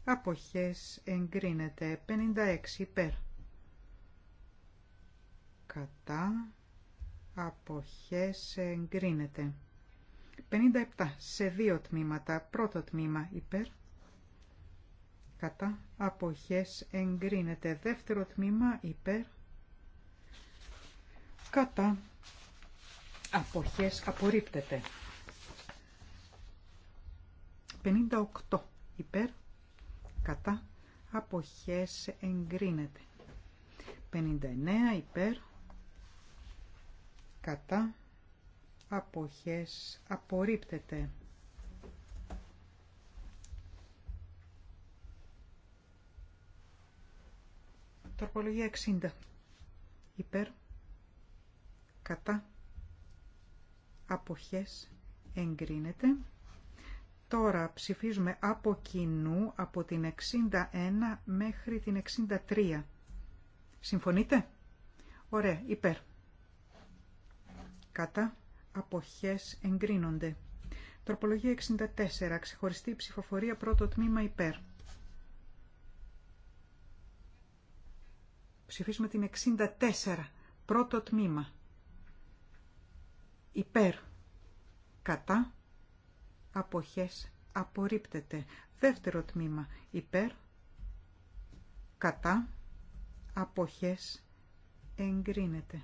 Αποχές εγκρίνεται 56 υπέρ. Κατά. Αποχές εγκρίνεται. 57 σε δύο τμήματα. Πρώτο τμήμα υπέρ. Κατά. Αποχές εγκρίνεται. Δεύτερο τμήμα υπέρ. Κατά. Αποχές απορρίπτεται. 58 υπέρ κατά αποχές εγκρίνεται 59 υπέρ κατά αποχές απορρίπτεται Τροπολογία 60 υπέρ κατά αποχές εγκρίνεται Τώρα ψηφίζουμε από κοινού από την 61 μέχρι την 63. Συμφωνείτε? Ωραία, υπέρ. Κατά αποχές εγκρίνονται. Τροπολογία 64. Ξεχωριστή ψηφοφορία πρώτο τμήμα υπέρ. Ψηφίζουμε την 64. Πρώτο τμήμα. Υπέρ. Κατά αποχές απορρίπτεται. Δεύτερο τμήμα υπέρ, κατά, αποχές εγκρίνεται.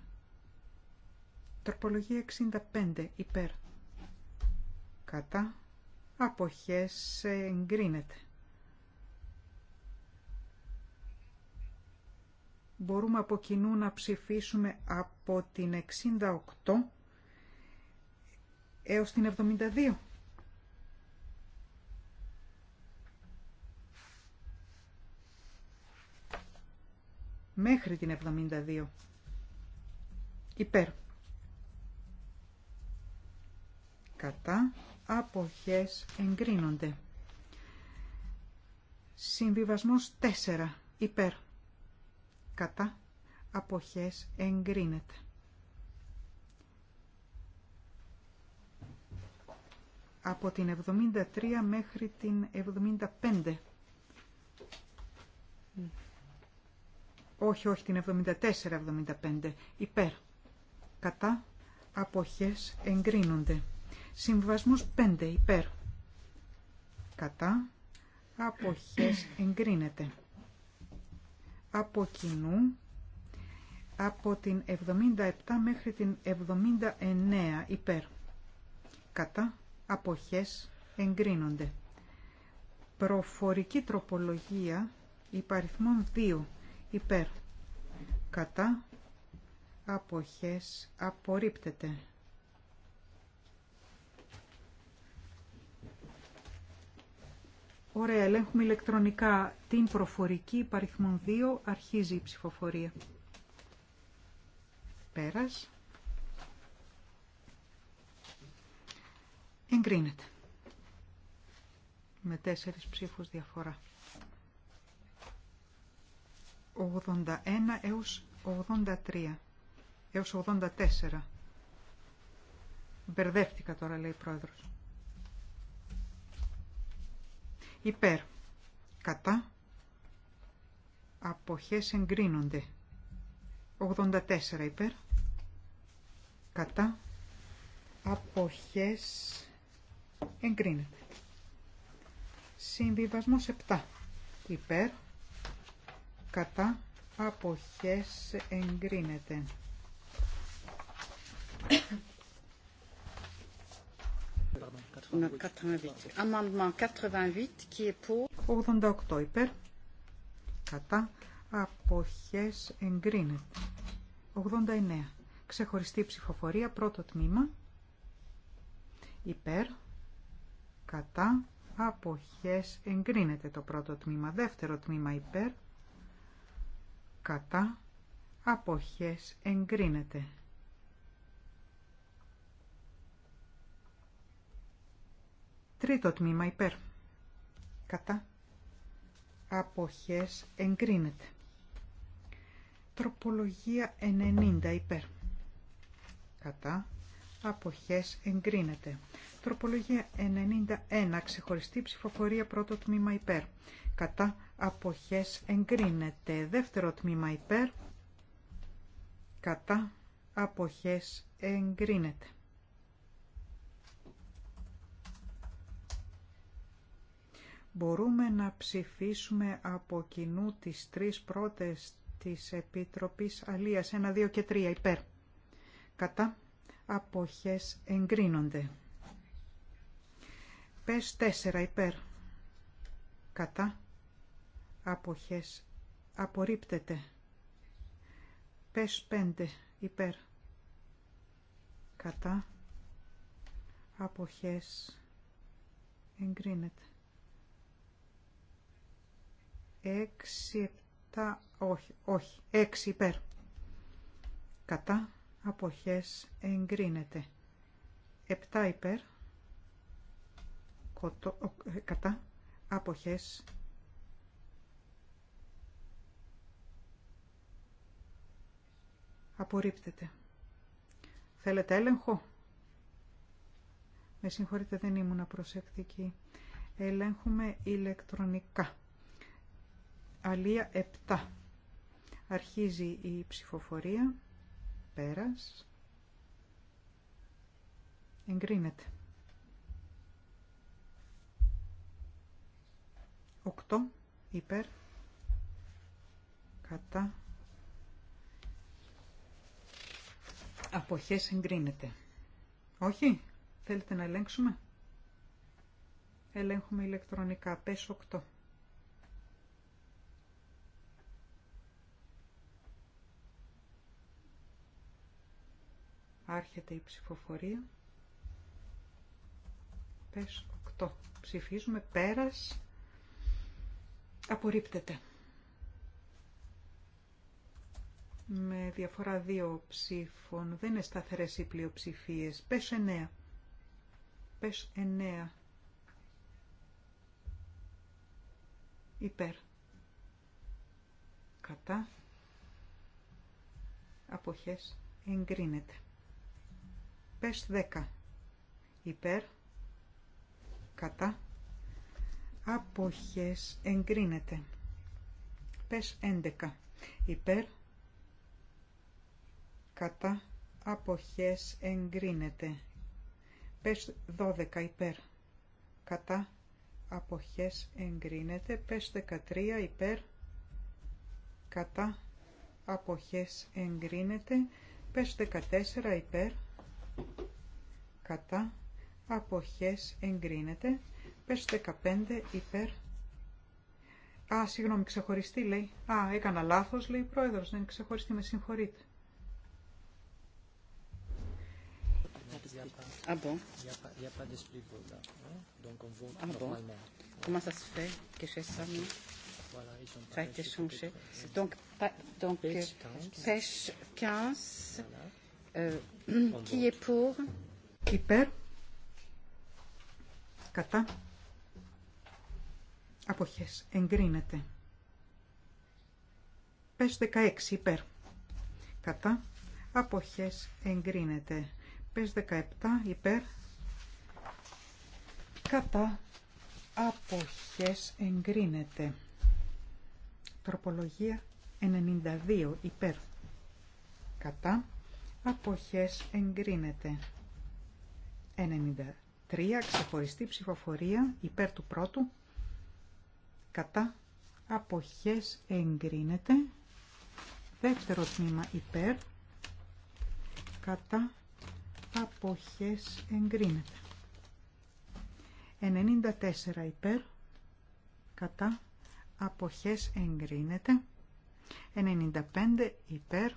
Τροπολογία 65 υπέρ, κατά, αποχές εγκρίνεται. Μπορούμε από κοινού να ψηφίσουμε από την 68 έως την 72. μέχρι την 72. Υπέρ. Κατά αποχές εγκρίνονται. Συμβιβασμός 4. Υπέρ. Κατά αποχές εγκρίνεται. Από την 73 μέχρι την 75 όχι, όχι, την 74-75, υπέρ. Κατά, αποχές, εγκρίνονται. Συμβασμός 5, υπέρ. Κατά, αποχές, εγκρίνεται. Από κοινού, από την 77 μέχρι την 79, υπέρ. Κατά, αποχές, εγκρίνονται. Προφορική τροπολογία υπαριθμών 2 υπέρ κατά αποχές απορρίπτεται. Ωραία, ελέγχουμε ηλεκτρονικά την προφορική υπαριθμών 2, αρχίζει η ψηφοφορία. Πέρας. Εγκρίνεται. Με τέσσερις ψήφους διαφορά. 81 έως 83 έως 84. Μπερδεύτηκα τώρα, λέει η πρόεδρος. Υπέρ. Κατά. Αποχές εγκρίνονται. 84 υπέρ. Κατά. Αποχές εγκρίνεται. Συμβιβασμός 7. Υπέρ κατά αποχές εγκρίνεται. Pardon, 88. 88 88 υπέρ. Κατά. Αποχές εγκρίνεται. 89. Ξεχωριστή ψηφοφορία. Πρώτο τμήμα. Υπέρ. Κατά. Αποχές εγκρίνεται το πρώτο τμήμα. Δεύτερο τμήμα υπέρ κατά, αποχές εγκρίνεται. Τρίτο τμήμα υπέρ, κατά, αποχές εγκρίνεται. Τροπολογία 90 υπέρ, κατά, αποχές εγκρίνεται. Τροπολογία 91, ξεχωριστή ψηφοφορία πρώτο τμήμα υπέρ, κατά, αποχές εγκρίνεται. Δεύτερο τμήμα υπέρ, κατά, αποχές εγκρίνεται. Μπορούμε να ψηφίσουμε από κοινού τις τρεις πρώτες της Επίτροπης Αλίας 1, 2 και 3 υπέρ. Κατά αποχές εγκρίνονται. Πες 4 υπέρ. Κατά αποχές απορρίπτεται πες πέντε υπέρ κατά αποχές εγκρίνεται έξι επτά όχι όχι έξι υπέρ κατά αποχές εγκρίνεται επτά υπέρ ε, κατά αποχές Απορρίπτεται. Θέλετε έλεγχο. Με συγχωρείτε δεν ήμουν προσεκτική. Ελέγχουμε ηλεκτρονικά. Αλία 7. Αρχίζει η ψηφοφορία. Πέρας. Εγκρίνεται. 8. Υπέρ. Κατά. Αποχές εγκρίνεται. Όχι, θέλετε να ελέγξουμε. Ελέγχουμε ηλεκτρονικά. Πες 8. Άρχεται η ψηφοφορία. Πες 8. Ψηφίζουμε πέρας. Απορρίπτεται. με διαφορά δύο ψήφων. Δεν είναι σταθερές οι πλειοψηφίες. Πες εννέα. Πες εννέα. Υπέρ. Κατά. Αποχές. Εγκρίνεται. Πες δέκα. Υπέρ. Κατά. Αποχές. Εγκρίνεται. Πες έντεκα. Υπέρ κατά αποχές εγκρίνεται. Πες 12 υπέρ κατά αποχές εγκρίνεται. Πες 13 υπέρ κατά αποχές εγκρίνεται. Πες 14 υπέρ κατά αποχές εγκρίνεται. Πες 15 υπέρ Α, συγγνώμη, ξεχωριστή λέει. Α, έκανα λάθος λέει η πρόεδρος, δεν ξεχωριστή, με συγχωρείτε. Ah bon Il n'y a pas d'esprit de vote Donc on vote ah normalement. Comment ça se fait que j'ai ça non Voilà, ils ont pas a été changé. Donc, pas, donc pêche 15. Pêche 15 Voilà. euh, qui est pour Qui perd Κατά. Αποχές. Εγκρίνεται. Πες 16 υπέρ. Κατά. Αποχές εγκρίνεται. ΠΕΣ 17 υπέρ κατά αποχές εγκρίνεται. Τροπολογία 92 υπέρ κατά αποχές εγκρίνεται. 93 ξεχωριστή ψηφοφορία υπέρ του πρώτου κατά αποχές εγκρίνεται. Δεύτερο τμήμα υπέρ κατά αποχές εγκρίνεται. 94 υπέρ, κατά, αποχές εγκρίνεται. 95 υπέρ,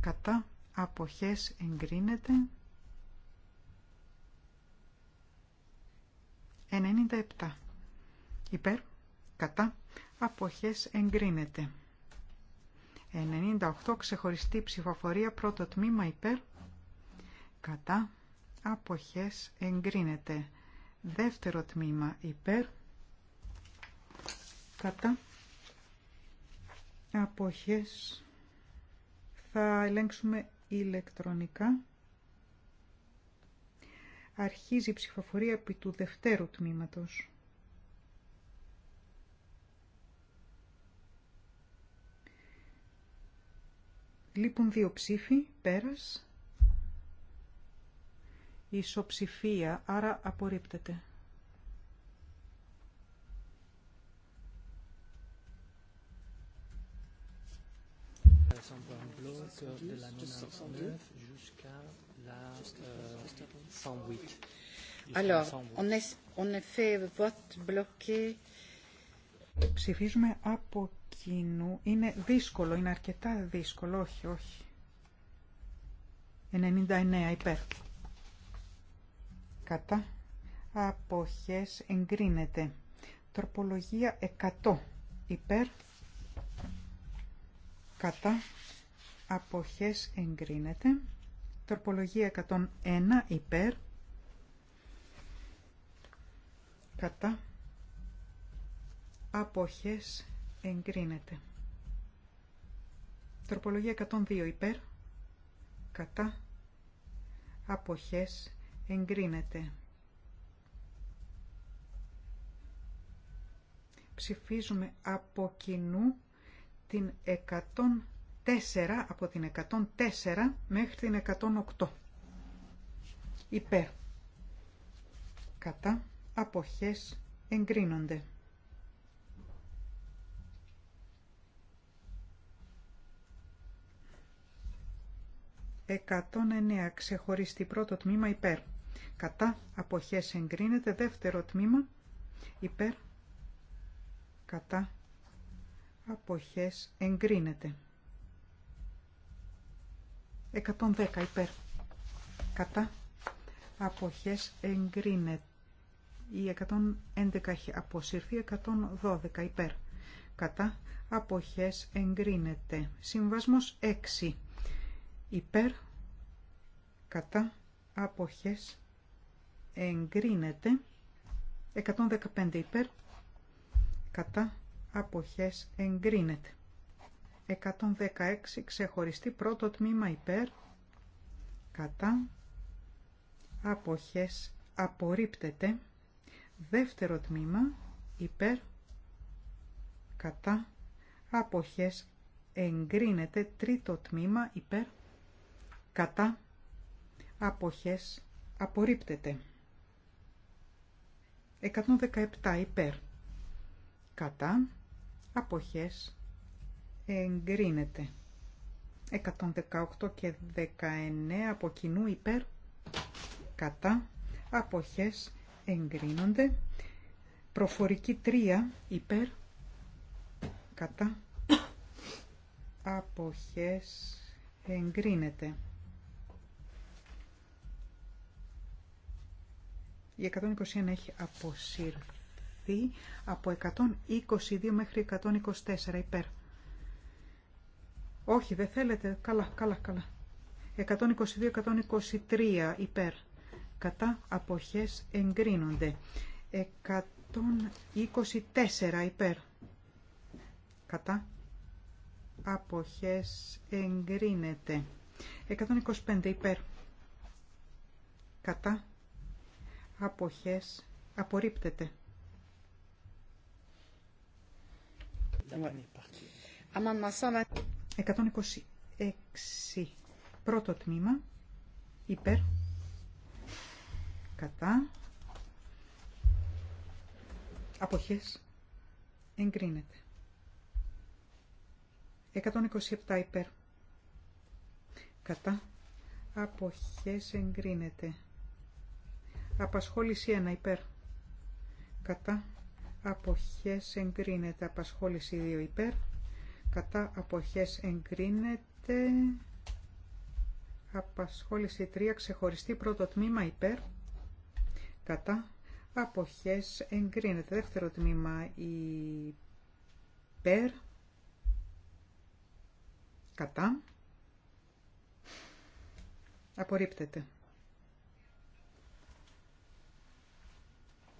κατά, αποχές εγκρίνεται. 97 υπέρ, κατά, αποχές εγκρίνεται. 98 ξεχωριστή ψηφοφορία πρώτο τμήμα υπέρ, κατά αποχές εγκρίνεται δεύτερο τμήμα υπέρ κατά αποχές θα ελέγξουμε ηλεκτρονικά αρχίζει η ψηφοφορία επί του δευτέρου τμήματος λείπουν δύο ψήφοι πέρας ισοψηφία, άρα απορρίπτεται. Alors, on, est, on fait vote bloqué. Ψηφίζουμε από κοινού. Είναι δύσκολο, είναι αρκετά δύσκολο. Όχι, όχι. 99 υπέρ κατά αποχές εγκρίνεται. Τροπολογία 100 υπέρ κατά αποχές εγκρίνεται. Τροπολογία 101 υπέρ κατά αποχές εγκρίνεται. Τροπολογία 102 υπέρ κατά αποχές εγκρίνεται. Ψηφίζουμε από κοινού την 104, από την 104 μέχρι την 108. Υπέρ. Κατά αποχές εγκρίνονται. «109. Ξεχωριστή πρώτο τμήμα υπέρ» κατά αποχές εγκρίνεται δεύτερο τμήμα υπέρ κατά αποχές εγκρίνεται 110 υπέρ κατά αποχές εγκρίνεται η 111 έχει αποσυρθεί 112 υπέρ κατά αποχές εγκρίνεται συμβασμός 6 υπέρ κατά αποχές εγκρίνεται 115 υπέρ κατά αποχές εγκρίνεται 116 ξεχωριστή πρώτο τμήμα υπέρ κατά αποχές απορρίπτεται δεύτερο τμήμα υπέρ κατά αποχές εγκρίνεται τρίτο τμήμα υπέρ κατά αποχές απορρίπτεται 117 υπέρ. Κατά. Αποχές. Εγκρίνεται. 118 και 19 από κοινού υπέρ. Κατά. Αποχές. Εγκρίνονται. Προφορική 3 υπέρ. Κατά. Αποχές. Εγκρίνεται. Η 121 έχει αποσυρθεί από 122 μέχρι 124 υπέρ. Όχι, δεν θέλετε. Καλά, καλά, καλά. 122-123 υπέρ. Κατά αποχές εγκρίνονται. 124 υπέρ. Κατά αποχές εγκρίνεται. 125 υπέρ. Κατά αποχές απορρίπτεται. 126. Πρώτο τμήμα. Υπέρ. Κατά. Αποχές. Εγκρίνεται. 127 υπέρ. Κατά. Αποχές εγκρίνεται. Απασχόληση 1 υπέρ. Κατά αποχές εγκρίνεται. Απασχόληση 2 υπέρ. Κατά αποχές εγκρίνεται. Απασχόληση 3 ξεχωριστή πρώτο τμήμα υπέρ. Κατά αποχές εγκρίνεται. Δεύτερο τμήμα υπέρ. Κατά. Απορρίπτεται.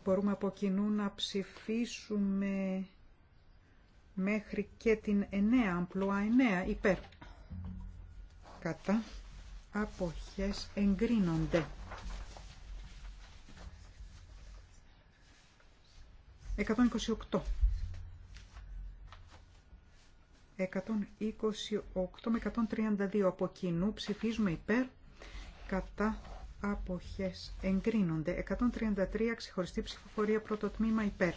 Μπορούμε από κοινού να ψηφίσουμε μέχρι και την 9, αμπλουά 9, υπέρ. Κατά αποχές εγκρίνονται. 128. 128 με 132 από κοινού ψηφίζουμε υπέρ κατά αποχές εγκρίνονται 133 ξεχωριστή ψηφοφορία πρώτο τμήμα υπέρ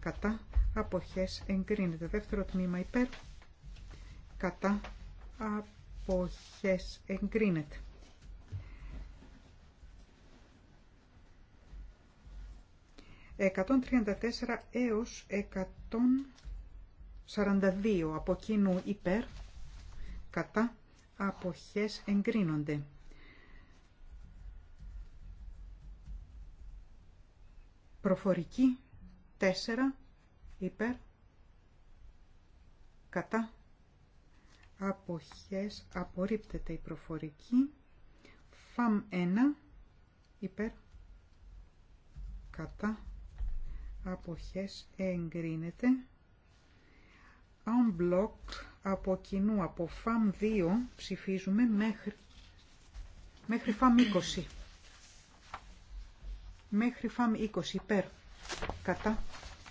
κατά αποχές εγκρίνεται δεύτερο τμήμα υπέρ κατά αποχές εγκρίνεται ...134 έως 142 από κοινού υπέρ, κατά, αποχές εγκρίνονται. Προφορική 4 υπέρ κατά αποχές απορρίπτεται η προφορική φαμ 1 υπέρ κατά αποχές εγκρίνεται Unblocked, από κοινού από φαμ 2 ψηφίζουμε μέχρι, μέχρι φαμ 20 μέχρι φαμ 20 υπέρ κατά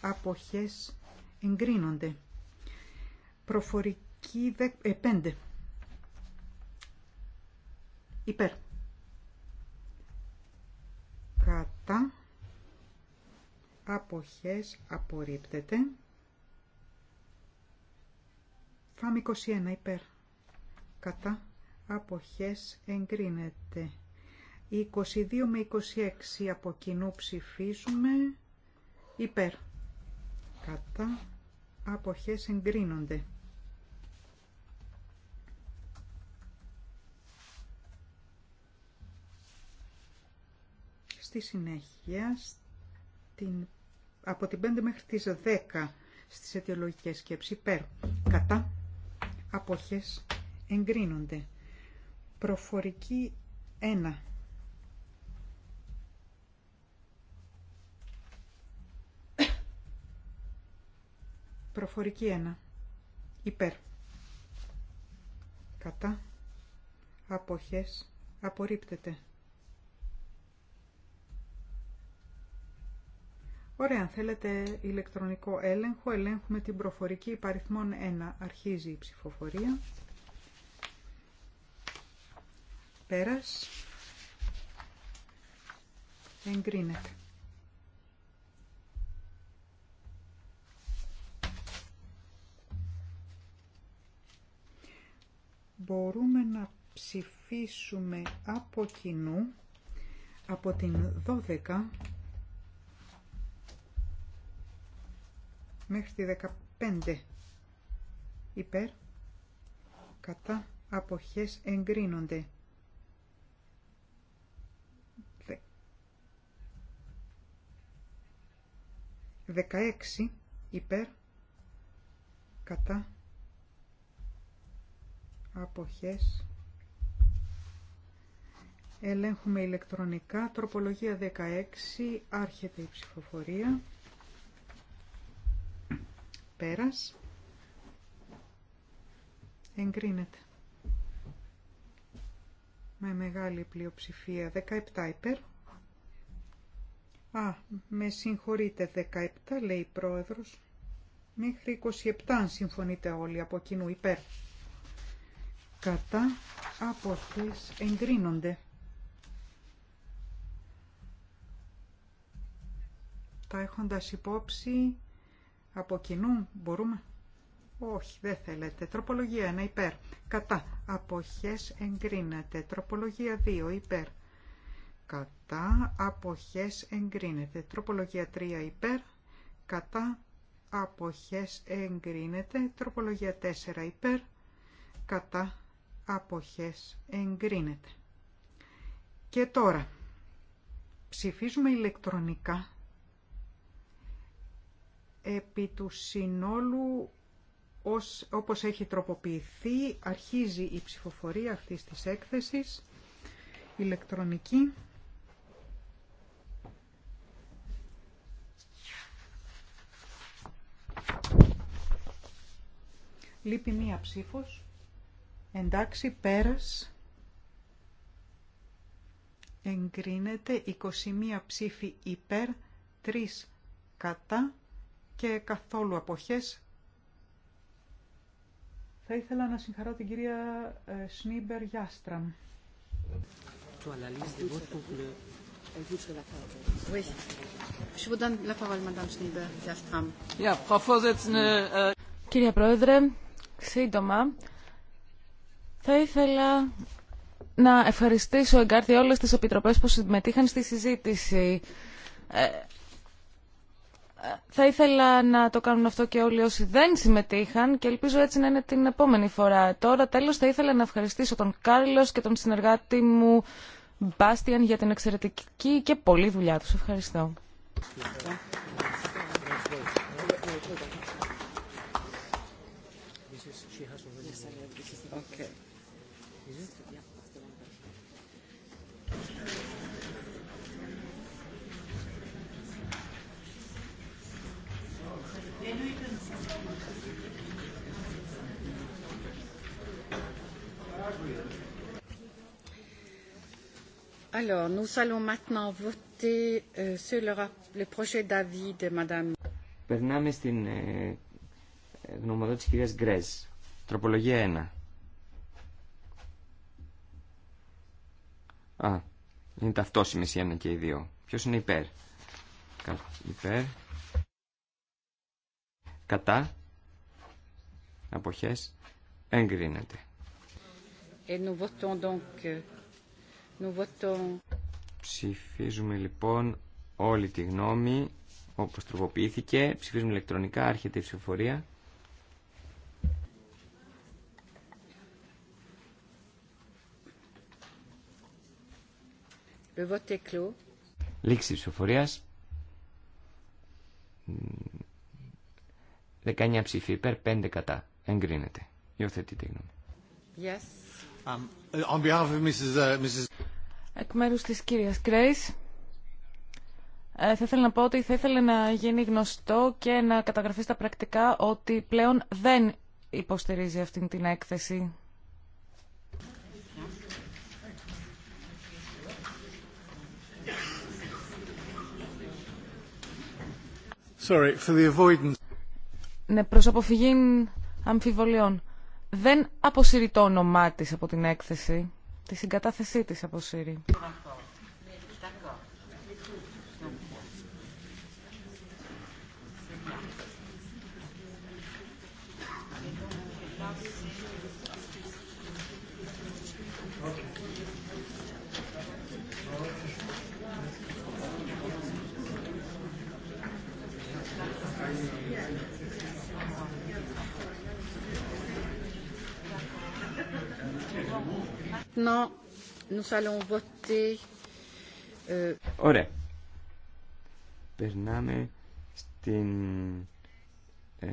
αποχές εγκρίνονται. Προφορική 5 ε, υπέρ κατά αποχές απορρίπτεται. Φαμ 21 υπέρ κατά αποχές εγκρίνεται. 22 με 26 από κοινού ψηφίζουμε υπέρ. Κατά αποχές εγκρίνονται. Στη συνέχεια, στην... από την 5 μέχρι τις 10 στις αιτιολογικές σκέψεις υπέρ. Κατά αποχές εγκρίνονται. Προφορική 1 Προφορική 1. Υπέρ. Κατά. Αποχές. Απορρίπτεται. Ωραία, αν θέλετε ηλεκτρονικό έλεγχο, ελέγχουμε την προφορική υπαριθμών 1. Αρχίζει η ψηφοφορία. Πέρας. Εγκρίνεται. μπορούμε να ψηφίσουμε από κοινού από την 12 μέχρι τη 15 υπέρ κατά αποχές εγκρίνονται. 16 υπέρ κατά αποχές ελέγχουμε ηλεκτρονικά τροπολογία 16 άρχεται η ψηφοφορία πέρας εγκρίνεται με μεγάλη πλειοψηφία 17 υπέρ Α, με συγχωρείτε 17 λέει η πρόεδρος μέχρι 27 αν συμφωνείτε όλοι από κοινού υπέρ κατά αυτές εγκρίνονται. Τα έχοντας υπόψη από κοινού μπορούμε. Όχι, δεν θέλετε. Τροπολογία 1 υπέρ. Κατά. Αποχές εγκρίνεται. Τροπολογία 2 υπέρ. Κατά. Αποχές εγκρίνεται. Τροπολογία 3 υπέρ. Κατά. Αποχές εγκρίνεται. Τροπολογία 4 υπέρ. Κατά αποχές εγκρίνεται. Και τώρα ψηφίζουμε ηλεκτρονικά επί του συνόλου ως, όπως έχει τροποποιηθεί αρχίζει η ψηφοφορία αυτής της έκθεσης ηλεκτρονική λείπει μία ψήφος Εντάξει, πέρας. Εγκρίνεται 21 ψήφοι υπέρ, 3 κατά και καθόλου αποχές. Θα ήθελα να συγχαρώ την κυρία ε, Σνίμπερ Γιάστραμ. Κυρία Πρόεδρε, σύντομα, θα ήθελα να ευχαριστήσω εγκάρδια όλες τις επιτροπές που συμμετείχαν στη συζήτηση. Ε, θα ήθελα να το κάνουν αυτό και όλοι όσοι δεν συμμετείχαν και ελπίζω έτσι να είναι την επόμενη φορά. Τώρα τέλος θα ήθελα να ευχαριστήσω τον Κάρλος και τον συνεργάτη μου Μπάστιαν για την εξαιρετική και πολλή δουλειά τους. Ευχαριστώ. Alors, nous allons maintenant voter euh, sur le projet d'avis de Madame. Περνάμε στην ε, γνωμοδότηση της κυρίας Γκρέζ. Τροπολογία 1. Α, είναι ταυτόσιμες οι 1 και οι 2. Ποιος είναι υπέρ. Κα, υπέρ. Κατά. Αποχές. Εγκρίνεται. Et nous votons donc euh, Ψηφίζουμε λοιπόν όλη τη γνώμη όπως τροποποιήθηκε. Ψηφίζουμε ηλεκτρονικά, άρχεται η ψηφοφορία. Λήξη ψηφοφορίας. 19 ψήφοι υπέρ, 5 κατά. Εγκρίνεται. Υιοθετείτε γνώμη. Yes. Um, on behalf of Mrs. Uh, Mrs. Εκ μέρους της κυρίας Κρέις ε, θα ήθελα να πω ότι θα ήθελε να γίνει γνωστό και να καταγραφεί στα πρακτικά ότι πλέον δεν υποστηρίζει αυτή την έκθεση. Sorry, for the avoidance. Ναι, προς αποφυγή αμφιβολιών. Δεν αποσύρει το όνομά τη από την έκθεση τη συγκατάθεσή της ΣΥΡΙ. Euh, Ωραία. Περνάμε στην ε,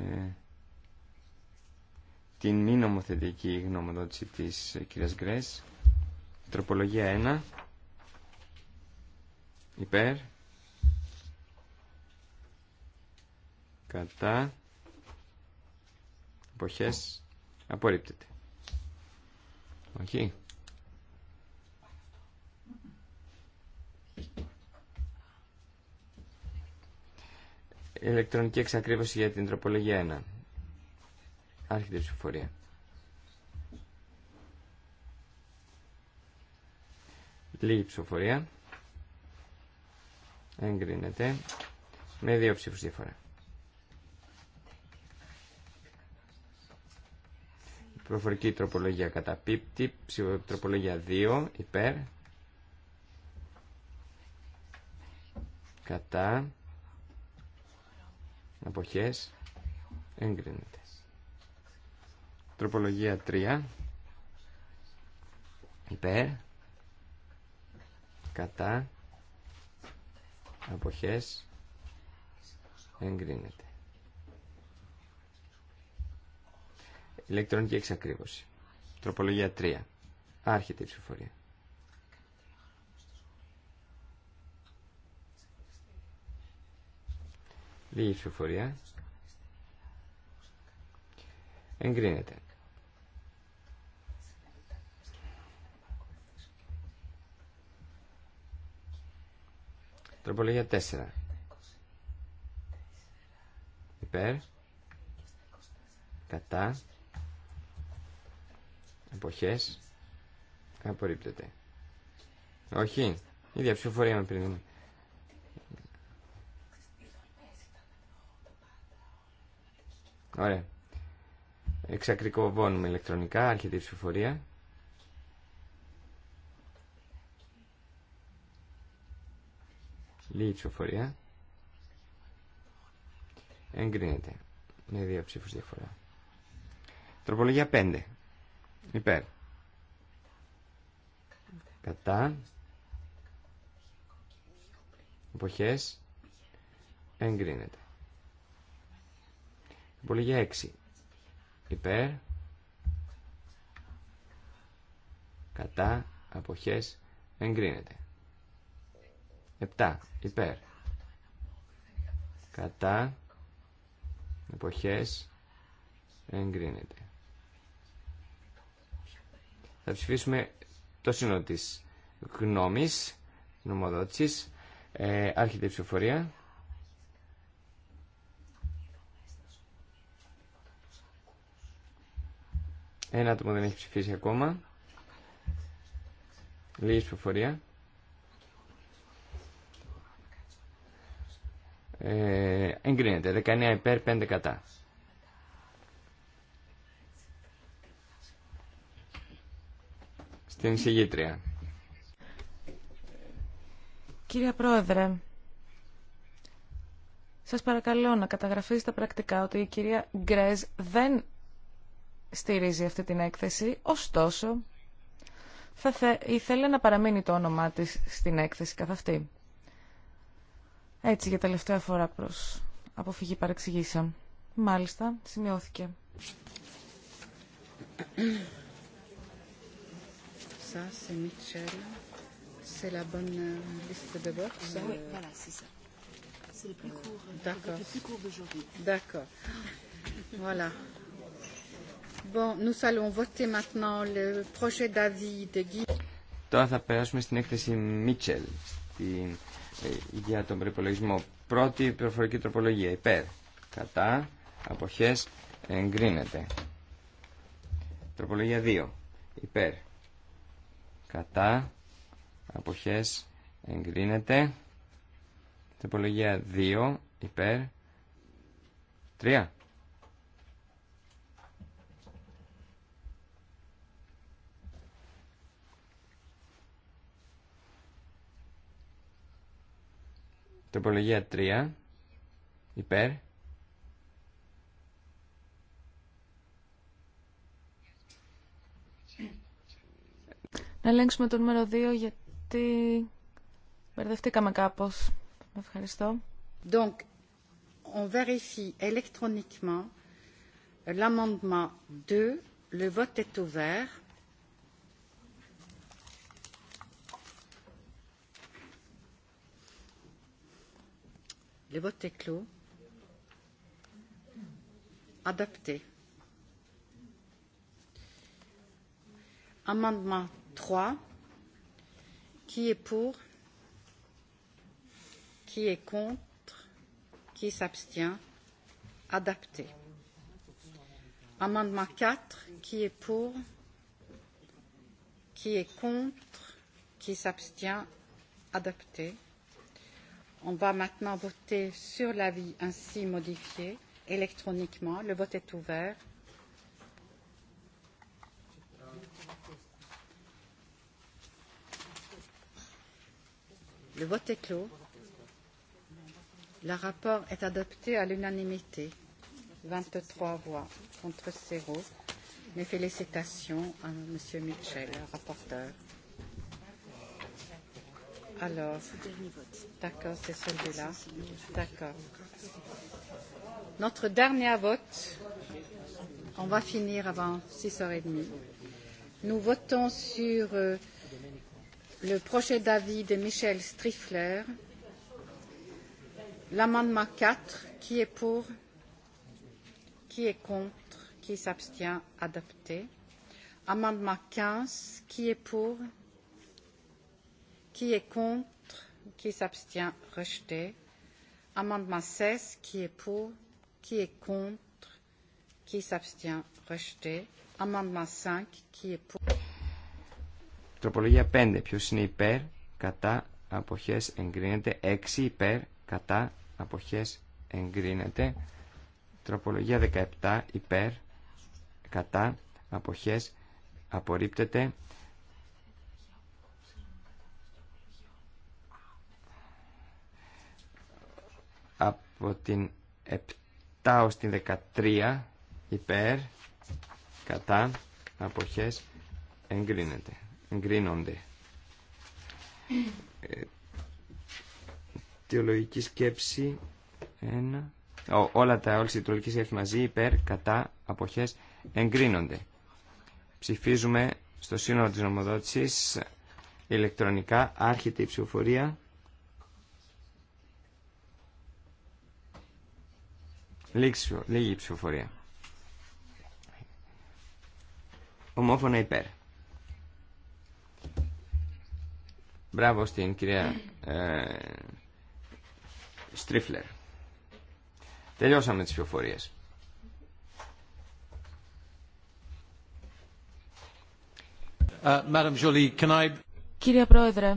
την μη νομοθετική γνωμοδότηση της ε, κυρίας Γκρές. Τροπολογία 1. Υπέρ. Κατά. Εποχές. Απορρίπτεται. Όχι. Okay. ηλεκτρονική εξακρίβωση για την τροπολογία 1. Άρχεται ψηφοφορία. Λίγη ψηφοφορία. Εγκρίνεται. Με δύο ψήφους διαφορά. Προφορική τροπολογία πίπτη. Τροπολογία 2. Υπέρ. Κατά εποχές Εγκρίνεται. Τροπολογία 3. Υπέρ. Κατά. εποχές Εγκρίνεται. Ηλεκτρονική εξακρίβωση. Τροπολογία 3. Άρχεται η ψηφοφορία. Λίγη ψηφοφορία. Εγκρίνεται. Τροπολογία 4. Υπέρ. Κατά. Εποχές. Απορρίπτεται. Όχι. Η ψηφοφορία με πριν. Ωραία. Εξακρικοβώνουμε ηλεκτρονικά, άρχεται η ψηφοφορία. Λίγη ψηφοφορία. Εγκρίνεται. Με δύο ψήφους διαφορά. Τροπολογία 5. Υπέρ. Κατά. Εποχές. Εγκρίνεται για 6. Υπέρ. Κατά. Αποχές. Εγκρίνεται. 7. Υπέρ. Κατά. Αποχές. Εγκρίνεται. Θα ψηφίσουμε το σύνολο της γνώμης, νομοδότησης, ε, άρχεται η ψηφοφορία. Ένα άτομο δεν έχει ψηφίσει ακόμα. Λίγη ψηφοφορία. Ε, εγκρίνεται. 19 υπέρ, 5 κατά. Στην εισηγήτρια. Κύριε Πρόεδρε, σας παρακαλώ να καταγραφεί τα πρακτικά ότι η κυρία Γκρέζ δεν στηρίζει αυτή την έκθεση, ωστόσο θα θε, ήθελε να παραμείνει το όνομά της στην έκθεση καθ' αυτή. Έτσι για τελευταία φορά προς αποφυγή παρεξηγήσεων. Μάλιστα, σημειώθηκε. Ça, c'est Mitchell. C'est la bonne euh, liste de vote. Euh. Oui, voilà, c'est ça. C'est le plus court, euh, le plus court d'aujourd'hui. D'accord. Voilà. Τώρα θα περάσουμε στην έκθεση Μίτσελ στην, για ε, τον προπολογισμό. Πρώτη προφορική τροπολογία. Υπέρ. Κατά. απόχέ. Εγκρίνεται. Τροπολογία 2. Υπέρ. Κατά. απόχέ. Εγκρίνεται. Τροπολογία 2. Υπέρ. 3. Τροπολογία 3. Υπέρ. Να ελέγξουμε το νούμερο 2 γιατί μπερδευτήκαμε κάπως. Ευχαριστώ. Donc, on vérifie électroniquement l'amendement 2. Le vote est ouvert. Le vote est clos. Adopté. Amendement 3. Qui est pour Qui est contre Qui s'abstient Adapté. Amendement 4. Qui est pour Qui est contre Qui s'abstient Adapté. On va maintenant voter sur l'avis ainsi modifié électroniquement. Le vote est ouvert. Le vote est clos. Le rapport est adopté à l'unanimité. 23 voix contre 0. Mes félicitations à M. Mitchell, rapporteur. Alors, d'accord, c'est celui-là. D'accord. Notre dernier vote, on va finir avant 6h30. Nous votons sur le projet d'avis de Michel Strifler. L'amendement 4, qui est pour, qui est contre, qui s'abstient, adopté. Amendement 15, qui est pour, Qui est contre Qui s'abstient Rejeté. Amendement 16. Qui est pour Qui est contre Qui s'abstient Rejeté. Amendement 5. Qui est pour Τροπολογία 5. Ποιο είναι υπέρ, κατά, αποχές, εγκρίνεται. 6. Υπέρ, κατά, απόχέ, εγκρίνεται. Τροπολογία 17. Υπέρ, κατά, αποχές, απορρίπτεται. από την 7 ως την 13 υπέρ κατά αποχές εγκρίνεται, εγκρίνονται. Ε, Τιολογική σκέψη ο Όλα τα όλες οι τιολογικές σκέψεις μαζί υπέρ κατά αποχές εγκρίνονται. Ψηφίζουμε στο σύνολο της νομοδότησης ηλεκτρονικά άρχεται η ψηφοφορία. Λίγη ψηφοφορία. Ομόφωνα υπέρ. Μπράβο στην κυρία ε, Στρίφλερ. Τελειώσαμε τις ψηφοφορίες. Uh, ε, Jolie, can I... Κύριε Πρόεδρε,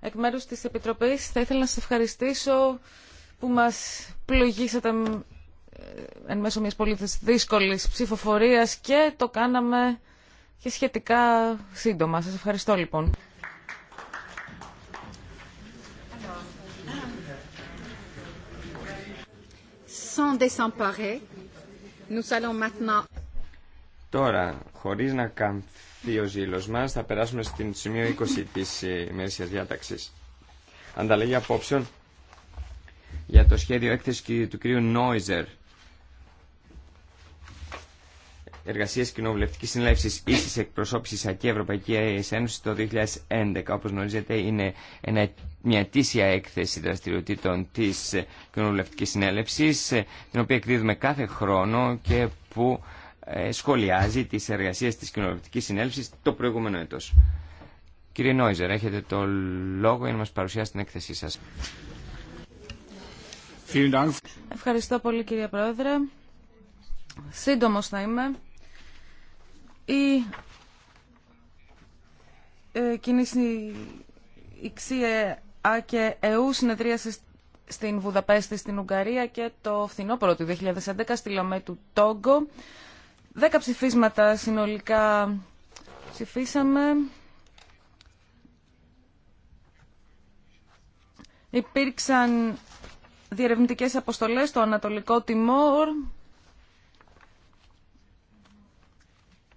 εκ μέρους της Επιτροπής θα ήθελα να σας ευχαριστήσω που μας πλοηγήσατε ε, εν μέσω μιας πολύ δύσκολης ψηφοφορίας και το κάναμε και σχετικά σύντομα. Σας ευχαριστώ λοιπόν. Τώρα, χωρίς να καμφθεί ο ζήλος μας, θα περάσουμε στην σημείο 20 της ημερήσιας διάταξης. Ανταλλαγή απόψεων για το σχέδιο έκθεση του κ. Νόιζερ Εργασίας Κοινοβουλευτικής Συνέλευσης Ίσης Εκπροσώπησης ΑΚΕ Ευρωπαϊκή Ένωση το 2011. Όπως γνωρίζετε είναι μια αιτήσια έκθεση δραστηριοτήτων της Κοινοβουλευτικής Συνέλευσης την οποία εκδίδουμε κάθε χρόνο και που ε, σχολιάζει τις εργασίες της Κοινοβουλευτικής Συνέλευσης το προηγούμενο έτος. Κύριε Νόιζερ, έχετε το λόγο για να μας παρουσιάσετε την έκθεσή σας. Ευχαριστώ πολύ κύριε Πρόεδρε. Σύντομος θα είμαι. Η ε, κοινή ΙΞΙΕ και ΕΟΥ συνεδρίασε στην Βουδαπέστη στην Ουγγαρία και το φθινόπωρο του 2011 στη Λαμέ του Τόγκο. Δέκα ψηφίσματα συνολικά ψηφίσαμε. Υπήρξαν διερευνητικές αποστολές στο Ανατολικό Τιμόρ,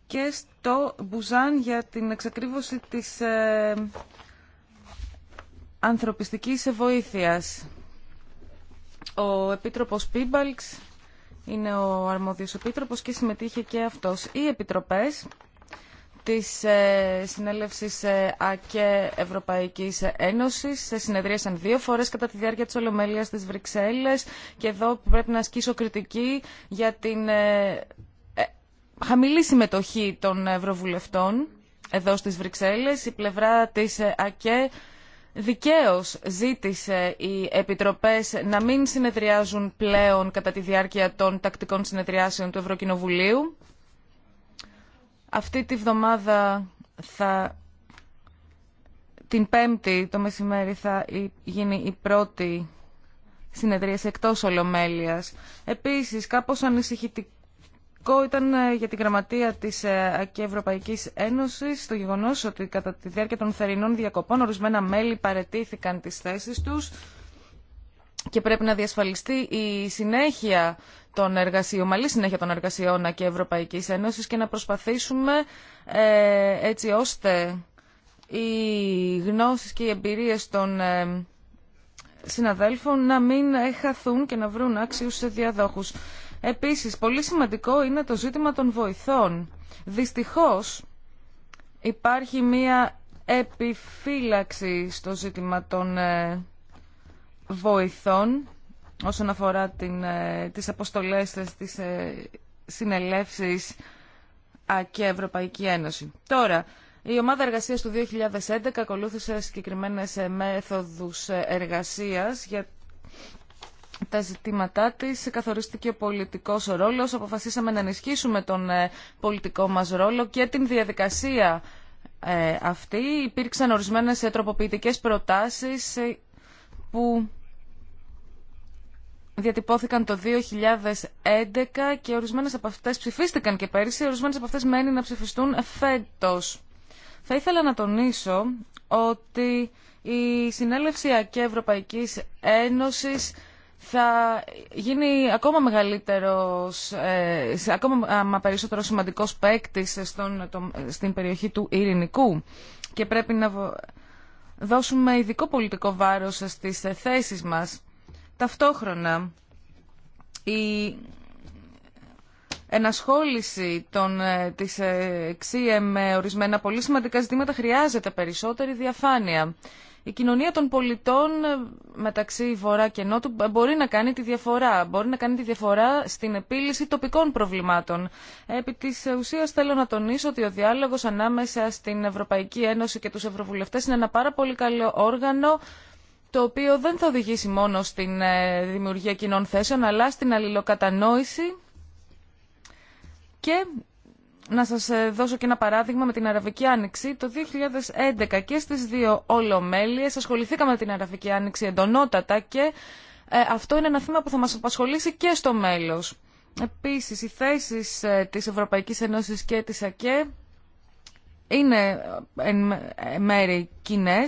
και στο Μπουζάν για την εξακρίβωση της ε, ανθρωπιστικής βοήθειας. Ο Επίτροπος Πίμπαλξ είναι ο αρμόδιος επίτροπος και συμμετείχε και αυτός. Οι επιτροπές της ε, συνέλευσης ε, ΑΚΕ Ευρωπαϊκής Ένωσης σε συνεδρίασαν δύο φορές κατά τη διάρκεια της Ολομέλειας της Βρυξέλλες και εδώ πρέπει να ασκήσω κριτική για την ε, χαμηλή συμμετοχή των Ευρωβουλευτών εδώ στις Βρυξέλλες. Η πλευρά της ΑΚΕ δικαίως ζήτησε οι επιτροπές να μην συνεδριάζουν πλέον κατά τη διάρκεια των τακτικών συνεδριάσεων του Ευρωκοινοβουλίου. Αυτή τη βδομάδα θα... Την Πέμπτη το μεσημέρι θα γίνει η πρώτη συνεδρίαση εκτός Ολομέλειας. Επίσης, κάπως ανησυχητική Σημαντικό ήταν ε, για την γραμματεία της ε, και Ευρωπαϊκής Ένωσης το γεγονός ότι κατά τη διάρκεια των θερινών διακοπών ορισμένα μέλη παρετήθηκαν τι θέσει τους και πρέπει να διασφαλιστεί η συνέχεια των εργασίων, μαλλή συνέχεια των εργασιών και Ευρωπαϊκής Ένωσης και να προσπαθήσουμε ε, έτσι ώστε οι γνώσεις και οι εμπειρίε των συναδέλφων να μην χαθούν και να βρουν άξιους διαδόχους. Επίσης, πολύ σημαντικό είναι το ζήτημα των βοηθών. Δυστυχώς υπάρχει μία επιφύλαξη στο ζήτημα των ε, βοηθών όσον αφορά την, ε, τις αποστολές της ε, συνελεύσεις και Ευρωπαϊκή Ένωση. Τώρα, η ομάδα εργασίας του 2011 ακολούθησε συγκεκριμένες μέθοδους εργασίας για τα ζητήματά της, καθορίστηκε ο πολιτικό ρόλο. αποφασίσαμε να ενισχύσουμε τον ε, πολιτικό μας ρόλο και την διαδικασία ε, αυτή. Υπήρξαν ορισμένες ε, τροποποιητικέ προτάσεις που διατυπώθηκαν το 2011 και ορισμένες από αυτές ψηφίστηκαν και πέρυσι, ορισμένες από αυτές μένει να ψηφιστούν φέτος. Θα ήθελα να τονίσω ότι η Συνέλευση και Ευρωπαϊκής Ένωσης θα γίνει ακόμα μεγαλύτερος, ε, ακόμα περισσότερο σημαντικός παίκτη στην περιοχή του Ειρηνικού και πρέπει να δώσουμε ειδικό πολιτικό βάρος στις θέσεις μας. Ταυτόχρονα, η ενασχόληση των, ε, της εξίε με ορισμένα πολύ σημαντικά ζητήματα χρειάζεται περισσότερη διαφάνεια η κοινωνία των πολιτών ε, μεταξύ Βορρά και Νότου μπορεί να κάνει τη διαφορά. Μπορεί να κάνει τη διαφορά στην επίλυση τοπικών προβλημάτων. Επί τη ουσία θέλω να τονίσω ότι ο διάλογος ανάμεσα στην Ευρωπαϊκή Ένωση και τους Ευρωβουλευτές είναι ένα πάρα πολύ καλό όργανο το οποίο δεν θα οδηγήσει μόνο στην ε, δημιουργία κοινών θέσεων αλλά στην αλληλοκατανόηση και να σας ε, δώσω και ένα παράδειγμα με την Αραβική Άνοιξη. Το 2011 και στις δύο Ολομέλειες ασχοληθήκαμε με την Αραβική Άνοιξη εντονότατα και ε, αυτό είναι ένα θέμα που θα μας απασχολήσει και στο μέλος. Επίσης, οι θέσεις ε, της Ευρωπαϊκής Ένωσης και της ΑΚΕ είναι μέρη κοινέ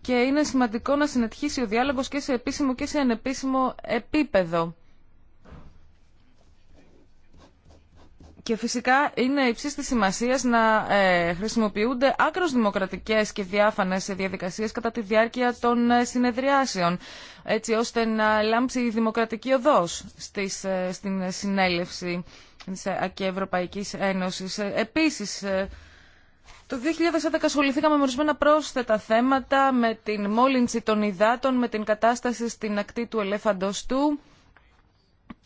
και είναι σημαντικό να συνεχίσει ο διάλογος και σε επίσημο και σε ανεπίσημο επίπεδο. Και φυσικά είναι υψής της σημασίας να ε, χρησιμοποιούνται άκρως δημοκρατικές και διάφανες διαδικασίες κατά τη διάρκεια των ε, συνεδριάσεων, έτσι ώστε να λάμψει η δημοκρατική οδός ε, στην συνέλευση της και Ευρωπαϊκής Ένωσης. Επίσης, το 2011 ασχοληθήκαμε με ορισμένα πρόσθετα θέματα, με την μόλυνση των υδάτων, με την κατάσταση στην ακτή του ελέφαντος του,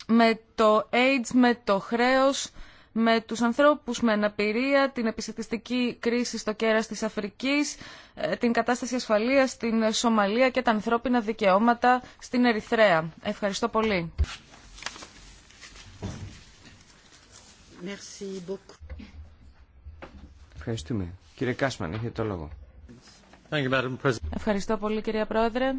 με το AIDS, με το χρέος με τους ανθρώπους με αναπηρία, την επιστημιστική κρίση στο κέρας της Αφρικής, ε, την κατάσταση ασφαλείας στην Σομαλία και τα ανθρώπινα δικαιώματα στην Ερυθρέα. Ευχαριστώ πολύ. Ευχαριστούμε. Κύριε Κάσμαν, έχετε το λόγο. Ευχαριστώ πολύ κυρία Πρόεδρε.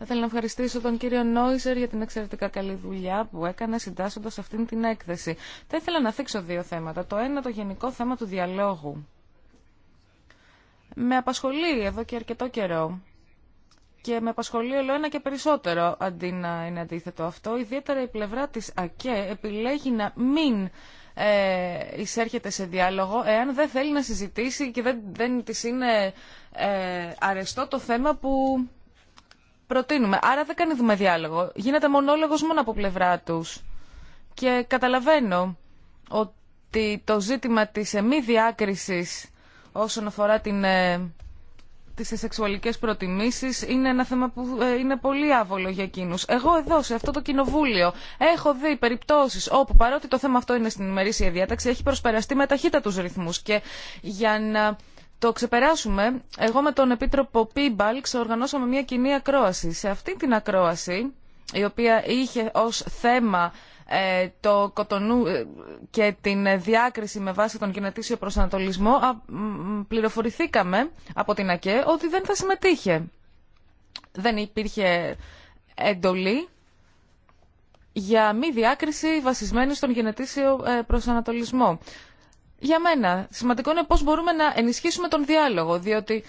Θα ήθελα να ευχαριστήσω τον κύριο Νόιζερ για την εξαιρετικά καλή δουλειά που έκανε συντάσσοντας αυτήν την έκθεση. Θα ήθελα να θίξω δύο θέματα. Το ένα, το γενικό θέμα του διαλόγου. Με απασχολεί εδώ και αρκετό καιρό και με απασχολεί όλο ένα και περισσότερο αντί να είναι αντίθετο αυτό. Ιδιαίτερα η πλευρά της ΑΚΕ επιλέγει να μην ε, εισέρχεται σε διάλογο εάν δεν θέλει να συζητήσει και δεν, δεν της είναι ε, αρεστό το θέμα που προτείνουμε. Άρα δεν κάνει δούμε διάλογο. Γίνεται μονόλογος μόνο από πλευρά του. Και καταλαβαίνω ότι το ζήτημα της ε, μη διάκριση όσον αφορά την, ε, τις σεξουαλικές προτιμήσεις είναι ένα θέμα που ε, είναι πολύ άβολο για εκείνους. Εγώ εδώ σε αυτό το κοινοβούλιο έχω δει περιπτώσεις όπου παρότι το θέμα αυτό είναι στην ημερήσια διάταξη έχει προσπεραστεί με τους ρυθμούς και για να το ξεπεράσουμε, εγώ με τον Επίτροπο Πίμπαλξ οργανώσαμε μια κοινή ακρόαση. Σε αυτή την ακρόαση, η οποία είχε ως θέμα ε, το κοτονού ε, και την διάκριση με βάση τον κινητήσιο προσανατολισμό, πληροφορηθήκαμε από την ΑΚΕ ότι δεν θα συμμετείχε. Δεν υπήρχε εντολή για μη διάκριση βασισμένη στον γενετήσιο ε, προσανατολισμό για μένα σημαντικό είναι πώς μπορούμε να ενισχύσουμε τον διάλογο, διότι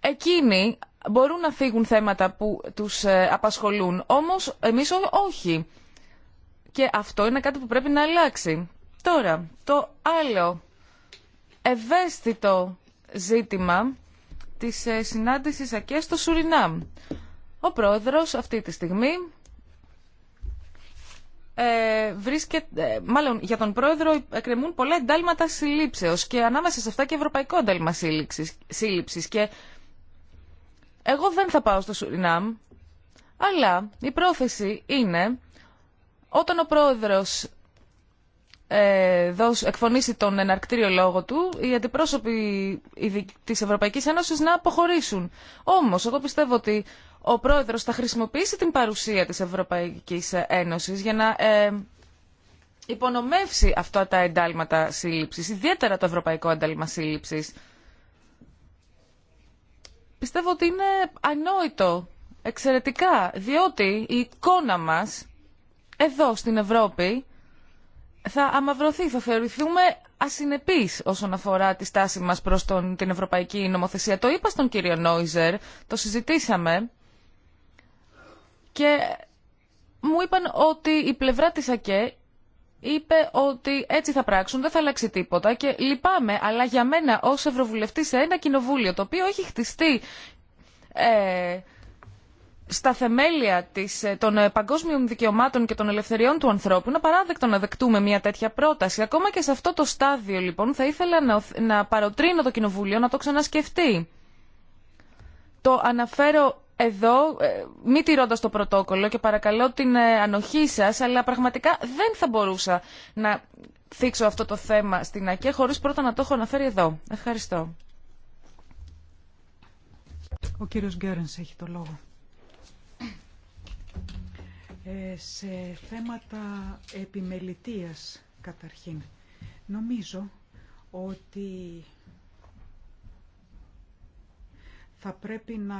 εκείνοι μπορούν να φύγουν θέματα που τους ε, απασχολούν, όμως εμείς όχι. Και αυτό είναι κάτι που πρέπει να αλλάξει. Τώρα, το άλλο ευαίσθητο ζήτημα της ε, συνάντησης ΑΚΕ στο Σουρινάμ. Ο πρόεδρος αυτή τη στιγμή ε, βρίσκεται, ε, μάλλον για τον πρόεδρο εκκρεμούν πολλά εντάλματα συλλήψεως και ανάμεσα σε αυτά και ευρωπαϊκό εντάλμα σύλληψης. Και εγώ δεν θα πάω στο Σουρινάμ, αλλά η πρόθεση είναι όταν ο πρόεδρος ε, εκφωνήσει τον εναρκτήριο λόγο του, οι αντιπρόσωποι της Ευρωπαϊκής Ένωσης να αποχωρήσουν. Όμως, εγώ πιστεύω ότι ο πρόεδρος θα χρησιμοποιήσει την παρουσία της Ευρωπαϊκής Ένωσης για να ε, υπονομεύσει αυτά τα εντάλματα σύλληψης, ιδιαίτερα το ευρωπαϊκό εντάλμα σύλληψης. Πιστεύω ότι είναι ανόητο, εξαιρετικά, διότι η εικόνα μας εδώ στην Ευρώπη θα αμαυρωθεί, θα θεωρηθούμε ασυνεπείς όσον αφορά τη στάση μας προς τον, την Ευρωπαϊκή Νομοθεσία. Το είπα στον κύριο Νόιζερ, το συζητήσαμε και μου είπαν ότι η πλευρά της ΑΚΕ είπε ότι έτσι θα πράξουν, δεν θα αλλάξει τίποτα και λυπάμαι, αλλά για μένα ως Ευρωβουλευτή σε ένα κοινοβούλιο το οποίο έχει χτιστεί ε, στα θεμέλια της, ε, των ε, παγκόσμιων δικαιωμάτων και των ελευθεριών του ανθρώπου είναι απαράδεκτο να δεκτούμε μια τέτοια πρόταση. Ακόμα και σε αυτό το στάδιο λοιπόν θα ήθελα να, να παροτρύνω το Κοινοβούλιο να το ξανασκεφτεί. Το αναφέρω εδώ, ε, μη τηρώντας το πρωτόκολλο και παρακαλώ την ε, ανοχή σας, αλλά πραγματικά δεν θα μπορούσα να θίξω αυτό το θέμα στην ΑΚΕ χωρίς πρώτα να το έχω αναφέρει εδώ. Ευχαριστώ. Ο κύριος Γκέρενς έχει το λόγο. Ε, σε θέματα επιμελητίας καταρχήν, νομίζω ότι θα πρέπει να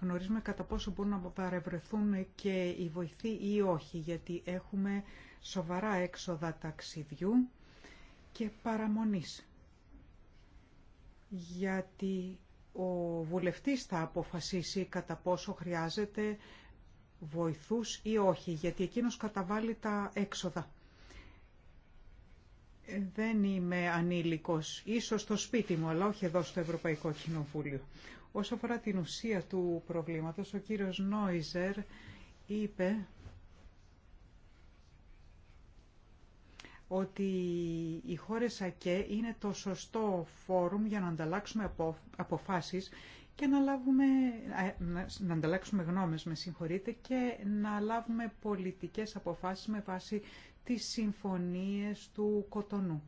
γνωρίζουμε κατά πόσο μπορούν να παρευρεθούν και οι βοηθοί ή όχι, γιατί έχουμε σοβαρά έξοδα ταξιδιού και παραμονής. Γιατί ο βουλευτής θα αποφασίσει κατά πόσο χρειάζεται βοηθούς ή όχι, γιατί εκείνος καταβάλει τα έξοδα. Δεν είμαι ανήλικος, ίσως στο σπίτι μου, αλλά όχι εδώ στο Ευρωπαϊκό Κοινοβούλιο. Όσο αφορά την ουσία του προβλήματος, ο κύριος Νόιζερ είπε ότι οι χώρες ΑΚΕ είναι το σωστό φόρουμ για να ανταλλάξουμε αποφάσεις και να, λάβουμε, ε, να ανταλλάξουμε γνώμες, με συγχωρείτε, και να λάβουμε πολιτικές αποφάσεις με βάση τις συμφωνίες του Κοτονού.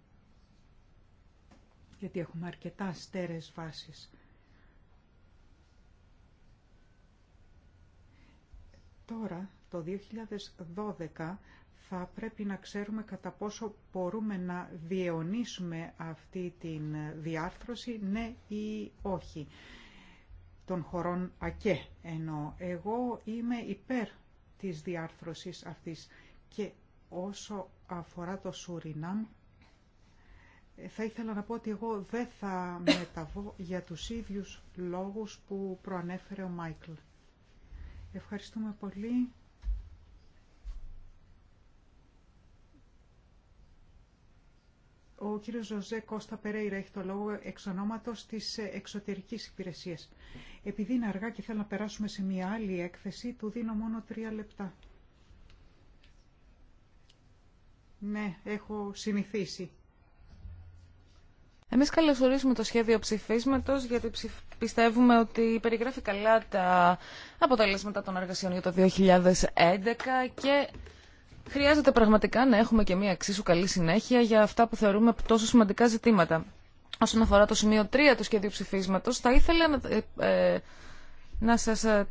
Γιατί έχουμε αρκετά στέρες βάσεις. Τώρα, το 2012, θα πρέπει να ξέρουμε κατά πόσο μπορούμε να διαιωνίσουμε αυτή την διάρθρωση, ναι ή όχι, των χωρών ΑΚΕ. Ενώ εγώ είμαι υπέρ της διάρθρωσης αυτής και όσο αφορά το Σουρινάμ, θα ήθελα να πω ότι εγώ δεν θα μεταβώ για τους ίδιους λόγους που προανέφερε ο Μάικλ. Ευχαριστούμε πολύ. Ο κύριος Ζωζέ Κώστα Περέιρα έχει το λόγο εξ ονόματος της εξωτερικής υπηρεσίας. Επειδή είναι αργά και θέλω να περάσουμε σε μια άλλη έκθεση, του δίνω μόνο τρία λεπτά. Ναι, έχω συνηθίσει. Εμείς καλωσορίζουμε το σχέδιο ψηφίσματος γιατί πιστεύουμε ότι περιγράφει καλά τα αποτελέσματα των εργασιών για το 2011 και χρειάζεται πραγματικά να έχουμε και μια εξίσου καλή συνέχεια για αυτά που θεωρούμε τόσο σημαντικά ζητήματα. Όσον αφορά το σημείο 3 του σχέδιου ψηφίσματος, θα ήθελα να, ε, ε σας ε,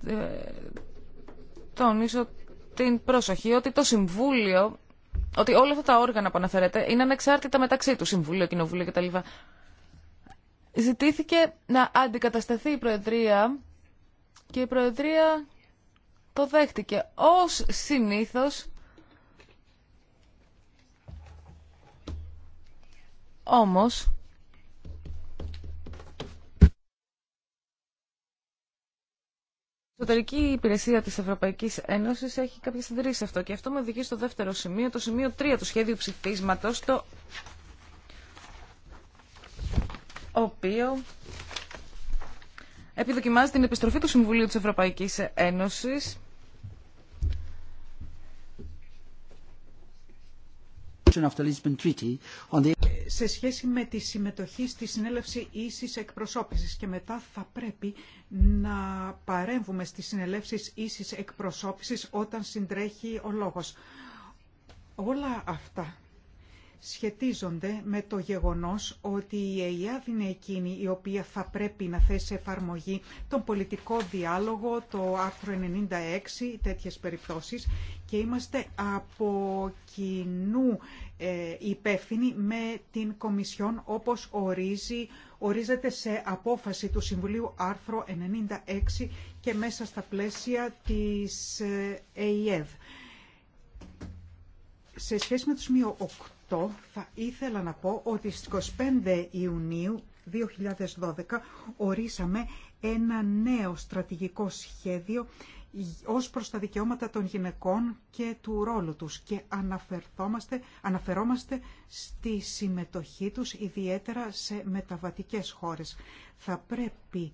τονίσω την προσοχή ότι το Συμβούλιο ότι όλα αυτά τα όργανα που αναφέρεται είναι ανεξάρτητα μεταξύ του, Συμβουλίο, Κοινοβούλιο κτλ. Ζητήθηκε να αντικατασταθεί η Προεδρία και η Προεδρία το δέχτηκε. Ως συνήθως, όμως, Η εσωτερική υπηρεσία της Ευρωπαϊκής Ένωση έχει κάποιες συντηρήσει αυτό και αυτό με οδηγεί στο δεύτερο σημείο, το σημείο 3 του σχέδιου ψηφίσματο, το οποίο επιδοκιμάζει την επιστροφή του Συμβουλίου της Ευρωπαϊκής Ένωσης σε σχέση με τη συμμετοχή στη συνέλευση ίσης εκπροσώπησης και μετά θα πρέπει να παρέμβουμε στις συνελεύσεις ίσης εκπροσώπησης όταν συντρέχει ο λόγος. Όλα αυτά σχετίζονται με το γεγονός ότι η ΕΙΑΔ είναι εκείνη η οποία θα πρέπει να θέσει εφαρμογή τον πολιτικό διάλογο, το άρθρο 96, τέτοιες περιπτώσεις και είμαστε από κοινού ε, υπεύθυνοι με την Κομισιόν όπως ορίζει, ορίζεται σε απόφαση του Συμβουλίου άρθρο 96 και μέσα στα πλαίσια της ε, ΕΙΕΔ. Σε σχέση με τους θα ήθελα να πω ότι στις 25 Ιουνίου 2012 ορίσαμε ένα νέο στρατηγικό σχέδιο ως προς τα δικαιώματα των γυναικών και του ρόλου τους και αναφερόμαστε στη συμμετοχή τους ιδιαίτερα σε μεταβατικές χώρες. Θα πρέπει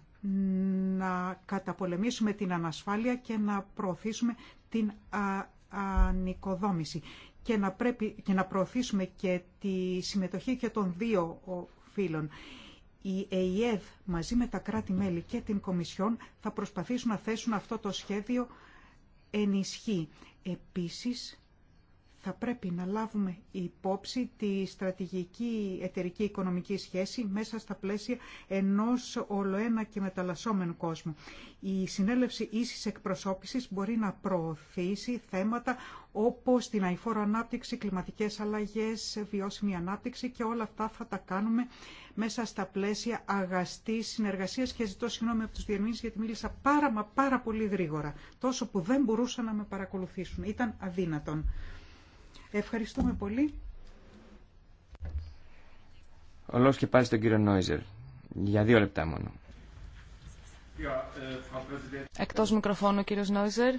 να καταπολεμήσουμε την ανασφάλεια και να προωθήσουμε την ανοικοδόμηση και να, πρέπει, και να προωθήσουμε και τη συμμετοχή και των δύο φίλων. Η ΕΙΕΔ μαζί με τα κράτη-μέλη και την Κομισιόν θα προσπαθήσουν να θέσουν αυτό το σχέδιο ενισχύ. Επίσης, θα πρέπει να λάβουμε υπόψη τη στρατηγική εταιρική οικονομική σχέση μέσα στα πλαίσια ενός ολοένα και μεταλλασσόμενου κόσμου. Η συνέλευση ίσης εκπροσώπησης μπορεί να προωθήσει θέματα όπως την αηφόρο ανάπτυξη, κλιματικές αλλαγές, βιώσιμη ανάπτυξη και όλα αυτά θα τα κάνουμε μέσα στα πλαίσια αγαστής συνεργασίας και ζητώ συγγνώμη από τους διερμήνες γιατί μίλησα πάρα μα πάρα πολύ γρήγορα, τόσο που δεν μπορούσαν να με παρακολουθήσουν. Ήταν αδύνατον. Ευχαριστούμε πολύ. Ο λόγος και πάλι στον κύριο Νόιζερ. Για δύο λεπτά μόνο. Εκτός μικροφώνου, κύριος Νόιζερ.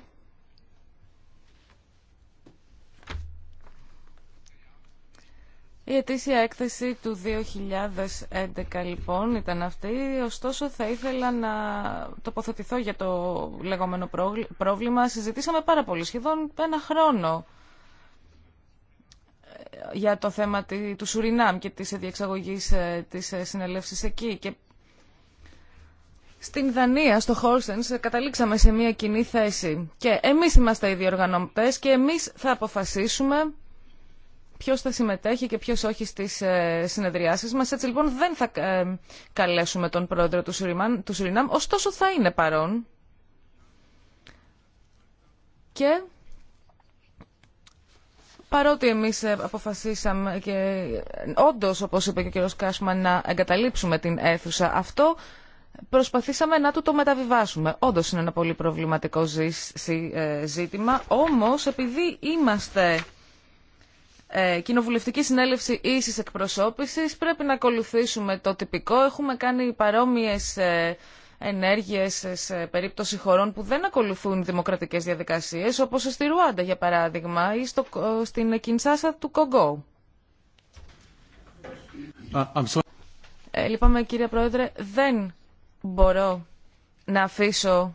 Η ετήσια έκθεση του 2011 λοιπόν ήταν αυτή, ωστόσο θα ήθελα να τοποθετηθώ για το λεγόμενο πρόβλημα. Συζητήσαμε πάρα πολύ, σχεδόν ένα χρόνο για το θέμα του Σουρινάμ και της διεξαγωγής ε, της ε, συνελεύσης εκεί. Και στην Δανία, στο Χόλσενς, καταλήξαμε σε μια κοινή θέση. Και εμείς είμαστε οι διοργανωτές και εμείς θα αποφασίσουμε ποιος θα συμμετέχει και ποιος όχι στις ε, συνεδριάσεις μας. Έτσι λοιπόν δεν θα καλέσουμε τον πρόεδρο του, Σουριμάν, του Σουρινάμ, ωστόσο θα είναι παρόν. Και Παρότι εμείς ε, αποφασίσαμε και ε, όντως, όπως είπε και ο κ. Κάσμα, να εγκαταλείψουμε την αίθουσα αυτό, προσπαθήσαμε να του το μεταβιβάσουμε. Όντως είναι ένα πολύ προβληματικό ε, ζήτημα, όμως επειδή είμαστε κοινοβουλευτική συνέλευση ίσης εκπροσώπησης πρέπει να ακολουθήσουμε το τυπικό. Έχουμε κάνει παρόμοιες ενέργειες σε περίπτωση χωρών που δεν ακολουθούν δημοκρατικές διαδικασίες, όπως στη Ρουάντα για παράδειγμα ή στο, στην Κινσάσα του Κογκό. Ε, λυπάμαι κύριε Πρόεδρε, δεν μπορώ να αφήσω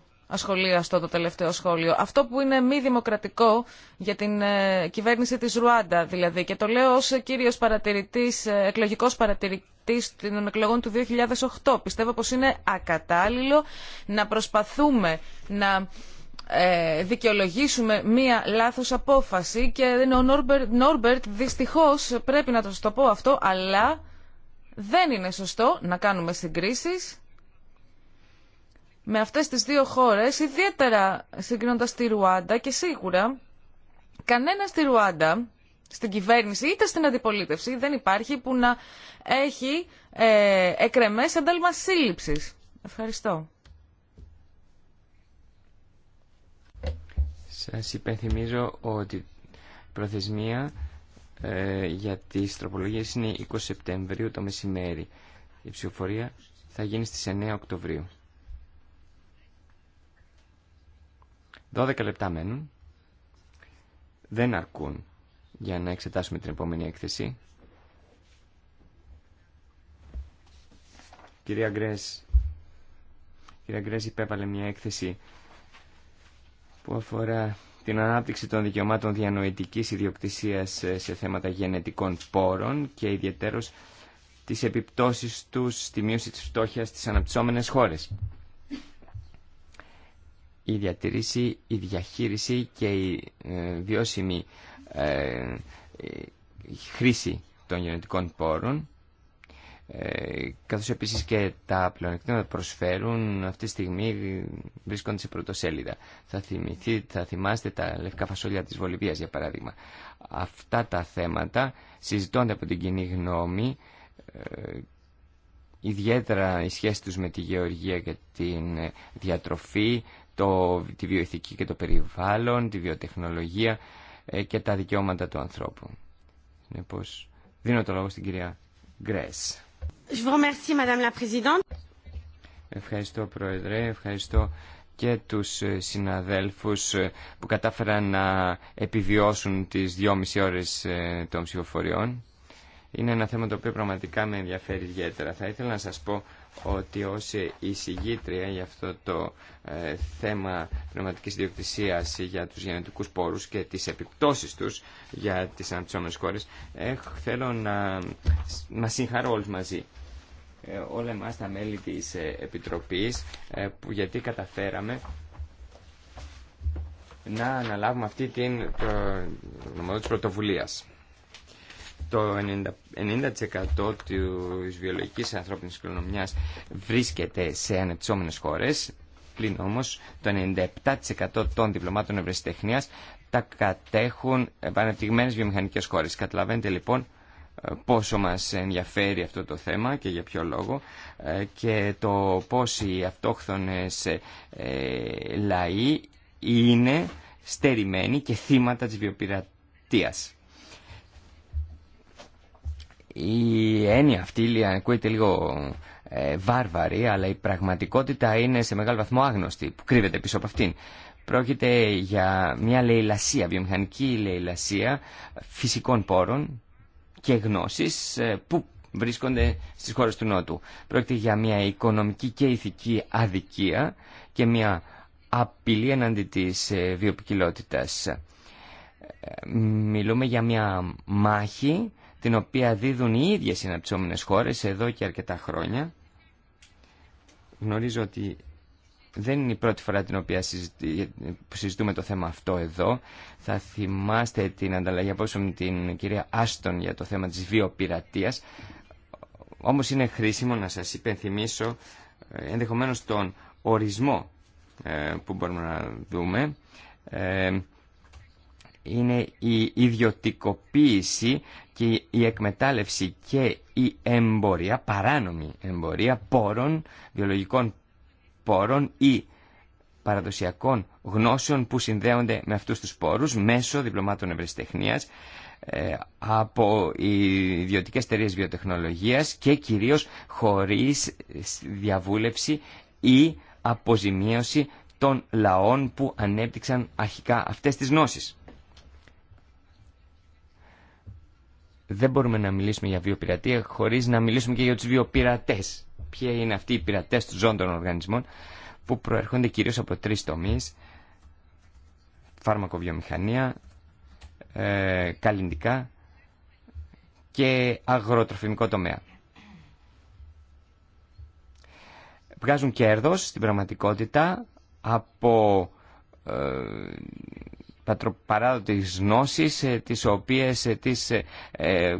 στο το τελευταίο σχόλιο. Αυτό που είναι μη δημοκρατικό για την ε, κυβέρνηση της Ρουάντα δηλαδή και το λέω ως κύριος παρατηρητής, ε, εκλογικός παρατηρητής των εκλογών του 2008. Πιστεύω πως είναι ακατάλληλο να προσπαθούμε να ε, δικαιολογήσουμε μία λάθος απόφαση και ο Νόρμπερτ, Νόρμπερτ δυστυχώς πρέπει να το το πω αυτό αλλά δεν είναι σωστό να κάνουμε συγκρίσεις με αυτές τις δύο χώρες, ιδιαίτερα συγκρίνοντας τη Ρουάντα και σίγουρα κανένα στη Ρουάντα, στην κυβέρνηση είτε στην αντιπολίτευση δεν υπάρχει που να έχει ε, εκρεμές ένταλμα σύλληψης. Ευχαριστώ. Σας υπενθυμίζω ότι η προθεσμία ε, για τις τροπολογίες είναι 20 Σεπτεμβρίου το μεσημέρι. Η ψηφοφορία θα γίνει στις 9 Οκτωβρίου. 12 λεπτά μένουν. Δεν αρκούν για να εξετάσουμε την επόμενη έκθεση. Κυρία Γκρές, κυρία υπέβαλε μια έκθεση που αφορά την ανάπτυξη των δικαιωμάτων διανοητικής ιδιοκτησίας σε θέματα γενετικών πόρων και ιδιαίτερως τις επιπτώσεις τους στη μείωση της φτώχειας στις αναπτυσσόμενες χώρες η διατηρήση, η διαχείριση και η ε, βιώσιμη ε, χρήση των γενετικών πόρων ε, καθώς επίσης και τα πλεονεκτήματα προσφέρουν αυτή τη στιγμή βρίσκονται σε πρωτοσέλιδα. Θα, θυμηθεί, θα θυμάστε τα λευκά φασόλια της Βολιβίας για παράδειγμα. Αυτά τα θέματα συζητώνται από την κοινή γνώμη ιδιαίτερα η σχέση τους με τη γεωργία και την διατροφή, το, τη βιοειθική και το περιβάλλον, τη βιοτεχνολογία ε, και τα δικαιώματα του ανθρώπου. Λοιπόν, δίνω το λόγο στην κυρία Γκρέσ. Ευχαριστώ, Πρόεδρε. Ευχαριστώ και τους ε, συναδέλφους ε, που κατάφεραν να επιβιώσουν τις δυόμιση ώρες των ψηφοφοριών. Είναι ένα θέμα το οποίο πραγματικά με ενδιαφέρει ιδιαίτερα. Θα ήθελα να σας πω ότι ως εισηγήτρια για αυτό το ε, θέμα πνευματικής διοκτησίας για τους γενετικούς πόρους και τις επιπτώσεις τους για τις αναπτυσσόμενες χώρες θέλω να, μα συγχαρώ όλους μαζί ε, όλα εμάς τα μέλη της ε, Επιτροπής ε, που, γιατί καταφέραμε να αναλάβουμε αυτή την το, πρωτοβουλίας το 90% της βιολογικής ανθρώπινης κληρονομιάς βρίσκεται σε ανεπτυσσόμενες χώρες, πλην όμως το 97% των διπλωμάτων ευρεσιτεχνίας τα κατέχουν επανεπτυγμένες βιομηχανικές χώρες. Καταλαβαίνετε λοιπόν πόσο μας ενδιαφέρει αυτό το θέμα και για ποιο λόγο ε, και το πώς οι αυτόχθονες ε, λαοί είναι στερημένοι και θύματα της βιοπειρατείας η έννοια αυτή ακούγεται λίγο ε, βάρβαρη, αλλά η πραγματικότητα είναι σε μεγάλο βαθμό άγνωστη, που κρύβεται πίσω από αυτήν. Πρόκειται για μια λαιλασία, βιομηχανική λαιλασία φυσικών πόρων και γνώσης ε, που βρίσκονται στις χώρες του Νότου. Πρόκειται για μια οικονομική και ηθική αδικία και μια απειλή εναντί της ε, βιοπικιλότητας. Μιλούμε για μια μάχη την οποία δίδουν οι ίδιες οι χώρες εδώ και αρκετά χρόνια. Γνωρίζω ότι δεν είναι η πρώτη φορά την οποία συζητούμε το θέμα αυτό εδώ. Θα θυμάστε την ανταλλαγή απόψε με την κυρία Άστον για το θέμα της βιοπειρατείας. Όμως είναι χρήσιμο να σας υπενθυμίσω ε, ενδεχομένως τον ορισμό ε, που μπορούμε να δούμε. Ε, είναι η ιδιωτικοποίηση και η εκμετάλλευση και η εμπορία, παράνομη εμπορία πόρων, βιολογικών πόρων ή παραδοσιακών γνώσεων που συνδέονται με αυτούς τους πόρους μέσω διπλωμάτων ευρεσιτεχνίας ε, από ιδιωτικές εταιρείε βιοτεχνολογίας και κυρίως χωρίς διαβούλευση ή αποζημίωση των λαών που ανέπτυξαν αρχικά αυτές τις γνώσεις. δεν μπορούμε να μιλήσουμε για βιοπειρατεία χωρίς να μιλήσουμε και για τους βιοπειρατές. Ποιοι είναι αυτοί οι πειρατές του ζών των οργανισμών που προερχόνται κυρίως από τρεις τομείς. Φάρμακοβιομηχανία, ε, καλλιντικά και αγροτροφημικό τομέα. Βγάζουν κέρδος στην πραγματικότητα από ε, πατροπαράδοτης γνώσεις ε, τις οποίες ε, τις ε,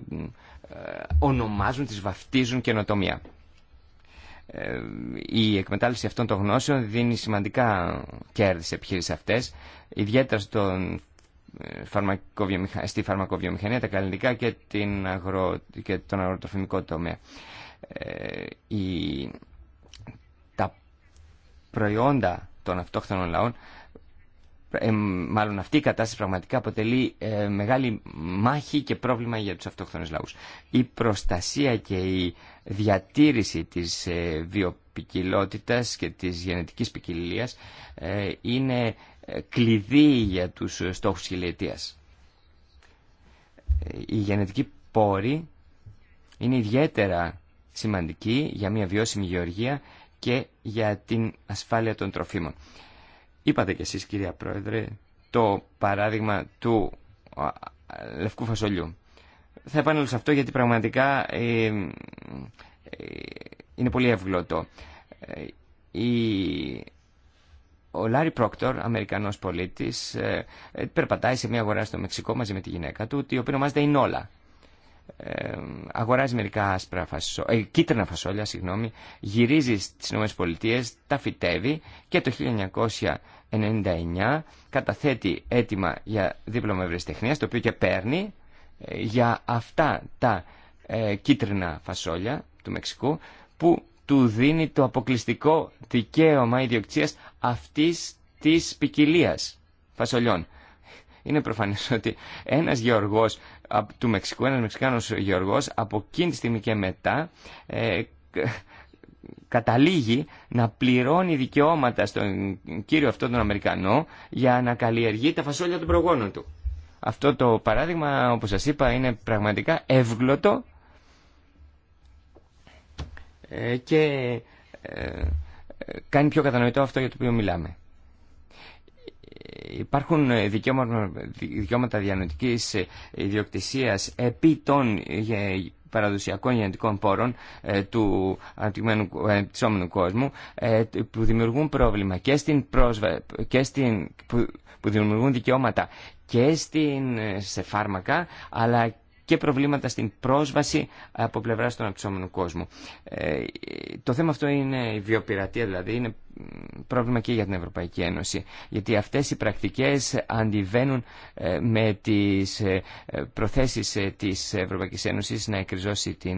ονομάζουν, τις βαφτίζουν καινοτομία. Η εκμετάλλευση αυτών των γνώσεων δίνει σημαντικά κέρδη σε επιχείρησεις αυτές, ιδιαίτερα στον στη φαρμακοβιομηχανία, τα καλλιντικά και, την αγρο... και τον αγροτοφημικό τομέα. Ε, η... Τα προϊόντα των αυτόχθενων λαών ε, μάλλον αυτή η κατάσταση πραγματικά αποτελεί ε, μεγάλη μάχη και πρόβλημα για τους αυτοκτόνες λαούς. Η προστασία και η διατήρηση της ε, βιοπικιλότητας και της γενετικής ποικιλία ε, είναι κλειδί για τους στόχους χιλιετίας. Η γενετική πόρη είναι ιδιαίτερα σημαντική για μια βιώσιμη γεωργία και για την ασφάλεια των τροφίμων. Είπατε κι εσείς κυρία Πρόεδρε το παράδειγμα του λευκού φασολιού. Θα επανέλθω σε αυτό γιατί πραγματικά ε, ε είναι πολύ εύγλωτο. Ε, ο Λάρι Πρόκτορ, Αμερικανός πολίτης, ε, περπατάει σε μια αγορά στο Μεξικό μαζί με τη γυναίκα του, η οποία ονομάζεται Ινόλα. Ε, αγοράζει μερικά άσπρα φασό, ε, κίτρινα φασόλια, συγγνώμη, γυρίζει στις πολιτείες τα φυτεύει και το 1999 καταθέτει αίτημα για δίπλωμα ευρεσιτεχνία, το οποίο και παίρνει ε, για αυτά τα κίτρινα φασόλια του Μεξικού, που του δίνει το αποκλειστικό δικαίωμα ιδιοκτησίας αυτής της ποικιλία φασολιών. Είναι προφανές ότι ένας γεωργός του Μεξικού, ένας Μεξικάνος γεωργός, από εκείνη τη στιγμή και μετά ε, καταλήγει να πληρώνει δικαιώματα στον κύριο αυτό τον Αμερικανό για να καλλιεργεί τα φασόλια των προγόνων του. Αυτό το παράδειγμα, όπως σας είπα, είναι πραγματικά εύγλωτο ε, και ε, ε, κάνει πιο κατανοητό αυτό για το οποίο μιλάμε υπάρχουν δικαιώματα, διανοητικής ιδιοκτησίας επί των παραδοσιακών γενετικών πόρων ε, του ε, αναπτυσσόμενου κόσμου ε, που δημιουργούν πρόβλημα και στην και στην, που, που δημιουργούν δικαιώματα και στην, σε φάρμακα αλλά και προβλήματα στην πρόσβαση από πλευρά των αυξόμενου κόσμου. Ε, το θέμα αυτό είναι η βιοπειρατεία, δηλαδή είναι πρόβλημα και για την Ευρωπαϊκή Ένωση, γιατί αυτές οι πρακτικές αντιβαίνουν ε, με τις ε, προθέσεις της Ευρωπαϊκής Ένωσης να εκριζώσει την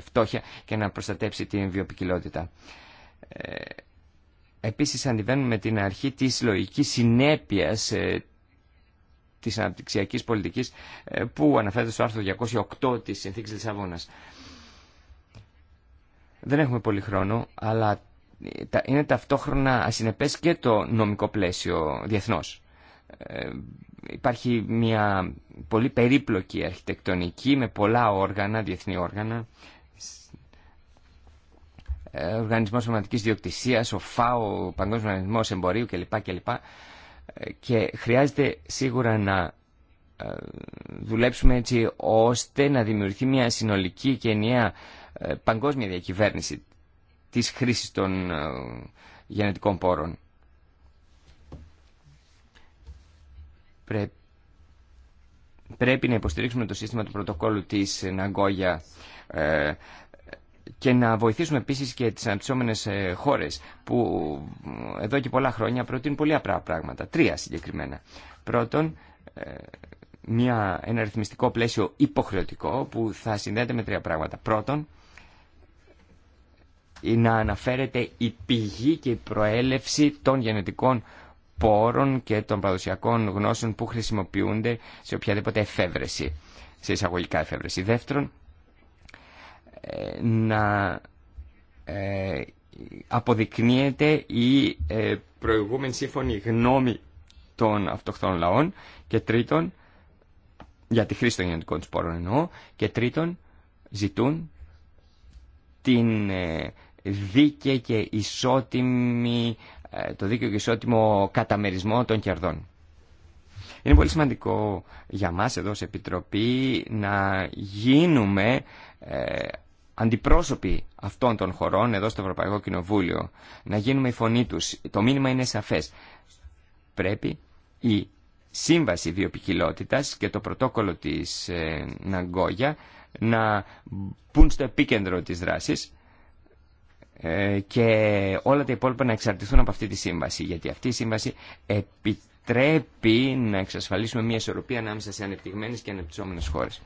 φτώχεια και να προστατέψει την βιοπικιλότητα. Επίσης αντιβαίνουν με την αρχή της λογικής συνέπειας της αναπτυξιακή πολιτικής ε, που αναφέρεται στο άρθρο 208 της Συνθήκης Λισαβόνα. Δεν έχουμε πολύ χρόνο, αλλά ε, είναι ταυτόχρονα ασυνεπές και το νομικό πλαίσιο διεθνώς. Ε, υπάρχει μια πολύ περίπλοκη αρχιτεκτονική με πολλά όργανα, διεθνή όργανα, ε, Οργανισμός Σωματικής Διοκτησίας, ο ΦΑΟ, ο Παγκόσμιος Οργανισμός Εμπορίου κλπ και χρειάζεται σίγουρα να ε, δουλέψουμε έτσι ώστε να δημιουργηθεί μια συνολική και ενιαία ε, παγκόσμια διακυβέρνηση της χρήσης των ε, γενετικών πόρων. Πρέπει πρέπει να υποστηρίξουμε το σύστημα του πρωτοκόλλου της Ναγκόγια και να βοηθήσουμε επίσης και τις αναπτυσσόμενε ε, χώρες που ε, εδώ και πολλά χρόνια προτείνουν πολύ απλά πράγματα. Τρία συγκεκριμένα. Πρώτον, ε, μια, ένα ρυθμιστικό πλαίσιο υποχρεωτικό που θα συνδέεται με τρία πράγματα. Πρώτον, να αναφέρεται η πηγή και η προέλευση των γενετικών πόρων και των παραδοσιακών γνώσεων που χρησιμοποιούνται σε οποιαδήποτε εφεύρεση, σε εισαγωγικά εφεύρεση. Δεύτερον, να ε, αποδεικνύεται η ε, προηγούμενη σύμφωνη γνώμη των αυτοχθών λαών και τρίτον, για τη χρήση των γενετικών του πόρων εννοώ, και τρίτον ζητούν την ε, δίκαιη και ισότιμη, το δίκαιο και ισότιμο καταμερισμό των κερδών. Είναι πολύ σημαντικό για μας εδώ σε Επιτροπή να γίνουμε αντιπρόσωποι αυτών των χωρών εδώ στο Ευρωπαϊκό Κοινοβούλιο, να γίνουμε η φωνή τους. Το μήνυμα είναι σαφές. Πρέπει η Σύμβαση Βιοπικιλότητας και το πρωτόκολλο της ε, Ναγκόγια να μπουν στο επίκεντρο της δράσης ε, και όλα τα υπόλοιπα να εξαρτηθούν από αυτή τη σύμβαση. Γιατί αυτή η σύμβαση επιτρέπει να εξασφαλίσουμε μια ισορροπία ανάμεσα σε ανεπτυγμένες και ανεπτυσσόμενες χώρες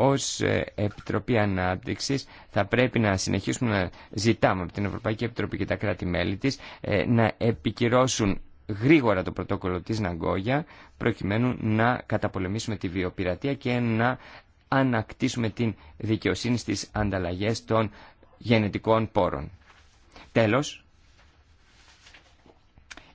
ως ε, Επιτροπή Ανάπτυξης θα πρέπει να συνεχίσουμε να ζητάμε από την Ευρωπαϊκή Επιτροπή και τα κράτη-μέλη της ε, να επικυρώσουν γρήγορα το πρωτόκολλο της Ναγκόγια προκειμένου να καταπολεμήσουμε τη βιοπειρατεία και να ανακτήσουμε την δικαιοσύνη στις ανταλλαγές των γενετικών πόρων. Τέλος,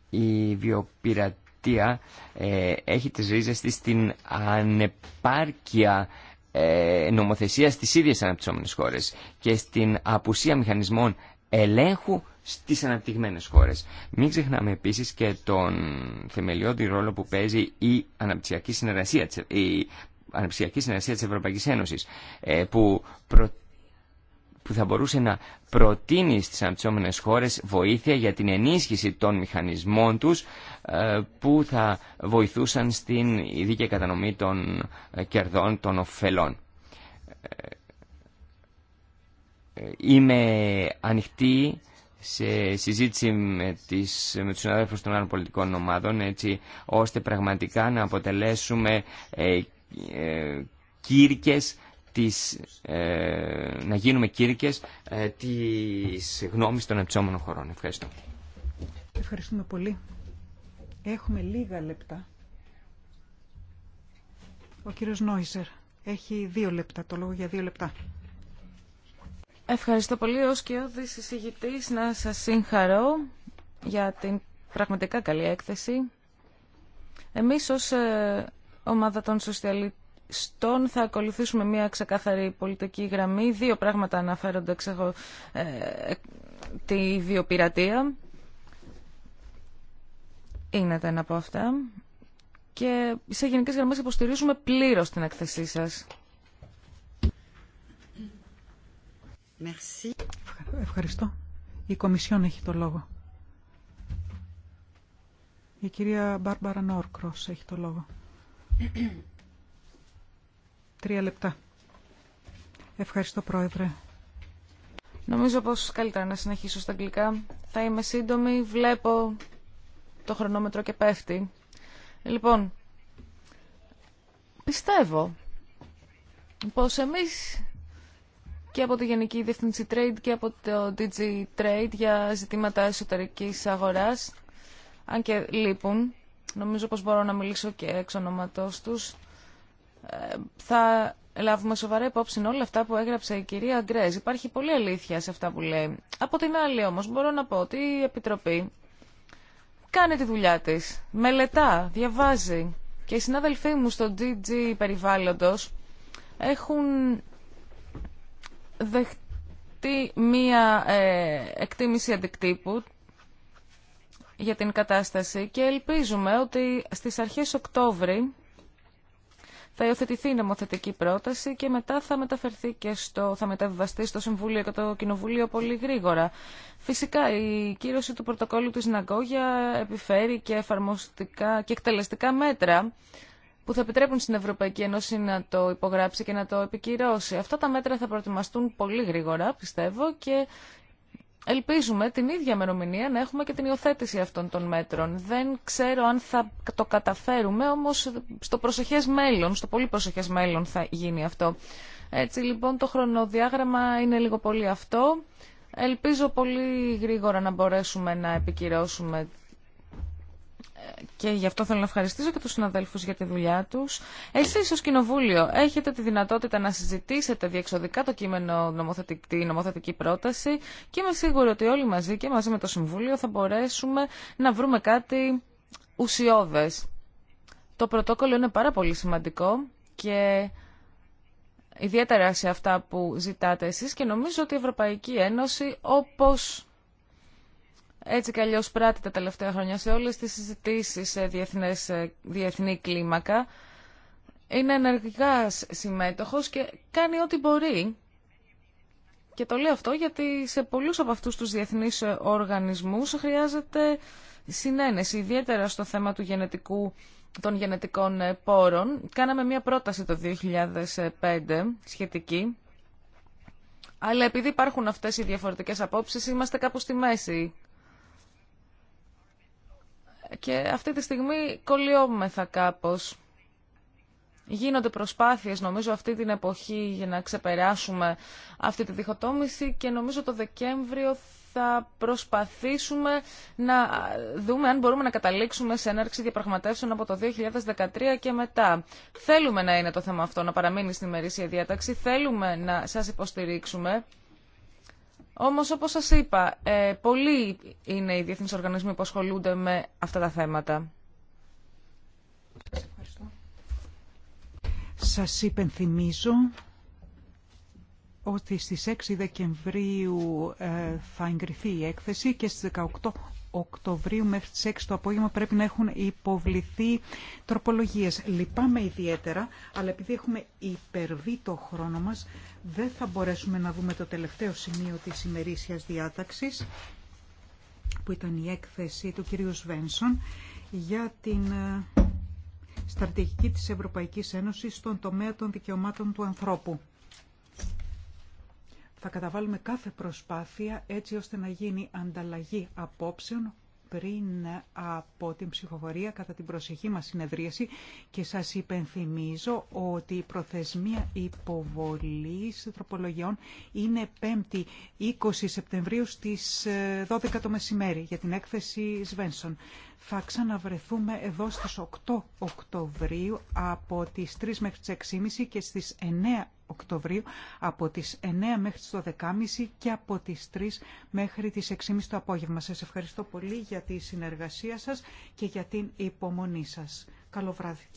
η βιοπειρατεία ε, έχει τις ρίζες της στην ανεπάρκεια ε, νομοθεσία στι ίδιε αναπτυσσόμενε χώρε και στην απουσία μηχανισμών ελέγχου στις αναπτυγμένες χώρες. Μην ξεχνάμε επίσης και τον θεμελιώδη ρόλο που παίζει η αναπτυξιακή συνεργασία, η αναπτυξιακή συνεργασία της Ευρωπαϊκής Ένωσης ε, που προτείνει που θα μπορούσε να προτείνει στις αναπτυσσόμενες χώρες βοήθεια για την ενίσχυση των μηχανισμών τους ε, που θα βοηθούσαν στην ειδική κατανομή των ε, κερδών, των ωφελών. Ε, είμαι ανοιχτή σε συζήτηση με, τις, με τους συναδέλφους των άλλων πολιτικών ομάδων έτσι ώστε πραγματικά να αποτελέσουμε ε, ε, να γίνουμε κήρυκες ε, της γνώμης των εψόμενων χωρών. Ευχαριστώ. Ευχαριστούμε πολύ. Έχουμε λίγα λεπτά. Ο κύριος Νόισερ έχει δύο λεπτά, το λόγο για δύο λεπτά. Ευχαριστώ πολύ ως και ο να σας συγχαρώ για την πραγματικά καλή έκθεση. Εμείς ως ε, ομάδα των σοσιαλιτών στον θα ακολουθήσουμε μια ξεκάθαρη πολιτική γραμμή. Δύο πράγματα αναφέρονται ξέχω, ε, τη βιοπειρατεία. Είναι τα ένα από αυτά. Και σε γενικέ γραμμές υποστηρίζουμε πλήρως την εκθεσή σας. Ευχαριστώ. Η Κομισιόν έχει το λόγο. Η κυρία Μπάρμπαρα Νόρκρος έχει το λόγο. Τρία λεπτά. Ευχαριστώ, Πρόεδρε. Νομίζω πως καλύτερα να συνεχίσω στα αγγλικά. Θα είμαι σύντομη. Βλέπω το χρονόμετρο και πέφτει. Λοιπόν, πιστεύω πως εμείς και από τη Γενική Διευθύνση Trade και από το DG Trade για ζητήματα εσωτερικής αγοράς, αν και λείπουν, νομίζω πως μπορώ να μιλήσω και εξ ονόματός τους, θα λάβουμε σοβαρά υπόψη όλα αυτά που έγραψε η κυρία Γκρέζ. Υπάρχει πολλή αλήθεια σε αυτά που λέει. Από την άλλη όμως μπορώ να πω ότι η Επιτροπή κάνει τη δουλειά της, μελετά, διαβάζει. Και οι συνάδελφοί μου στο GG περιβάλλοντος έχουν δεχτεί μία ε, εκτίμηση αντικτύπου για την κατάσταση και ελπίζουμε ότι στις αρχές Οκτώβρη θα υιοθετηθεί η νομοθετική πρόταση και μετά θα μεταφερθεί και στο, θα μεταβιβαστεί στο Συμβούλιο και το Κοινοβούλιο πολύ γρήγορα. Φυσικά η κύρωση του πρωτοκόλλου της Ναγκόγια επιφέρει και εφαρμοστικά και εκτελεστικά μέτρα που θα επιτρέπουν στην Ευρωπαϊκή Ένωση να το υπογράψει και να το επικυρώσει. Αυτά τα μέτρα θα προετοιμαστούν πολύ γρήγορα, πιστεύω, και Ελπίζουμε την ίδια μερομηνία να έχουμε και την υιοθέτηση αυτών των μέτρων. Δεν ξέρω αν θα το καταφέρουμε, όμως στο προσεχές μέλλον, στο πολύ προσεχές μέλλον θα γίνει αυτό. Έτσι λοιπόν το χρονοδιάγραμμα είναι λίγο πολύ αυτό. Ελπίζω πολύ γρήγορα να μπορέσουμε να επικυρώσουμε και γι' αυτό θέλω να ευχαριστήσω και τους συναδέλφους για τη δουλειά τους. Εσείς ως Κοινοβούλιο έχετε τη δυνατότητα να συζητήσετε διεξοδικά το κείμενο νομοθετική, τη νομοθετική πρόταση και είμαι σίγουρη ότι όλοι μαζί και μαζί με το Συμβούλιο θα μπορέσουμε να βρούμε κάτι ουσιώδες. Το πρωτόκολλο είναι πάρα πολύ σημαντικό και ιδιαίτερα σε αυτά που ζητάτε εσείς και νομίζω ότι η Ευρωπαϊκή Ένωση όπως έτσι κι αλλιώς πράττει τα τελευταία χρόνια σε όλες τις συζητήσεις σε διεθνές, διεθνή κλίμακα. Είναι ενεργικά συμμέτοχος και κάνει ό,τι μπορεί. Και το λέω αυτό γιατί σε πολλούς από αυτούς τους διεθνείς οργανισμούς χρειάζεται συνένεση, ιδιαίτερα στο θέμα του γενετικού, των γενετικών πόρων. Κάναμε μια πρόταση το 2005 σχετική, αλλά επειδή υπάρχουν αυτές οι διαφορετικές απόψεις, είμαστε κάπου στη μέση και αυτή τη στιγμή κολλιόμεθα κάπως. Γίνονται προσπάθειες νομίζω αυτή την εποχή για να ξεπεράσουμε αυτή τη διχοτόμηση και νομίζω το Δεκέμβριο θα προσπαθήσουμε να δούμε αν μπορούμε να καταλήξουμε σε έναρξη διαπραγματεύσεων από το 2013 και μετά. Θέλουμε να είναι το θέμα αυτό, να παραμείνει στην ημερήσια διάταξη, θέλουμε να σας υποστηρίξουμε. Όμω, όπω σα είπα, ε, πολλοί είναι οι διεθνεί οργανισμοί που ασχολούνται με αυτά τα θέματα. Σα υπενθυμίζω ότι στις 6 Δεκεμβρίου ε, θα εγκριθεί η έκθεση και στις 18 Οκτωβρίου μέχρι τις 6 το απόγευμα πρέπει να έχουν υποβληθεί τροπολογίες. Λυπάμαι ιδιαίτερα, αλλά επειδή έχουμε υπερβεί το χρόνο μας, δεν θα μπορέσουμε να δούμε το τελευταίο σημείο της ημερήσιας διάταξης, που ήταν η έκθεση του κυρίου Σβένσον, για την ε, στρατηγική της Ευρωπαϊκής Ένωσης στον τομέα των δικαιωμάτων του ανθρώπου. Θα καταβάλουμε κάθε προσπάθεια έτσι ώστε να γίνει ανταλλαγή απόψεων πριν από την ψηφοφορία κατά την προσεχή μας συνεδρίαση και σας υπενθυμίζω ότι η προθεσμία υποβολής τροπολογιών είναι 5η 20 Σεπτεμβρίου στις 12 ε, το μεσημέρι για την έκθεση Σβένσον. Θα ξαναβρεθούμε εδώ στις 8 Οκτωβρίου από τις 3 μέχρι τις 6.30 και στις 9 Οκτωβρίου από τις 9 μέχρι τις 12.30 και από τις 3 μέχρι τις 6.30 το απόγευμα. Σας ευχαριστώ πολύ για τη συνεργασία σας και για την υπομονή σας. Καλό βράδυ.